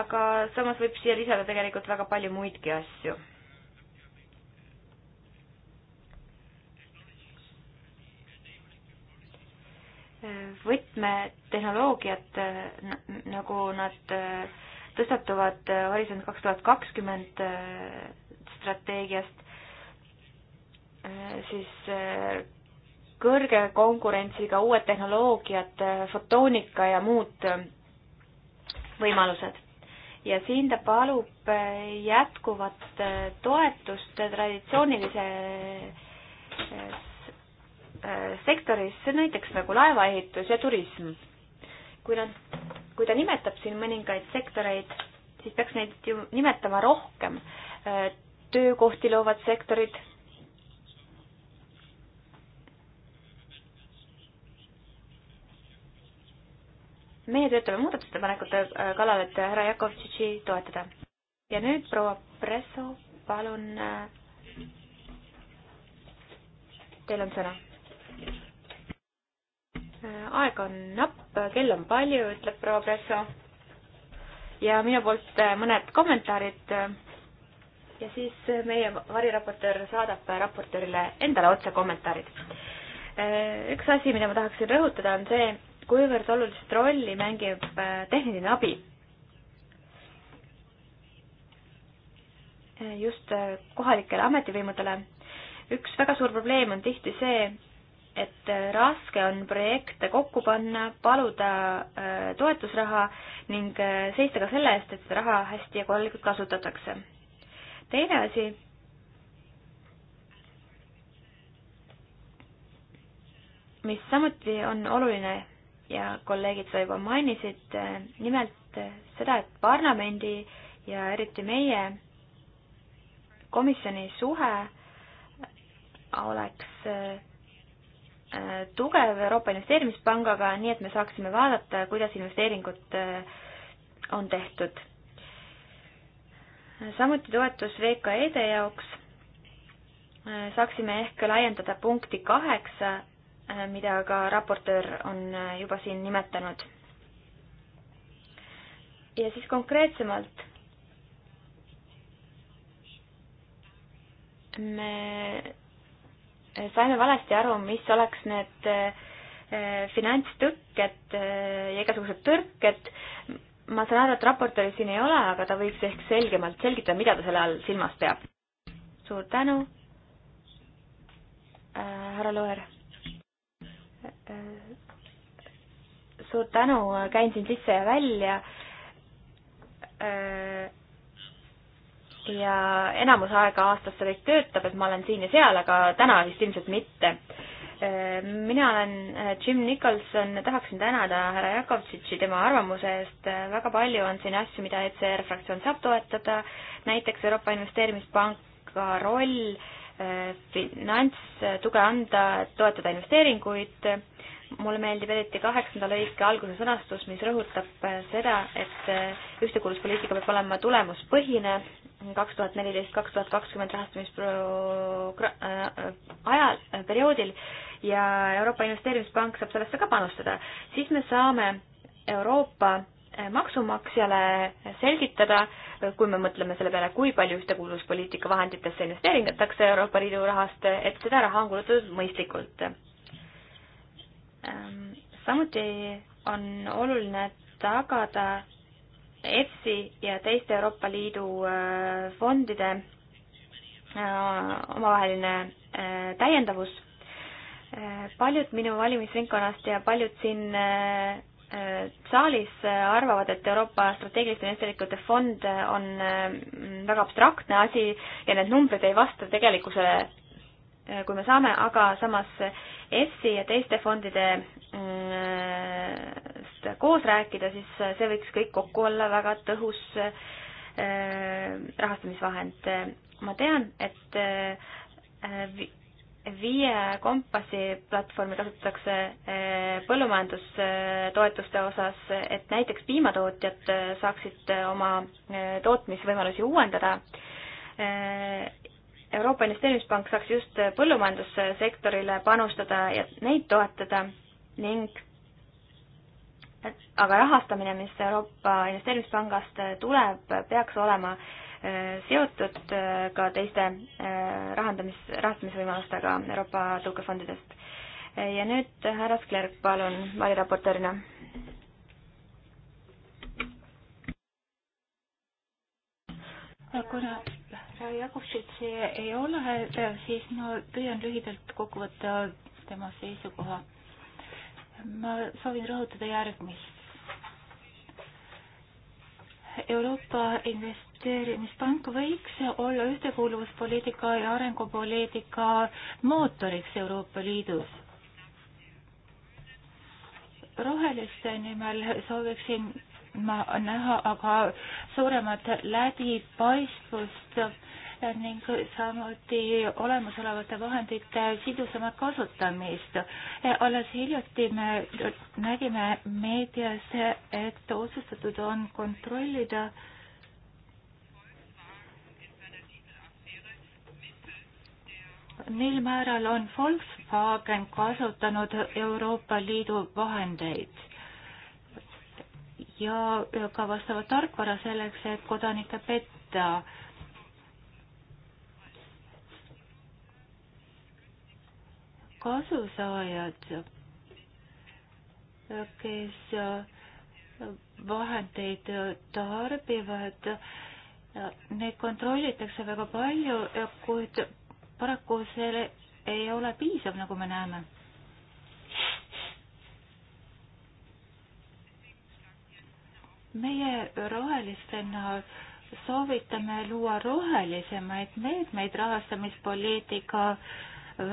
aga samas võib siia lisada tegelikult väga palju muidki asju. võtmetehnoloogiad, nagu nad tõstatuvad Horisont kaks tuhat kakskümmend strateegiast, siis kõrge konkurentsiga uued tehnoloogiad, fotoonika ja muud võimalused. ja siin ta palub jätkuvat toetust traditsioonilise äh, sektoris, näiteks nagu laevaehitus ja turism. kui nad, kui ta nimetab siin mõningaid sektoreid, siis peaks neid ju nimetama rohkem. Äh, töökohti loovad sektorid meie töötame muudatusettepanekute äh, kallal, et äh, härra Jakovtšitši toetada. ja nüüd proua Presso, palun. Äh, teil on sõna. aeg on napp, kell on palju, ütleb proua Presso. ja minu poolt mõned kommentaarid. ja siis meie variraportöör saadab raportöörile endale otse kommentaarid. üks asi, mida ma tahaksin rõhutada, on see, kuivõrd olulist rolli mängib äh, tehniline abi. Äh, just äh, kohalikele ametivõimudele. üks väga suur probleem on tihti see, et raske on projekte kokku panna, paluda toetusraha ning seista ka selle eest, et seda raha hästi ja korralikult kasutatakse. teine asi mis samuti on oluline ja kolleegid seda juba mainisid, eh, nimelt eh, seda, et parlamendi ja eriti meie komisjoni suhe oleks eh, tugev Euroopa Investeerimispangaga, nii et me saaksime vaadata, kuidas investeeringud on tehtud. samuti toetus VKE-de jaoks, saaksime ehk laiendada punkti kaheksa Äh, mida ka raportöör on äh, juba siin nimetanud. ja siis konkreetsemalt me saime valesti aru, mis oleks need äh, finantstõkked ja igasugused tõrked. ma saan aru, et raportööri siin ei ole, aga ta võiks ehk selgemalt selgitada, mida ta selle all silmas peab. suur tänu äh,, härra Loer Äh, suur tänu, käin siin sisse ja välja. Äh, ja enamus aega aastast see kõik töötab, et ma olen siin ja seal, aga täna vist ilmselt mitte. Äh, mina olen Jim Nicholson, tahaksin tänada härra Jakovtšitši tema arvamuse eest. väga palju on siin asju, mida ECR fraktsioon saab toetada, näiteks Euroopa Investeerimispank ka roll finantstuge anda, et toetada investeeringuid. mulle meeldib eriti kaheksanda lõike alguse sõnastus, mis rõhutab äh, seda, et äh, ühtekuuluvuspoliitika peab olema tulemuspõhine kaks tuhat neliteist, kaks tuhat kakskümmend rahastamispro-, äh, ajal, perioodil ja Euroopa Investeerimispank saab sellesse ka panustada, siis me saame Euroopa Äh, maksumaksjale selgitada, kui me mõtleme selle peale, kui palju ühtekuuluvuspoliitika vahenditesse investeeringatakse Euroopa Liidu rahast, et seda raha on kulutatud mõistlikult. Ähm, samuti on oluline tagada EFSI ja teiste Euroopa Liidu äh, fondide äh, omavaheline täiendavus. paljud minu valimisringkonnast ja paljud siin saalis äh, arvavad, et Euroopa strateegiliste investeeringute fond äh, on äh, väga abstraktne asi ja need numbrid ei vasta tegelikkusele, kui me saame, aga samas EFSI ja teiste fondide koos rääkida, siis see võiks kõik kokku olla väga tõhus rahastamisvahend. ma tean, et viie kompassi platvormi kasutatakse eh, põllumajandustoetuste osas, et näiteks piimatootjad eh, saaksid eh, oma tootmisvõimalusi uuendada. Euroopa Investeerimispank saaks just põllumajandussektorile panustada ja neid toetada ning aga rahastamine, mis Euroopa Investeerimispangast tuleb, peaks olema äh, Äh, seotud äh, ka teiste äh, rahandamis, rahastamisvõimalustega Euroopa tõukefondidest. ja nüüd härra Sklerk, palun, valiraportöörina. kuna härra Jakovtšitši ei ole, siis ma püüan lühidalt kokku võtta tema seisukoha. ma soovin rõhutada järgmist Euroopa Investeerimispank võiks olla ühtekuuluvuspoliitika ja arengupoliitika mootoriks Euroopa Liidus. roheliste nimel sooviksin ma näha aga suuremat läbipaistvust ning samuti olemasolevate vahendite sidusamat kasutamist. alles hiljuti me nägime meedias, et otsustatud on kontrollida mil määral on Volkswagen kasutanud Euroopa Liidu vahendeid ja ka vastavat tarkvara selleks, et kodanikke petta kasusaajad, kes vahendeid tarbivad, neid kontrollitakse väga palju, kuid paraku see ei ole piisav, nagu me näeme meie rohelistena soovitame luua rohelisemaid meetmeid rahastamispoliitika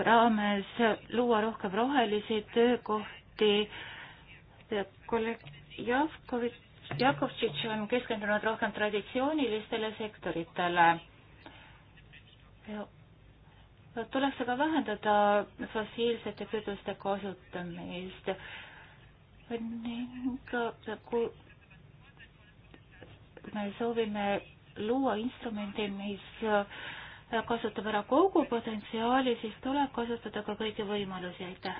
raames luua rohkem rohelisi töökohti. kolleeg Javkovitš, Jakovtšitš on keskendunud rohkem traditsioonilistele sektoritele. tuleks aga vähendada fossiilsete kütuste kasutamist ning kui me soovime luua instrumendi, mis kasutab ära kogu potentsiaali, siis tuleb kasutada ka kõiki võimalusi, aitäh.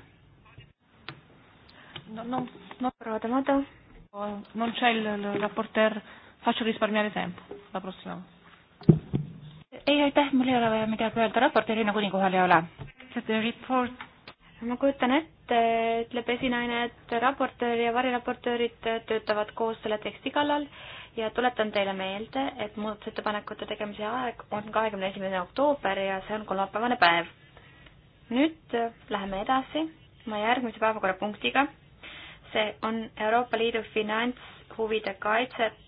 no, no, no raadamata. Non c'è il rapporter, faccio risparmiare tempo la prossima. ei, aitäh, mul ei ole vaja midagi öelda, raportööri nagunii kohal ei ole. ma kujutan ette, ütleb esinaine, et raportöör ja variraportöörid töötavad koos selle teksti kallal ja tuletan teile meelde, et muudatusettepanekute tegemise aeg on kahekümne esimene oktoober ja see on kolmapäevane päev. nüüd äh, läheme edasi oma järgmise päevakorrapunktiga. see on Euroopa Liidu finantshuvide kaitset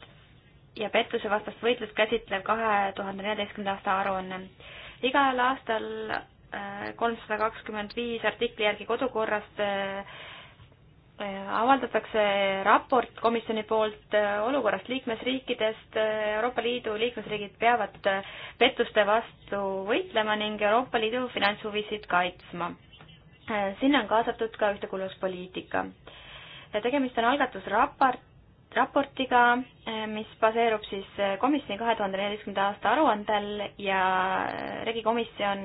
ja pettusevastast võitlust käsitlev kahe tuhande neljateistkümnenda aasta aruanne. igal aastal äh, kolmsada kakskümmend viis artikli järgi kodukorrast äh, Äh, avaldatakse raport komisjoni poolt äh, olukorrast liikmesriikidest. Äh, Euroopa Liidu liikmesriigid peavad pettuste vastu võitlema ning Euroopa Liidu finantshuvisid kaitsma. sinna on kaasatud ka ühtekuuluvuspoliitika. tegemist on algatusraport, raportiga, mis baseerub siis komisjoni kahe tuhande neljateistkümnenda aasta aruandel ja regikomisjon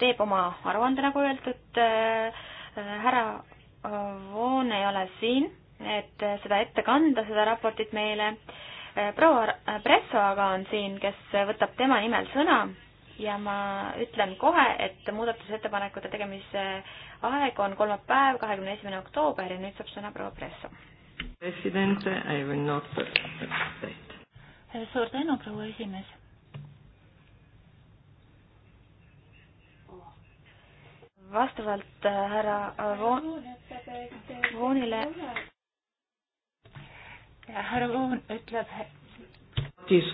teeb oma aruande, nagu öeldud, härra Voon ei ole siin, et seda ette kanda, seda raportit meile. proua Presso aga on siin, kes võtab tema nimel sõna ja ma ütlen kohe, et muudatusettepanekute tegemise aeg on kolmapäev, kahekümne esimene oktoober ja nüüd saab sõna proua Presso. president, I will not participate. suur tänu, proua esimees. vastavalt äh, härra Voon, Voonile. härra Voon ütleb.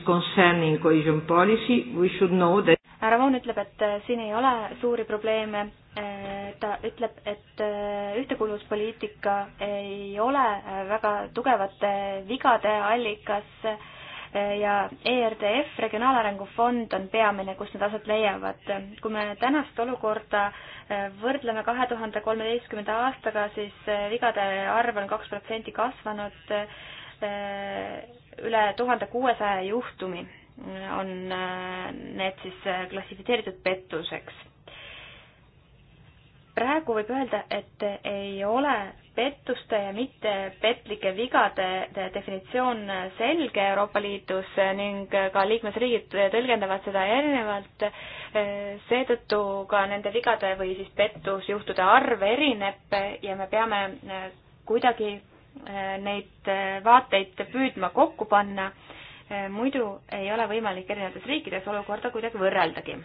Concerning cohesion policy, we should know that. härra Voon ütleb, et äh, siin ei ole suuri probleeme. Äh, ta ütleb, et ühtekuuluvuspoliitika ei ole väga tugevate vigade allikas ja ERDF, Regionaalarengu Fond, on peamine, kus need asjad leiavad. kui me tänast olukorda äh, võrdleme kahe tuhande kolmeteistkümnenda aastaga, siis äh, vigade arv on kaks protsenti kasvanud, äh, üle tuhande kuuesaja juhtumi on need siis klassifitseeritud pettuseks praegu võib öelda, et ei ole pettuste ja mittepetlike vigade definitsioon selge Euroopa Liidus ning ka liikmesriigid tõlgendavad seda erinevalt. seetõttu ka nende vigade või siis pettusjuhtude arv erineb ja me peame kuidagi neid vaateid püüdma kokku panna. muidu ei ole võimalik erinevates riikides olukorda kuidagi võrreldagi.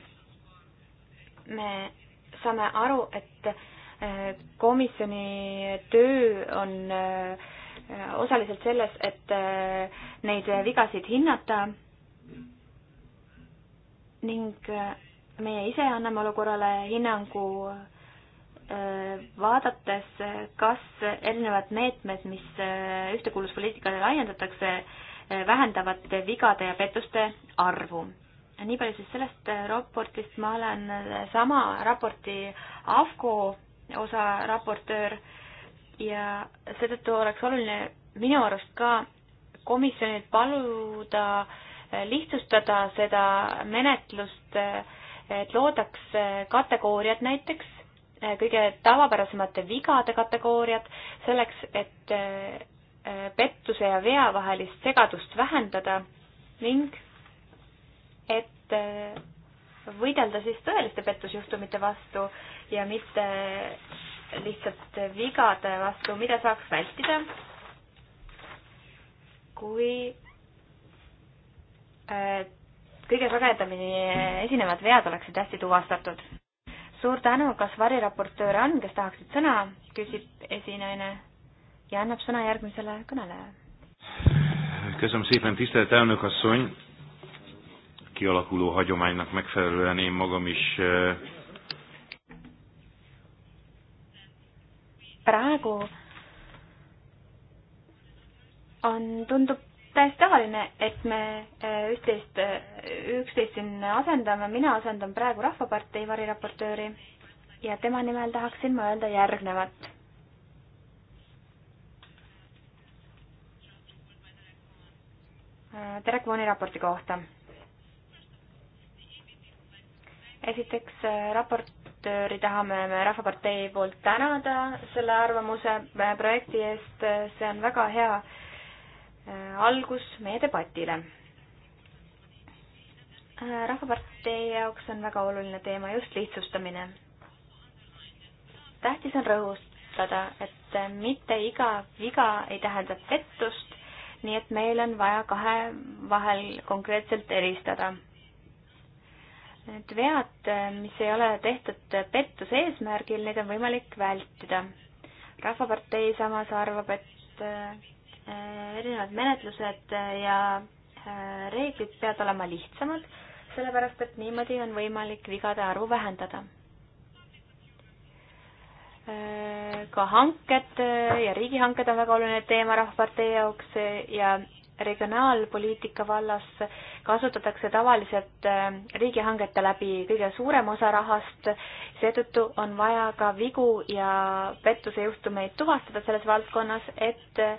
me saame aru, et eh, komisjoni töö on eh, osaliselt selles, et eh, neid vigasid hinnata ning meie ise anname olukorrale hinnangu vaadates, kas erinevad meetmed, mis ühtekuuluvuspoliitikale laiendatakse, vähendavad vigade ja pettuste arvu nii palju siis sellest äh, raportist, ma olen äh, sama raporti AFCO osa raportöör ja seetõttu oleks oluline minu arust ka komisjonilt paluda äh, lihtsustada seda menetlust, et loodaks kategooriad näiteks, kõige tavapärasemate vigade kategooriad, selleks et pettuse ja vea vahelist segadust vähendada ning et äh, võidelda siis tõeliste pettusjuhtumite vastu ja mitte lihtsalt vigade vastu, mida saaks vältida, kui äh, kõige sagedamini esinevad vead oleksid hästi tuvastatud. suur tänu, kas variraportööre on, kes tahaksid sõna, küsib esinaine ja annab sõna järgmisele kõnelejale. köszönöm szépen, tisztelt elnök asszony! kialakuló hagyománynak megfelelően én magam is eh, praegu on, tundub täiesti tavaline, et me eh, üht-teist, eh, üksteist siin asendame, mina asendan praegu Rahvapartei variraportööri ja tema nimel tahaksin ma öelda järgnevat. Terekvooni raporti kohta esiteks äh, raportööri tahame me Rahvapartei poolt tänada selle arvamuse äh, projekti eest, see on väga hea äh, algus meie debatile. rahvapartei jaoks on väga oluline teema just lihtsustamine. tähtis on rõhutada, et mitte iga viga ei tähenda pettust, nii et meil on vaja kahe vahel konkreetselt eristada. Need vead, mis ei ole tehtud pettuse eesmärgil, neid on võimalik vältida. rahvapartei samas arvab, et äh, erinevad menetlused ja äh, reeglid peavad olema lihtsamad, sellepärast et niimoodi on võimalik vigade arvu vähendada. Äh, ka hanked ja riigihanked on väga oluline teema Rahvapartei jaoks ja regionaalpoliitika vallas kasutatakse tavaliselt äh, riigihangete läbi kõige suurem osa rahast, seetõttu on vaja ka vigu ja pettusejuhtumeid tuvastada selles valdkonnas, et äh,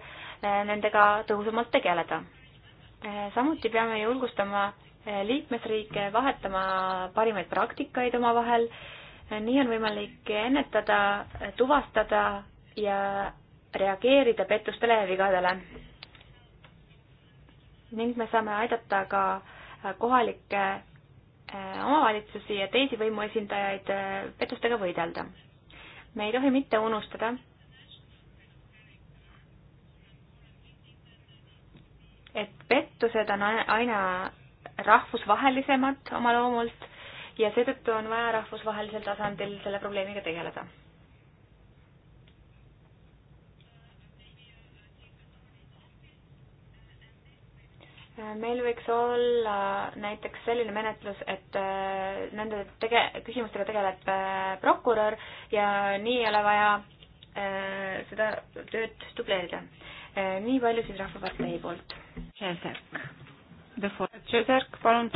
nendega tõhusamalt tegeleda. Äh, samuti peame julgustama liikmesriike vahetama parimaid praktikaid omavahel, nii on võimalik ennetada, tuvastada ja reageerida pettustele ja vigadele ning me saame aidata ka äh, kohalikke äh, omavalitsusi ja teisi võimuesindajaid äh, pettustega võidelda. me ei tohi mitte unustada, et pettused on aina rahvusvahelisemad oma loomult ja seetõttu on vaja rahvusvahelisel tasandil selle probleemiga tegeleda meil võiks olla näiteks selline menetlus, et äh, nende tege-, küsimustega tegeleb äh, prokurör ja nii ei ole vaja äh, seda tööd dubleerida. nii palju siis Rahvapartei poolt. Tšeserk. Tšeserk, palun.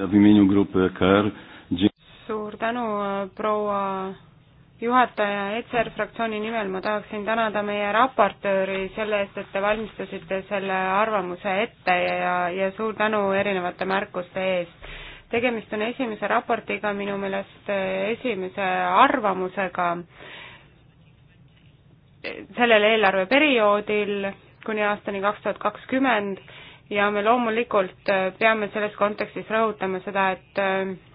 W imieniu grupy EKR suur tänu, proua juhataja ETSER fraktsiooni nimel ma tahaksin tänada meie raportööri selle eest, et te valmistasite selle arvamuse ette ja, ja suur tänu erinevate märkuste eest. tegemist on esimese raportiga, minu meelest esimese arvamusega sellel eelarveperioodil kuni aastani kaks tuhat kakskümmend ja me loomulikult peame selles kontekstis rõhutama seda, et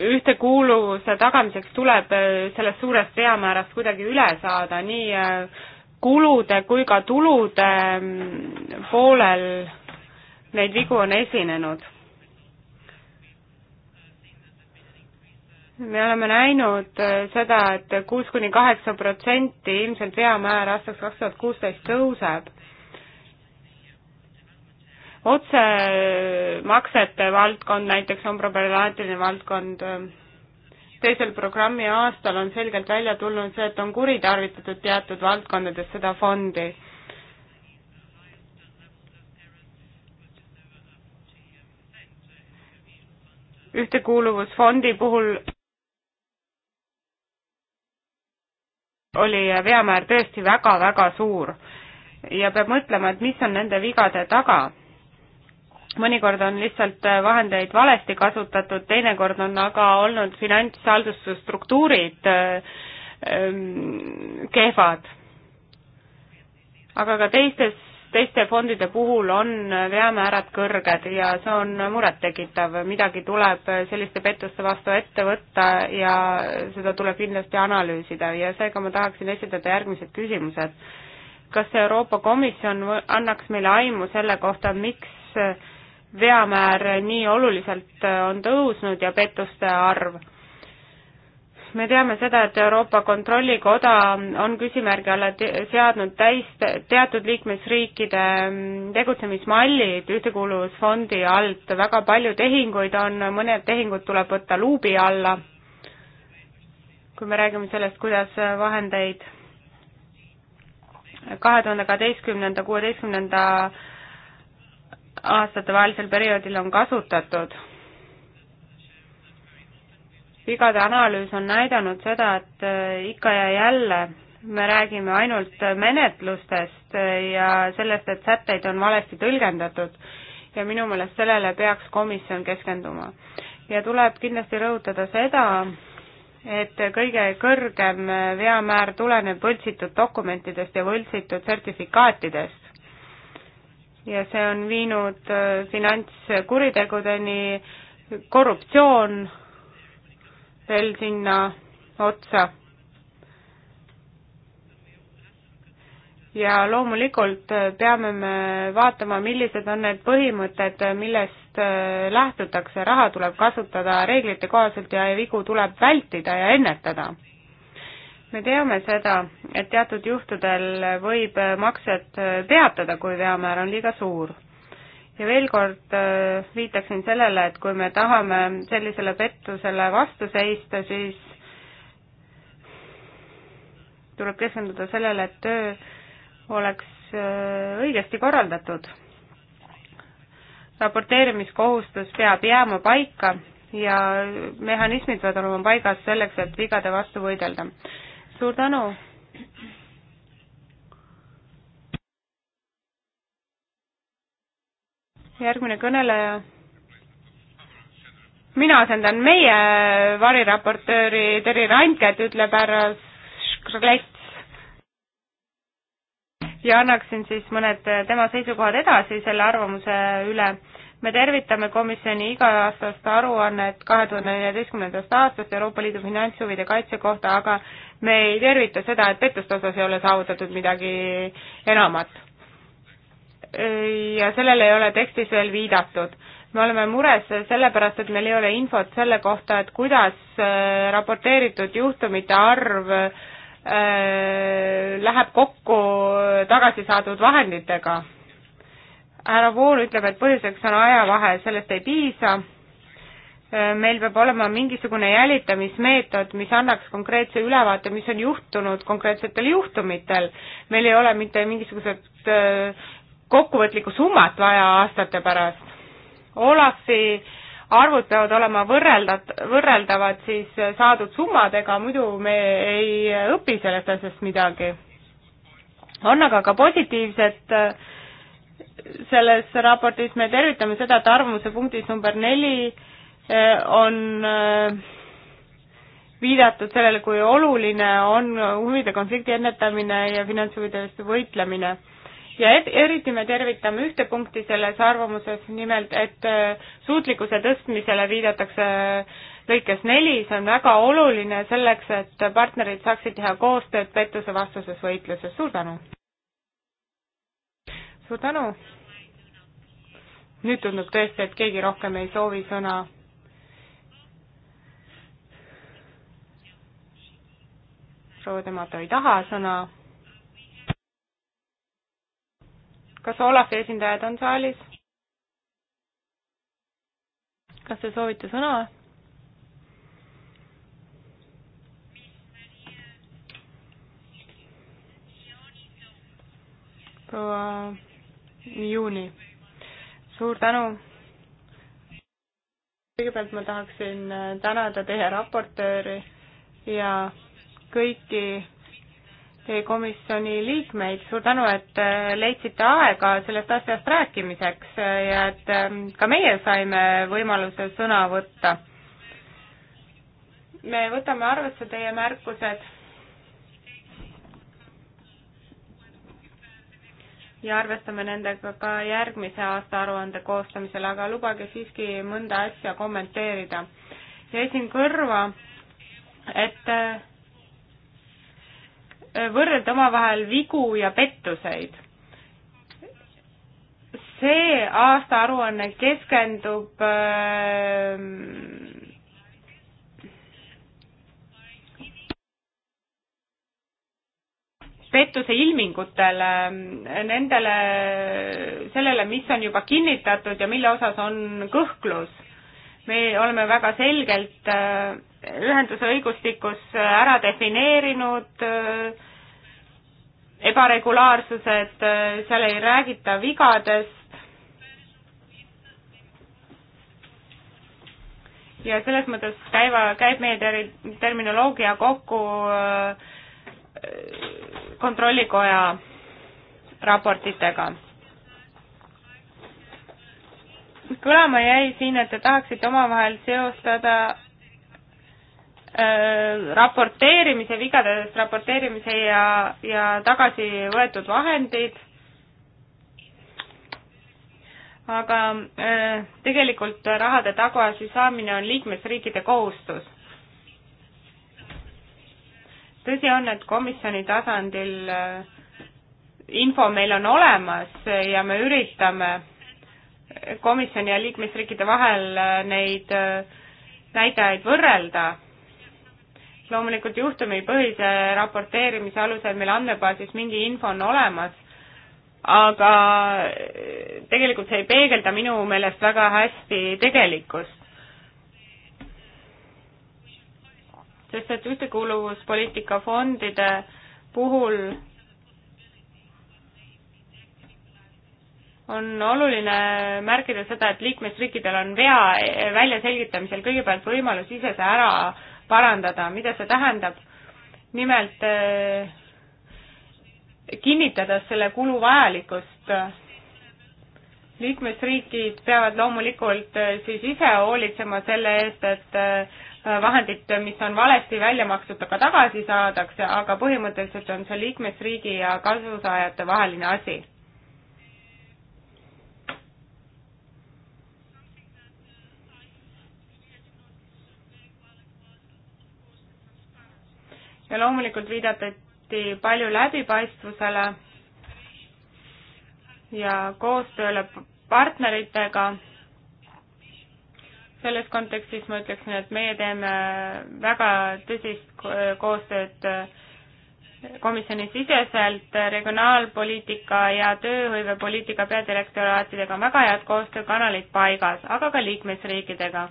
ühtekuuluvuse tagamiseks tuleb äh, sellest suurest veamäärast kuidagi üle saada nii äh, kulude kui ka tulude mm, poolel neid vigu on esinenud. me oleme näinud äh, seda et, et kuus kuni kaheksa protsenti ilmselt veamäär aastaks kaks tuhat kuusteist tõuseb otsemaksete valdkond näiteks on problemaatiline valdkond. teisel programmi aastal on selgelt välja tulnud see, et on kuritarvitatud teatud valdkondades seda fondi. ühtekuuluvusfondi puhul oli veamäär tõesti väga-väga suur ja peab mõtlema, et mis on nende vigade taga mõnikord on lihtsalt äh, vahendeid valesti kasutatud, teinekord on aga olnud finantshaldusstruktuurid äh, ähm, kehvad. aga ka teistes, teiste fondide puhul on äh, veamäärad kõrged ja see on murettekitav, midagi tuleb selliste pettuste vastu ette võtta ja seda tuleb kindlasti analüüsida ja seega ma tahaksin esitada järgmised küsimused. kas Euroopa Komisjon annaks meile aimu selle kohta, miks veamäär nii oluliselt äh, on tõusnud ja pettuste arv. me teame seda, et Euroopa Kontrollikoda on küsimärgi alla te seadnud täis teatud liikmesriikide mm, tegutsemismallid Ühtekuuluvusfondi alt, väga palju tehinguid on, mõned tehingud tuleb võtta luubi alla, kui me räägime sellest, kuidas äh, vahendeid kahe tuhande kaheteistkümnenda, kuueteistkümnenda aastatevahelisel perioodil on kasutatud. vigade analüüs on näidanud seda, et äh, ikka ja jälle me räägime ainult menetlustest äh, ja sellest, et sätteid on valesti tõlgendatud ja minu meelest sellele peaks komisjon keskenduma. ja tuleb kindlasti rõhutada seda, et kõige kõrgem veamäär tuleneb võltsitud dokumentidest ja võltsitud sertifikaatidest ja see on viinud äh, finantskuritegudeni, korruptsioon veel sinna otsa. ja loomulikult äh, peame me vaatama, millised on need põhimõtted, äh, millest lähtutakse, raha tuleb kasutada reeglite kohaselt ja vigu tuleb vältida ja ennetada me teame seda, et teatud juhtudel võib makset peatada, kui veamäär on liiga suur. ja veel kord äh, viitaksin sellele, et kui me tahame sellisele pettusele vastu seista, siis tuleb keskenduda sellele, et töö oleks äh, õigesti korraldatud. raporteerimiskohustus peab jääma paika ja mehhanismid peavad olema paigas selleks, et vigade vastu võidelda suur tänu. järgmine kõneleja. mina asendan meie variraportööri Terri Randket, ütleb härra Škrlets. ja annaksin siis mõned tema seisukohad edasi selle arvamuse üle me tervitame komisjoni iga-aastast aruannet kahe tuhande neljateistkümnendast aastast Euroopa Liidu finantshuvide kaitse kohta, aga me ei tervita seda, et pettuste osas ei ole saavutatud midagi enamat. ja sellele ei ole tekstis veel viidatud. me oleme mures sellepärast, et meil ei ole infot selle kohta, et kuidas äh, raporteeritud juhtumite arv äh, läheb kokku tagasi saadud vahenditega. härra Vool ütleb, et põhjuseks on ajavahe, sellest ei piisa Äh, meil peab olema mingisugune jälitamismeetod, mis annaks konkreetse ülevaate, mis on juhtunud konkreetsetel juhtumitel. meil ei ole mitte mingisugused äh, kokkuvõtlikku summat vaja aastate pärast. Olafi arvud peavad olema võrreldat-, võrreldavad siis äh, saadud summadega, muidu me ei õpi sellest asjast midagi. on aga ka positiivset selles raportis, me tervitame seda, et arvamuse punktis number neli Äh, on äh, viidatud sellele, kui oluline on huvide konflikti ennetamine ja finantshuvide eest võitlemine. ja et, eriti me tervitame ühte punkti selles arvamuses, nimelt et äh, suutlikkuse tõstmisele viidatakse lõikes neli, see on väga oluline selleks, et partnerid saaksid teha koostööd pettusevastases võitluses, suur tänu! suur tänu! nüüd tundub tõesti, et keegi rohkem ei soovi sõna proua Demato ei taha sõna. kas Olavi esindajad on saalis? kas te soovite sõna? proua Juuni, suur tänu. kõigepealt ma tahaksin äh, tänada teie raportööri ja kõiki teie komisjoni liikmeid, suur tänu, et äh, leidsite aega sellest asjast rääkimiseks äh, ja et ähm, ka meie saime võimaluse sõna võtta. me võtame arvesse teie märkused ja arvestame nendega ka järgmise aasta aruande koostamisel, aga lubage siiski mõnda asja kommenteerida. jäi siin kõrva, et äh, Äh, võrrelda omavahel vigu ja pettuseid. see aastaaruanne keskendub äh, pettuse ilmingutele, nendele, sellele, mis on juba kinnitatud ja mille osas on kõhklus me oleme väga selgelt äh, ühenduse õigustikus äh, ära defineerinud äh, ebaregulaarsused, seal ei räägita vigadest ja selles mõttes käiva, käib meie ter-, terminoloogia kokku kontrollikoja raportitega kõlama jäi siin, et te tahaksite omavahel seostada äh, raporteerimise, vigadest raporteerimise ja, ja tagasi võetud vahendid, aga äh, tegelikult rahade tagasisaamine on liikmesriikide kohustus. tõsi on, et komisjoni tasandil äh, info meil on olemas ja me üritame komisjoni ja liikmesriikide vahel äh, neid äh, näitajaid võrrelda. loomulikult juhtumipõhise raporteerimise alusel meil andmebaasis mingi info on olemas, aga äh, tegelikult see ei peegelda minu meelest väga hästi tegelikkust. sest et ühtekuuluvuspoliitika fondide puhul on oluline märkida seda, et liikmesriikidel on vea väljaselgitamisel kõigepealt võimalus ise see ära parandada, mida see tähendab? nimelt eh, kinnitades selle kulu vajalikkust. liikmesriigid peavad loomulikult eh, siis ise hoolitsema selle eest, et eh, vahendid, mis on valesti välja makstud, aga tagasi saadakse, aga põhimõtteliselt on see liikmesriigi ja kasusaajate vaheline asi ja loomulikult viidatati palju läbipaistvusele ja koostööle partneritega. selles kontekstis ma ütleksin, et meie teeme väga tõsist koostööd komisjoni siseselt regionaalpoliitika ja tööhõivepoliitika peadirektoraatidega on väga head koostöökanalid paigas, aga ka liikmesriikidega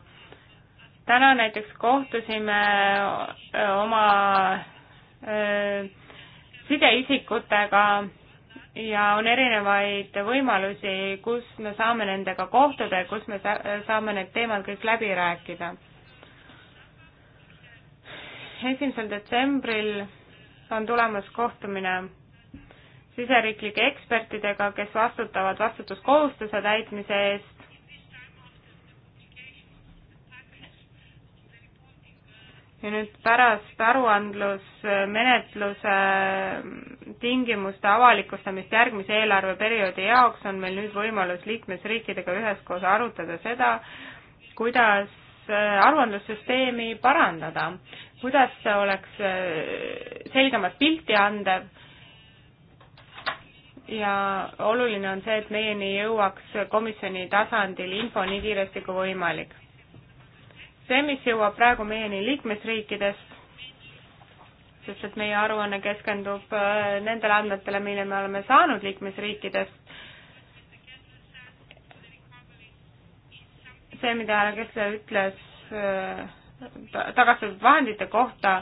täna näiteks kohtusime oma sideisikutega ja on erinevaid võimalusi, kus me saame nendega kohtuda ja kus me saame need teemad kõik läbi rääkida. esimesel detsembril on tulemas kohtumine siseriiklike ekspertidega, kes vastutavad vastutuskohustuse täitmise eest ja nüüd pärast aruandlusmenetluse tingimuste avalikustamist järgmise eelarveperioodi jaoks on meil nüüd võimalus liikmesriikidega üheskoos arutada seda, kuidas äh, aruandlussüsteemi parandada, kuidas see oleks äh, selgemat pilti andev ja oluline on see, et meieni jõuaks komisjoni tasandil info nii kiiresti kui võimalik see, mis jõuab praegu meieni liikmesriikidest, sest et meie aruanne keskendub äh, nendele andmetele, mille me oleme saanud liikmesriikidest. see, mida härra Kessler ütles äh, tagastatud vahendite kohta, äh,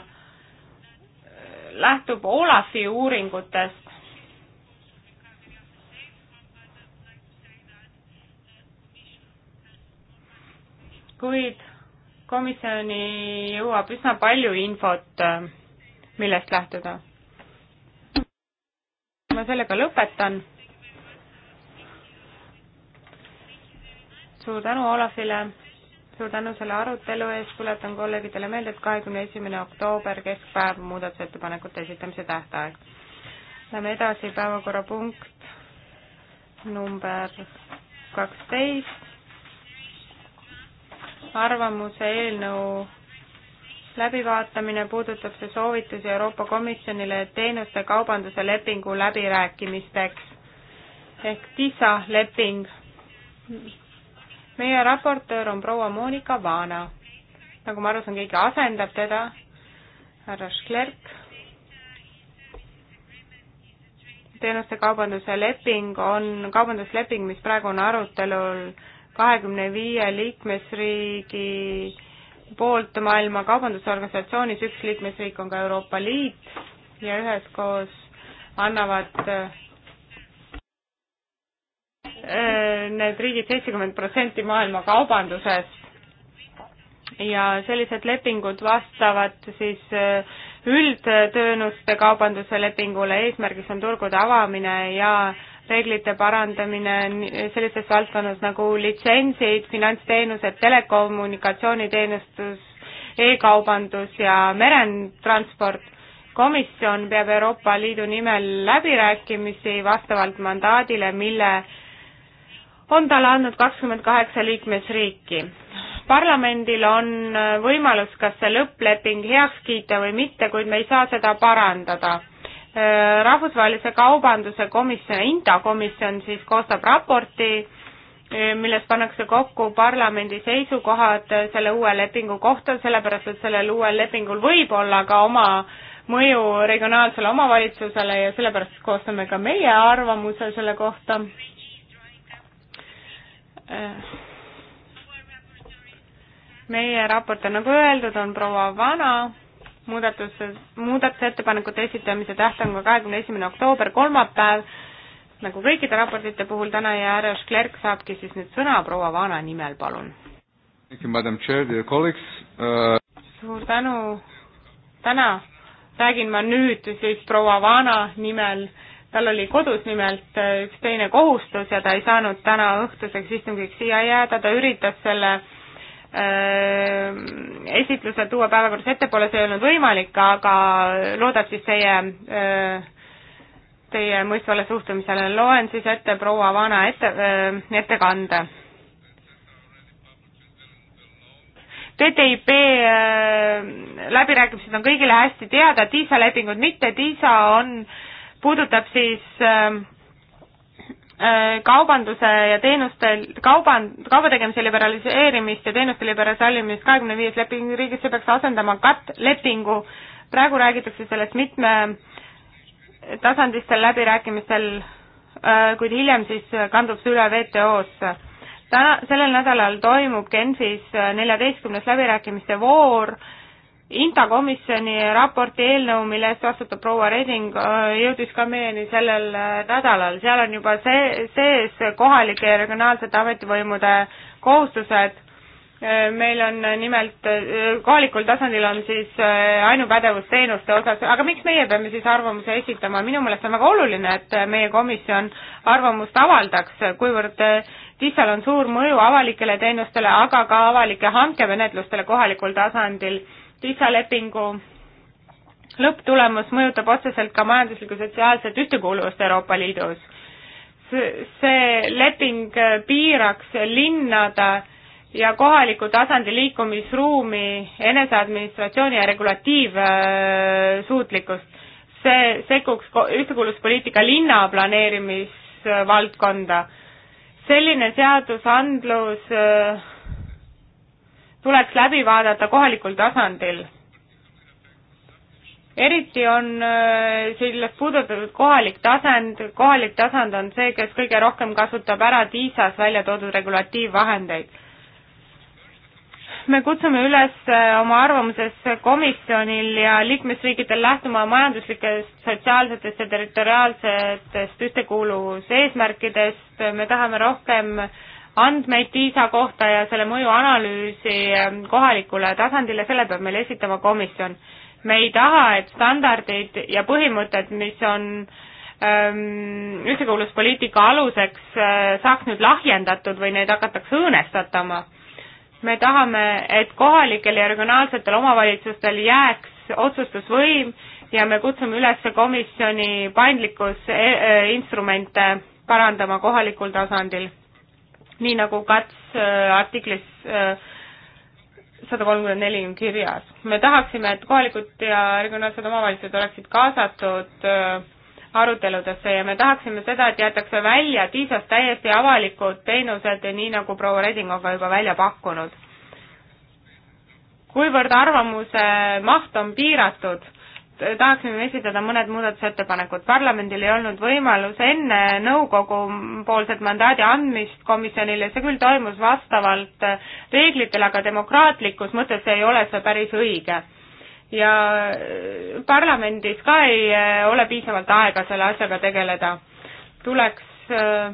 lähtub Olafi uuringutest. kuid komisjoni jõuab üsna palju infot, äh, millest lähtuda. ma sellega lõpetan. suur tänu Olafile, suur tänu selle arutelu eest, tuletan kolleegidele meelde, et kahekümne esimene oktoober, keskpäev, muudatusettepanekute esitamise tähtaeg. Läheme edasi, päevakorrapunkt number kaksteist arvamuse eelnõu läbivaatamine puudutab see soovitusi Euroopa Komisjonile teenuste kaubanduse lepingu läbirääkimisteks ehk TISA leping. meie raportöör on proua Monika Vana. nagu ma aru saan, keegi asendab teda, härra Šklerk. teenuste kaubanduse leping on kaubandusleping, mis praegu on arutelul kahekümne viie liikmesriigi poolt Maailma Kaubandusorganisatsioonis, üks liikmesriik on ka Euroopa Liit ja üheskoos annavad äh, need riigid seitsekümmend protsenti maailma kaubandusest ja sellised lepingud vastavad siis äh, üldtöönuste kaubanduse lepingule, eesmärgiks on turgude avamine ja reeglite parandamine sellises valdkonnas nagu litsentsid, finantsteenused, telekommunikatsiooniteenustus e, e-kaubandus ja merentransport. komisjon peab Euroopa Liidu nimel läbirääkimisi vastavalt mandaadile, mille on talle andnud kakskümmend kaheksa liikmesriiki. parlamendil on võimalus kas see lõppleping heaks kiita või mitte, kuid me ei saa seda parandada Äh, rahvusvahelise kaubanduse komisjon, INTA komisjon siis koostab raporti, äh, milles pannakse kokku parlamendi seisukohad äh, selle uue lepingu kohta, sellepärast et sellel uuel lepingul võib olla ka oma mõju regionaalsele omavalitsusele ja sellepärast koostame ka meie arvamuse selle kohta. meie raport on, nagu öeldud, on proua Vana muudatuse, muudatusettepanekute esitamise tähtaeg on kahekümne esimene oktoober, kolmapäev, nagu kõikide raportite puhul täna ja Eros Klerk saabki siis nüüd sõna proua Vana nimel, palun. Uh... suur tänu, täna räägin ma nüüd siis proua Vana nimel, tal oli kodus nimelt uh, üks teine kohustus ja ta ei saanud täna õhtuseks istungiks siia jääda, ta üritas selle Äh, esitlusel tuua päevakorras ettepoole, see ei olnud võimalik, aga loodab siis teie, äh, teie mõistvale suhtumisele. loen siis ette proua Vana ette, äh, ettekande. TTIP läbirääkimised on kõigile hästi teada, TISA lepingud mitte, TISA on, puudutab siis äh, Äh, kaubanduse ja teenuste, kauban-, kaubategemise liberaliseerimist ja teenuste liberaliseerimist kahekümne viies lepinguriigis, see peaks asendama kattlepingu. praegu räägitakse sellest mitmetasandilistel läbirääkimistel, äh, kuid hiljem siis kandub see üle WTO-sse. täna, sellel nädalal toimub Genfis äh, neljateistkümnes läbirääkimiste voor Inta komisjoni raporti eelnõu, mille eest vastutab proua Reding, äh, jõudis ka meieni sellel äh, nädalal, seal on juba see, sees kohalike ja regionaalsete ametivõimude kohustused, äh, meil on nimelt, kohalikul tasandil on siis ainupädevus teenuste osas, aga miks meie peame siis arvamuse esitama, minu meelest on väga oluline, et meie komisjon arvamust avaldaks, kuivõrd TISA-l on suur mõju avalikele teenustele, aga ka avalike hankemenetlustele kohalikul tasandil lisalepingu lõpptulemus mõjutab otseselt ka majanduslikku sotsiaalset ühtekuuluvust Euroopa Liidus. see leping piiraks linnade ja kohaliku tasandi liikumisruumi eneseadministratsiooni ja regulatiivsuutlikkust. see sekkuks ühtekuuluvuspoliitika linna planeerimisvaldkonda. selline seadusandlus tuleks läbi vaadata kohalikul tasandil. eriti on äh, sellest puudutatud kohalik tasand, kohalik tasand on see, kes kõige rohkem kasutab ära TISAs välja toodud regulatiivvahendeid me kutsume üles äh, oma arvamuses komisjonil ja liikmesriikidel lähtuma majanduslikest, sotsiaalsetest ja territoriaalsetest ühtekuuluvuseesmärkidest, me tahame rohkem äh, andmeid TISA kohta ja selle mõjuanalüüsi ähm, kohalikule tasandile, selle peab meile esitama komisjon. me ei taha, et standardid ja põhimõtted, mis on ähm, ühtekuuluvuspoliitika aluseks äh,, saaks nüüd lahjendatud või neid hakatakse õõnestatama. me tahame, et kohalikel ja regionaalsetel omavalitsustel jääks otsustusvõim ja me kutsume üles komisjoni paindlikkusinstrumente e-, e-, parandama kohalikul tasandil nii nagu Kats äh, artiklis äh, sada kolmkümmend neli on kirjas. me tahaksime, et kohalikud ja regionaalsed omavalitsused oleksid kaasatud äh, aruteludesse ja me tahaksime seda, et jäetakse välja TISA-s täiesti avalikud teenused, nii nagu proua Reding on ka juba välja pakkunud. kuivõrd arvamuse maht on piiratud tahaksime esitada mõned muudatusettepanekud. parlamendil ei olnud võimalus enne nõukogu poolset mandaadi andmist komisjonile, see küll toimus vastavalt reeglitele, aga demokraatlikus mõttes ei ole see päris õige. ja parlamendis ka ei ole piisavalt aega selle asjaga tegeleda. tuleks äh,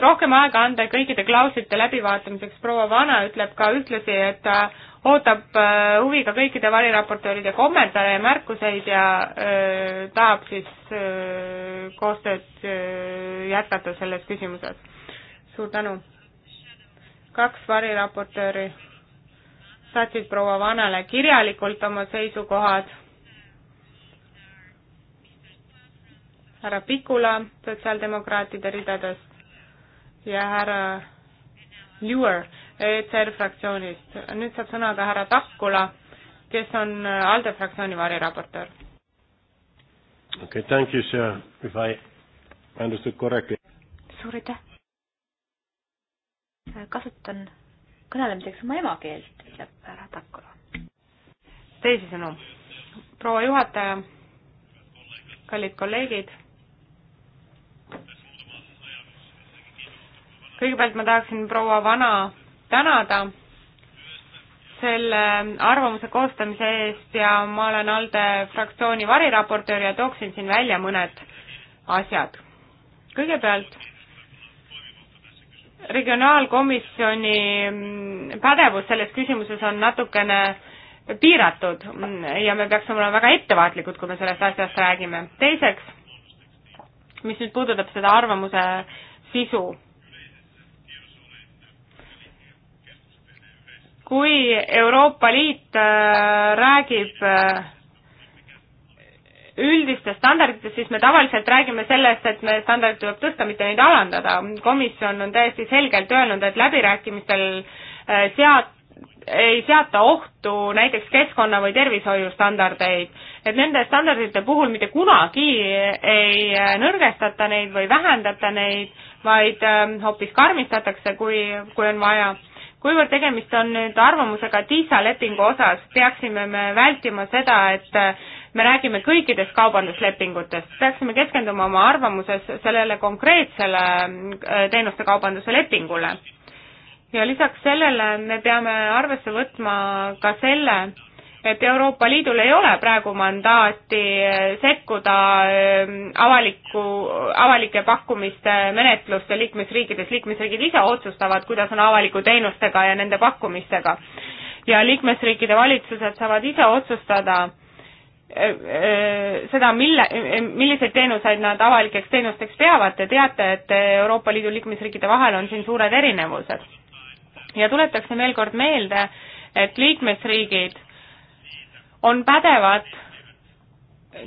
rohkem aega anda kõikide klauslite läbivaatamiseks, proua Vana ütleb ka ühtlasi, et ta äh, ootab äh, huviga kõikide variraportööride kommentaare ja märkuseid ja öö, äh, tahab siis öö, koostööd öö, jätkata selles küsimuses. suur tänu. kaks variraportööri saatsid proua Vanale kirjalikult oma seisukohad härra Pikula sotsiaaldemokraatide ridadest ja härra Neuer ECR fraktsioonist. nüüd saab sõna ka härra Takkula, kes on äh, ALDE fraktsiooni variraportöör. okei okay,, thank you, sir, if I understood correctly. suur aitäh. Äh, kasutan kõnelemiseks oma emakeelt, ütleb härra Takkula. teisisõnu, proua juhataja, kallid kolleegid kõigepealt ma tahaksin proua Vana tänada selle arvamuse koostamise eest ja ma olen ALDE fraktsiooni variraportöör ja tooksin siin välja mõned asjad. kõigepealt regionaalkomisjoni pädevus selles küsimuses on natukene piiratud ja me peaksime olema väga ettevaatlikud, kui me sellest asjast räägime. teiseks, mis nüüd puudutab seda arvamuse sisu kui Euroopa Liit äh, räägib äh, üldistest standarditest, siis me tavaliselt räägime sellest, et me standardid tuleb tõsta, mitte neid alandada. komisjon on täiesti selgelt öelnud, et läbirääkimistel äh, seat-, ei seata ohtu näiteks keskkonna- või tervishoiustandardeid. et nende standardite puhul mitte kunagi ei nõrgestata neid või vähendata neid, vaid ähm, hoopis karmistatakse, kui, kui on vaja kuivõrd tegemist on nüüd arvamusega TISA lepingu osas, peaksime me vältima seda, et äh, me räägime kõikidest kaubanduslepingutest, peaksime keskenduma oma arvamuses sellele konkreetsele äh, teenuste kaubanduse lepingule. ja lisaks sellele me peame arvesse võtma ka selle, et Euroopa Liidul ei ole praegu mandaati eh, sekkuda eh, avaliku, avalike pakkumiste menetluste liikmesriikides, liikmesriigid ise otsustavad, kuidas on avaliku teenustega ja nende pakkumistega. ja liikmesriikide valitsused saavad ise otsustada eh, seda, mille, milliseid teenuseid nad avalikeks teenusteks peavad, te teate, et Euroopa Liidu liikmesriikide vahel on siin suured erinevused. ja tuletaksin veel kord meelde, et liikmesriigid on pädevad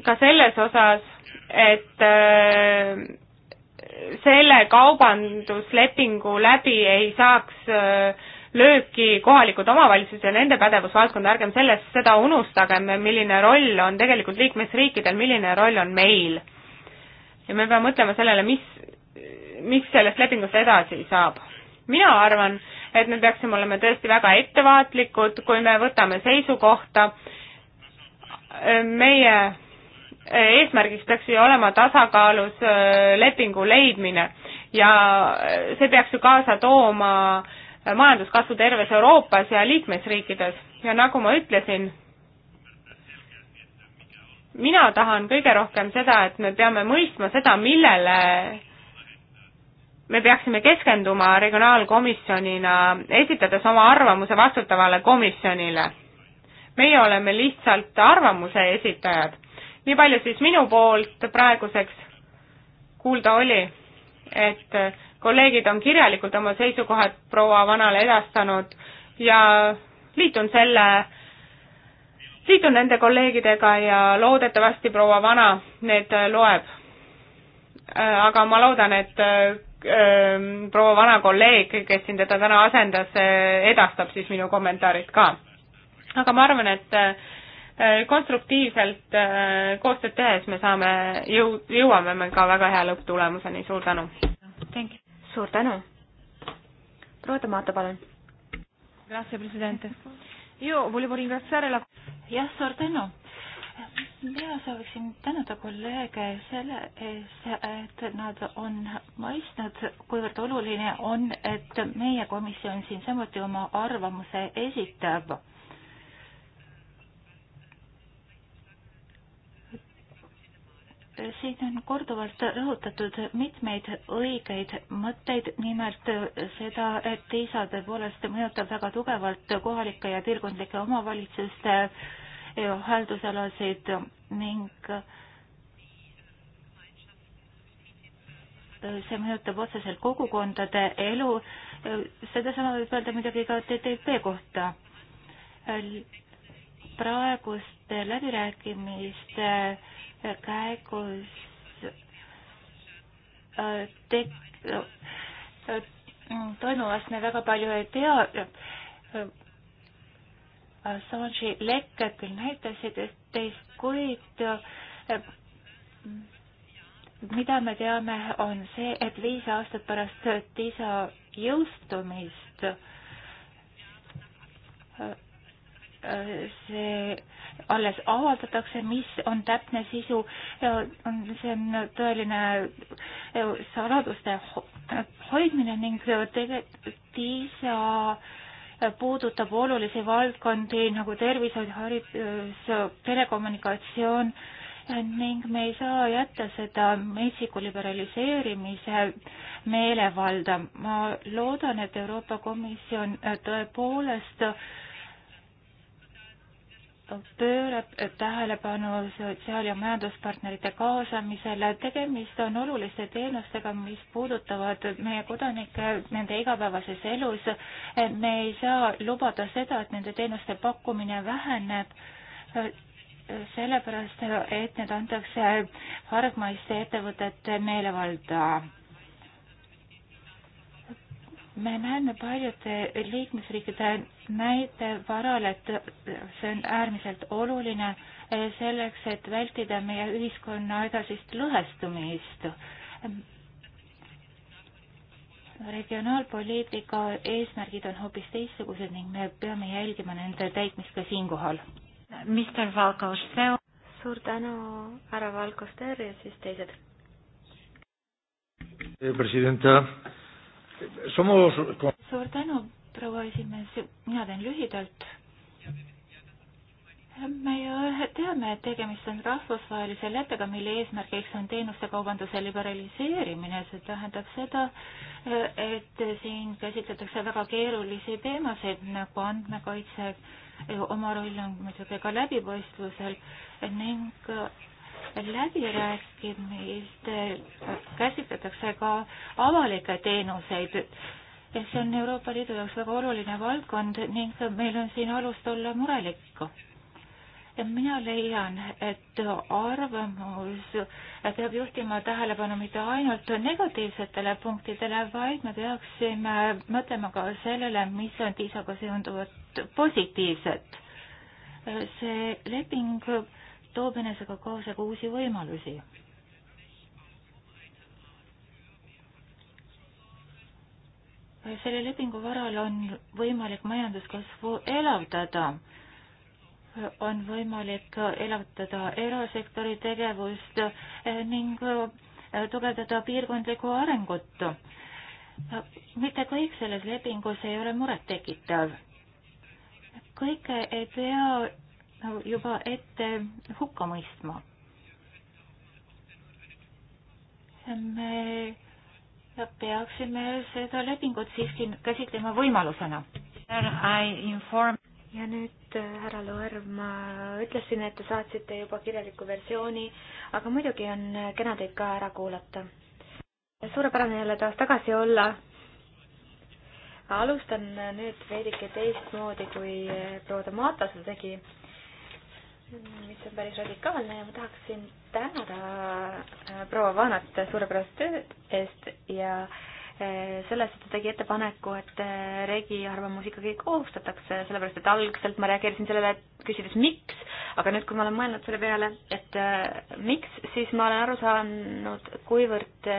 ka selles osas, et äh, selle kaubanduslepingu läbi ei saaks äh, lööki kohalikud omavalitsused ja nende pädevusvaldkond, ärgem sellest, seda unustagem, milline roll on tegelikult liikmesriikidel, milline roll on meil. ja me peame mõtlema sellele, mis, mis sellest lepingust edasi saab. mina arvan, et me peaksime olema tõesti väga ettevaatlikud, kui me võtame seisukohta äh, meie eesmärgiks peaks ju olema tasakaalus äh, lepingu leidmine ja äh, see peaks ju kaasa tooma äh, majanduskasvu terves Euroopas ja liikmesriikides ja nagu ma ütlesin, mina tahan kõige rohkem seda, et me peame mõistma seda, millele me peaksime keskenduma regionaalkomisjonina, esitades oma arvamuse vastutavale komisjonile meie oleme lihtsalt arvamuse esitajad. nii palju siis minu poolt praeguseks kuulda oli, et kolleegid on kirjalikult oma seisukohad proua Vanale edastanud ja liitun selle, liitun nende kolleegidega ja loodetavasti proua Vana need loeb. aga ma loodan, et ähm, proua vana kolleeg, kes siin teda täna asendas, edastab siis minu kommentaarid ka aga ma arvan, et äh, konstruktiivselt äh, koostööd tehes me saame, jõu-, jõuame me ka väga hea lõpptulemuseni, suur tänu! suur tänu! proua Tomato, palun! jah, suur tänu! mina sooviksin tänada kolleege selle eest, et nad on mõistnud, kuivõrd oluline on, et meie komisjon siin samuti oma arvamuse esitab. siin on korduvalt rõhutatud mitmeid õigeid mõtteid, nimelt seda, et TISA tõepoolest mõjutab väga tugevalt kohalike ja piirkondlike omavalitsuste eh, haldusalasid ning eh, see mõjutab otseselt kogukondade elu. Eh, sedasama võib öelda muidugi ka TTIP kohta. praeguste läbirääkimiste käigus äh, tek-, äh, toimuvast me väga palju ei tea. Assange'i äh, lekked küll näitasid teist, kuid mida me teame, on see, et viis aastat pärast TISA jõustumist see alles avaldatakse, mis on täpne sisu, on, see on tõeline äh, saladuste hoidmine ning TISA äh, puudutab olulisi valdkondi nagu tervishoid, haridus, äh, telekommunikatsioon ning me ei saa jätta seda metsiku liberaliseerimise meelevalda. ma loodan, et Euroopa Komisjon tõepoolest äh, pöörab tähelepanu sotsiaal- ja majanduspartnerite kaasamisele. tegemist on oluliste teenustega, mis puudutavad meie kodanikke nende igapäevases elus. me ei saa lubada seda, et nende teenuste pakkumine väheneb, sellepärast et need antakse hargmaiste ettevõtete meelevalda me näeme paljude liikmesriikide näite varal, et see on äärmiselt oluline selleks, et vältida meie ühiskonna edasist lõhestumist. regionaalpoliitika eesmärgid on hoopis teistsugused ning me peame jälgima nende täitmist ka siinkohal. Mr Valkos, suur tänu, härra Valkos, ja siis teised. president Somos... suur tänu, proua esimees, mina teen lühidalt. me ju teame, et tegemist on rahvusvahelise leppega, mille eesmärgiks on teenustekaubanduse liberaliseerimine, see tähendab seda, et siin käsitletakse väga keerulisi teemasid nagu andmekaitse, oma roll on muidugi ka läbipaistvusel ning läbirääkimistel käsitletakse ka avalikke teenuseid. see on Euroopa Liidu jaoks väga oluline valdkond ning meil on siin alust olla murelik. mina leian, et arvamus peab juhtima tähelepanu mitte ainult negatiivsetele punktidele, vaid me peaksime mõtlema ka sellele, mis on TISAga seonduvat positiivset. see leping toob enesega kaasa ka uusi võimalusi. selle lepingu varal on võimalik majanduskasvu elavdada, on võimalik elavdada erasektori tegevust eh, ning eh, tugevdada piirkondlikku arengut. mitte kõik selles lepingus ei ole murettekitav kõike ei pea juba ette hukka mõistma. me peaksime seda lepingut siiski käsitlema võimalusena. ja nüüd, äh, härra Loer, ma ütlesin, et te saatsite juba kirjaliku versiooni, aga muidugi on äh, kena teid ka ära kuulata. suurepärane jälle taas tagasi olla alustan äh, nüüd veidike teistmoodi, kui proua Tomato seda tegi mis on päris radikaalne ja ma tahaksin tänada äh, proua Vaanat suurepärast töö eest ja äh, sellest, et ta tegi ettepaneku, et äh, regi arvamus ikkagi koostatakse, sellepärast et algselt ma reageerisin sellele, küsides miks, aga nüüd, kui ma olen mõelnud selle peale, et miks, siis ma olen aru saanud, kuivõrd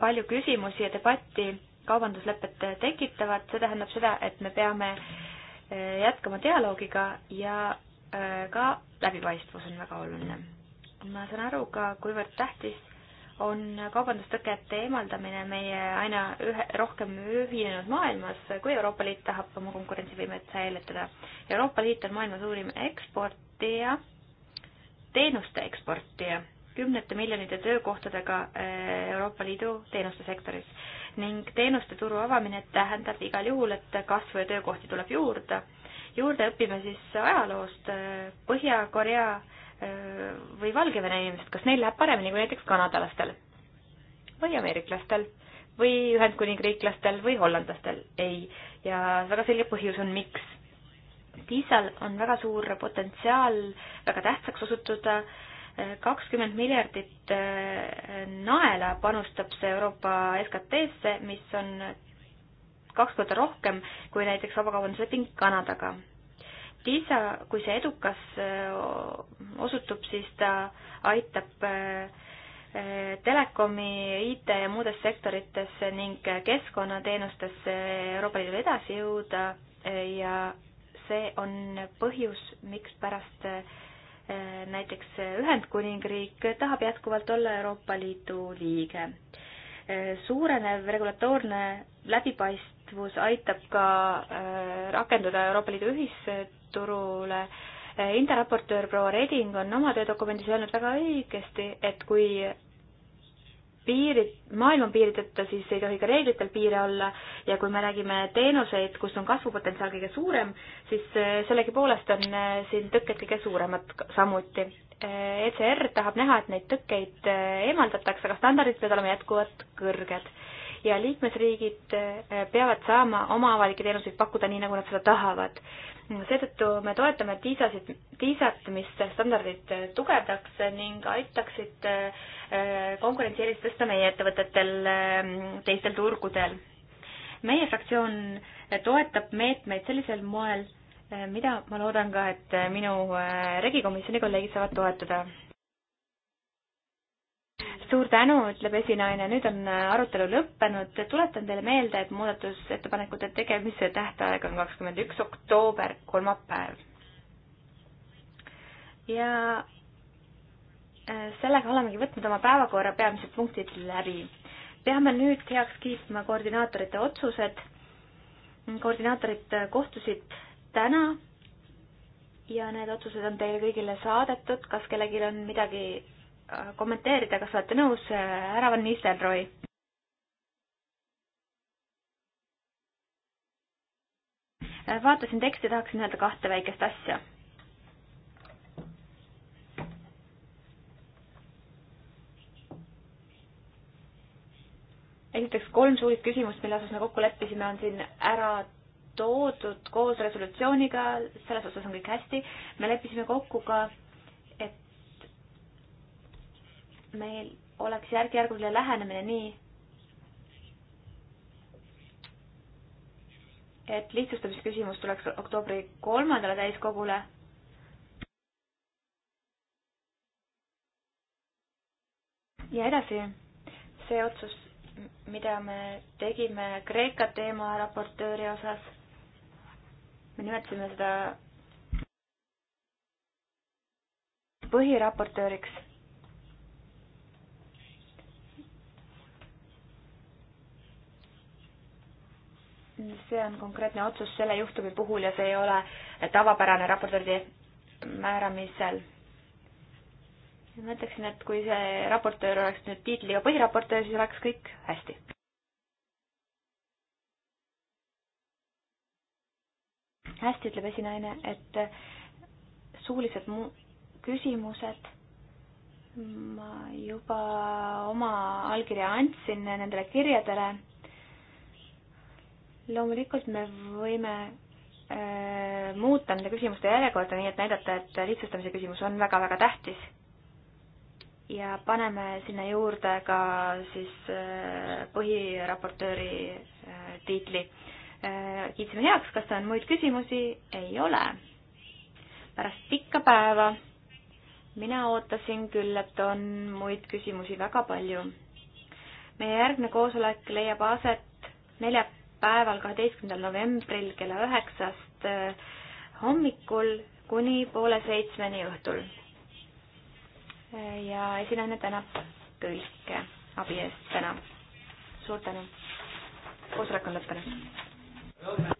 palju küsimusi ja debatti kaubanduslepped tekitavad, see tähendab seda, et me peame jätkama dialoogiga ja Äh, ka läbipaistvus on väga oluline. ma saan aru ka, kuivõrd tähtis on kaubandustõkete eemaldamine meie aina ühe, rohkem ühinenud maailmas, kui Euroopa Liit tahab oma konkurentsivõimet säilitada. Euroopa Liit on maailma suurim eksportija, teenuste eksportija, kümnete miljonite töökohtadega äh, Euroopa Liidu teenustesektoris ning teenuste turu avamine tähendab igal juhul, et kasvu ja töökohti tuleb juurde juurde õpime siis ajaloost äh, Põhja-Korea äh, või Valgevene inimesed, kas neil läheb paremini kui näiteks kanadalastel või ameeriklastel või ühendkuningriiklastel või hollandlastel? ei. ja väga selge põhjus on, miks. diisel on väga suur potentsiaal väga tähtsaks osutuda, äh, kakskümmend miljardit naela panustab see Euroopa SKT-sse, mis on kaks korda rohkem kui näiteks vabakaubandusleping Kanadaga. TISA, kui see edukas osutub, siis ta aitab telekomi, IT ja muudes sektorites ning keskkonnateenustes Euroopa Liidul edasi jõuda ja see on põhjus, mikspärast näiteks Ühendkuningriik tahab jätkuvalt olla Euroopa Liidu liige. suurenev regulatoorne läbipaist-, läbipaistvus aitab ka äh, rakenduda Euroopa Liidu ühisturule. Äh, interraportöör proua Reding on oma töödokumendis öelnud väga õigesti, et kui piirid, maailm on piirideta, siis ei tohi ka reeglitel piire olla ja kui me räägime teenuseid, kus on kasvupotentsiaal kõige suurem, siis äh, sellegipoolest on siin tõkked kõige suuremad samuti. ECR tahab näha, et neid tõkkeid eemaldatakse, aga standardid peavad olema jätkuvalt kõrged ja liikmesriigid eh, peavad saama oma avalikke teenuseid pakkuda nii, nagu nad seda tahavad. seetõttu me toetame TISA-sid, TISA-t, mis standardit eh, tugevdaks ning aitaksid eh, konkurentsieelist tõsta meie ettevõtetel teistel turgudel. meie fraktsioon toetab meetmeid sellisel moel, mida ma loodan ka, et minu regikomisjoni kolleegid saavad toetada suur tänu, ütleb esinaine, nüüd on arutelu lõppenud, tuletan teile meelde, et muudatusettepanekute tegemise tähtaeg on kakskümmend üks oktoober, kolmapäev. ja äh, sellega olemegi võtnud oma päevakorra peamised punktid läbi. peame nüüd heaks kiitma koordinaatorite otsused. koordinaatorid kohtusid täna ja need otsused on teile kõigile saadetud, kas kellelgi on midagi kommenteerida, kas olete nõus, äh, härra Van Nistelrooy? Äh, vaatasin teksti, tahaksin öelda kahte väikest asja. esiteks kolm suurt küsimust, mille osas me kokku leppisime, on siin ära toodud koos resolutsiooniga, selles osas on kõik hästi. me leppisime kokku ka meil oleks järk-järguline lähenemine nii, et lihtsustamise küsimus tuleks oktoobri kolmandale täiskogule. ja edasi, see otsus, mida me tegime Kreeka teema raportööri osas, me nimetasime seda põhiraportööriks see on konkreetne otsus selle juhtumi puhul ja see ei ole tavapärane raportööri määramisel. ma ütleksin, et kui see raportöör oleks nüüd tiitliga põhiraportöör, siis oleks kõik hästi. hästi, ütleb esinaine, et suulised mu-, küsimused ma juba oma allkirja andsin nendele kirjadele loomulikult me võime äh, muuta nende küsimuste järjekorda nii, et näidata, et lihtsustamise küsimus on väga-väga tähtis. ja paneme sinna juurde ka siis äh, põhiraportööri äh, tiitli äh,. kiitsime heaks, kas on muid küsimusi? ei ole. pärast pikka päeva mina ootasin küll, et on muid küsimusi väga palju. meie järgne koosolek leiab aset neljap-, päeval, kaheteistkümnendal novembril kella üheksast äh, hommikul kuni poole seitsmeni õhtul. Äh, ja esinaine tänab tõlke abi eest täna. suur tänu. koosolek on lõppenud.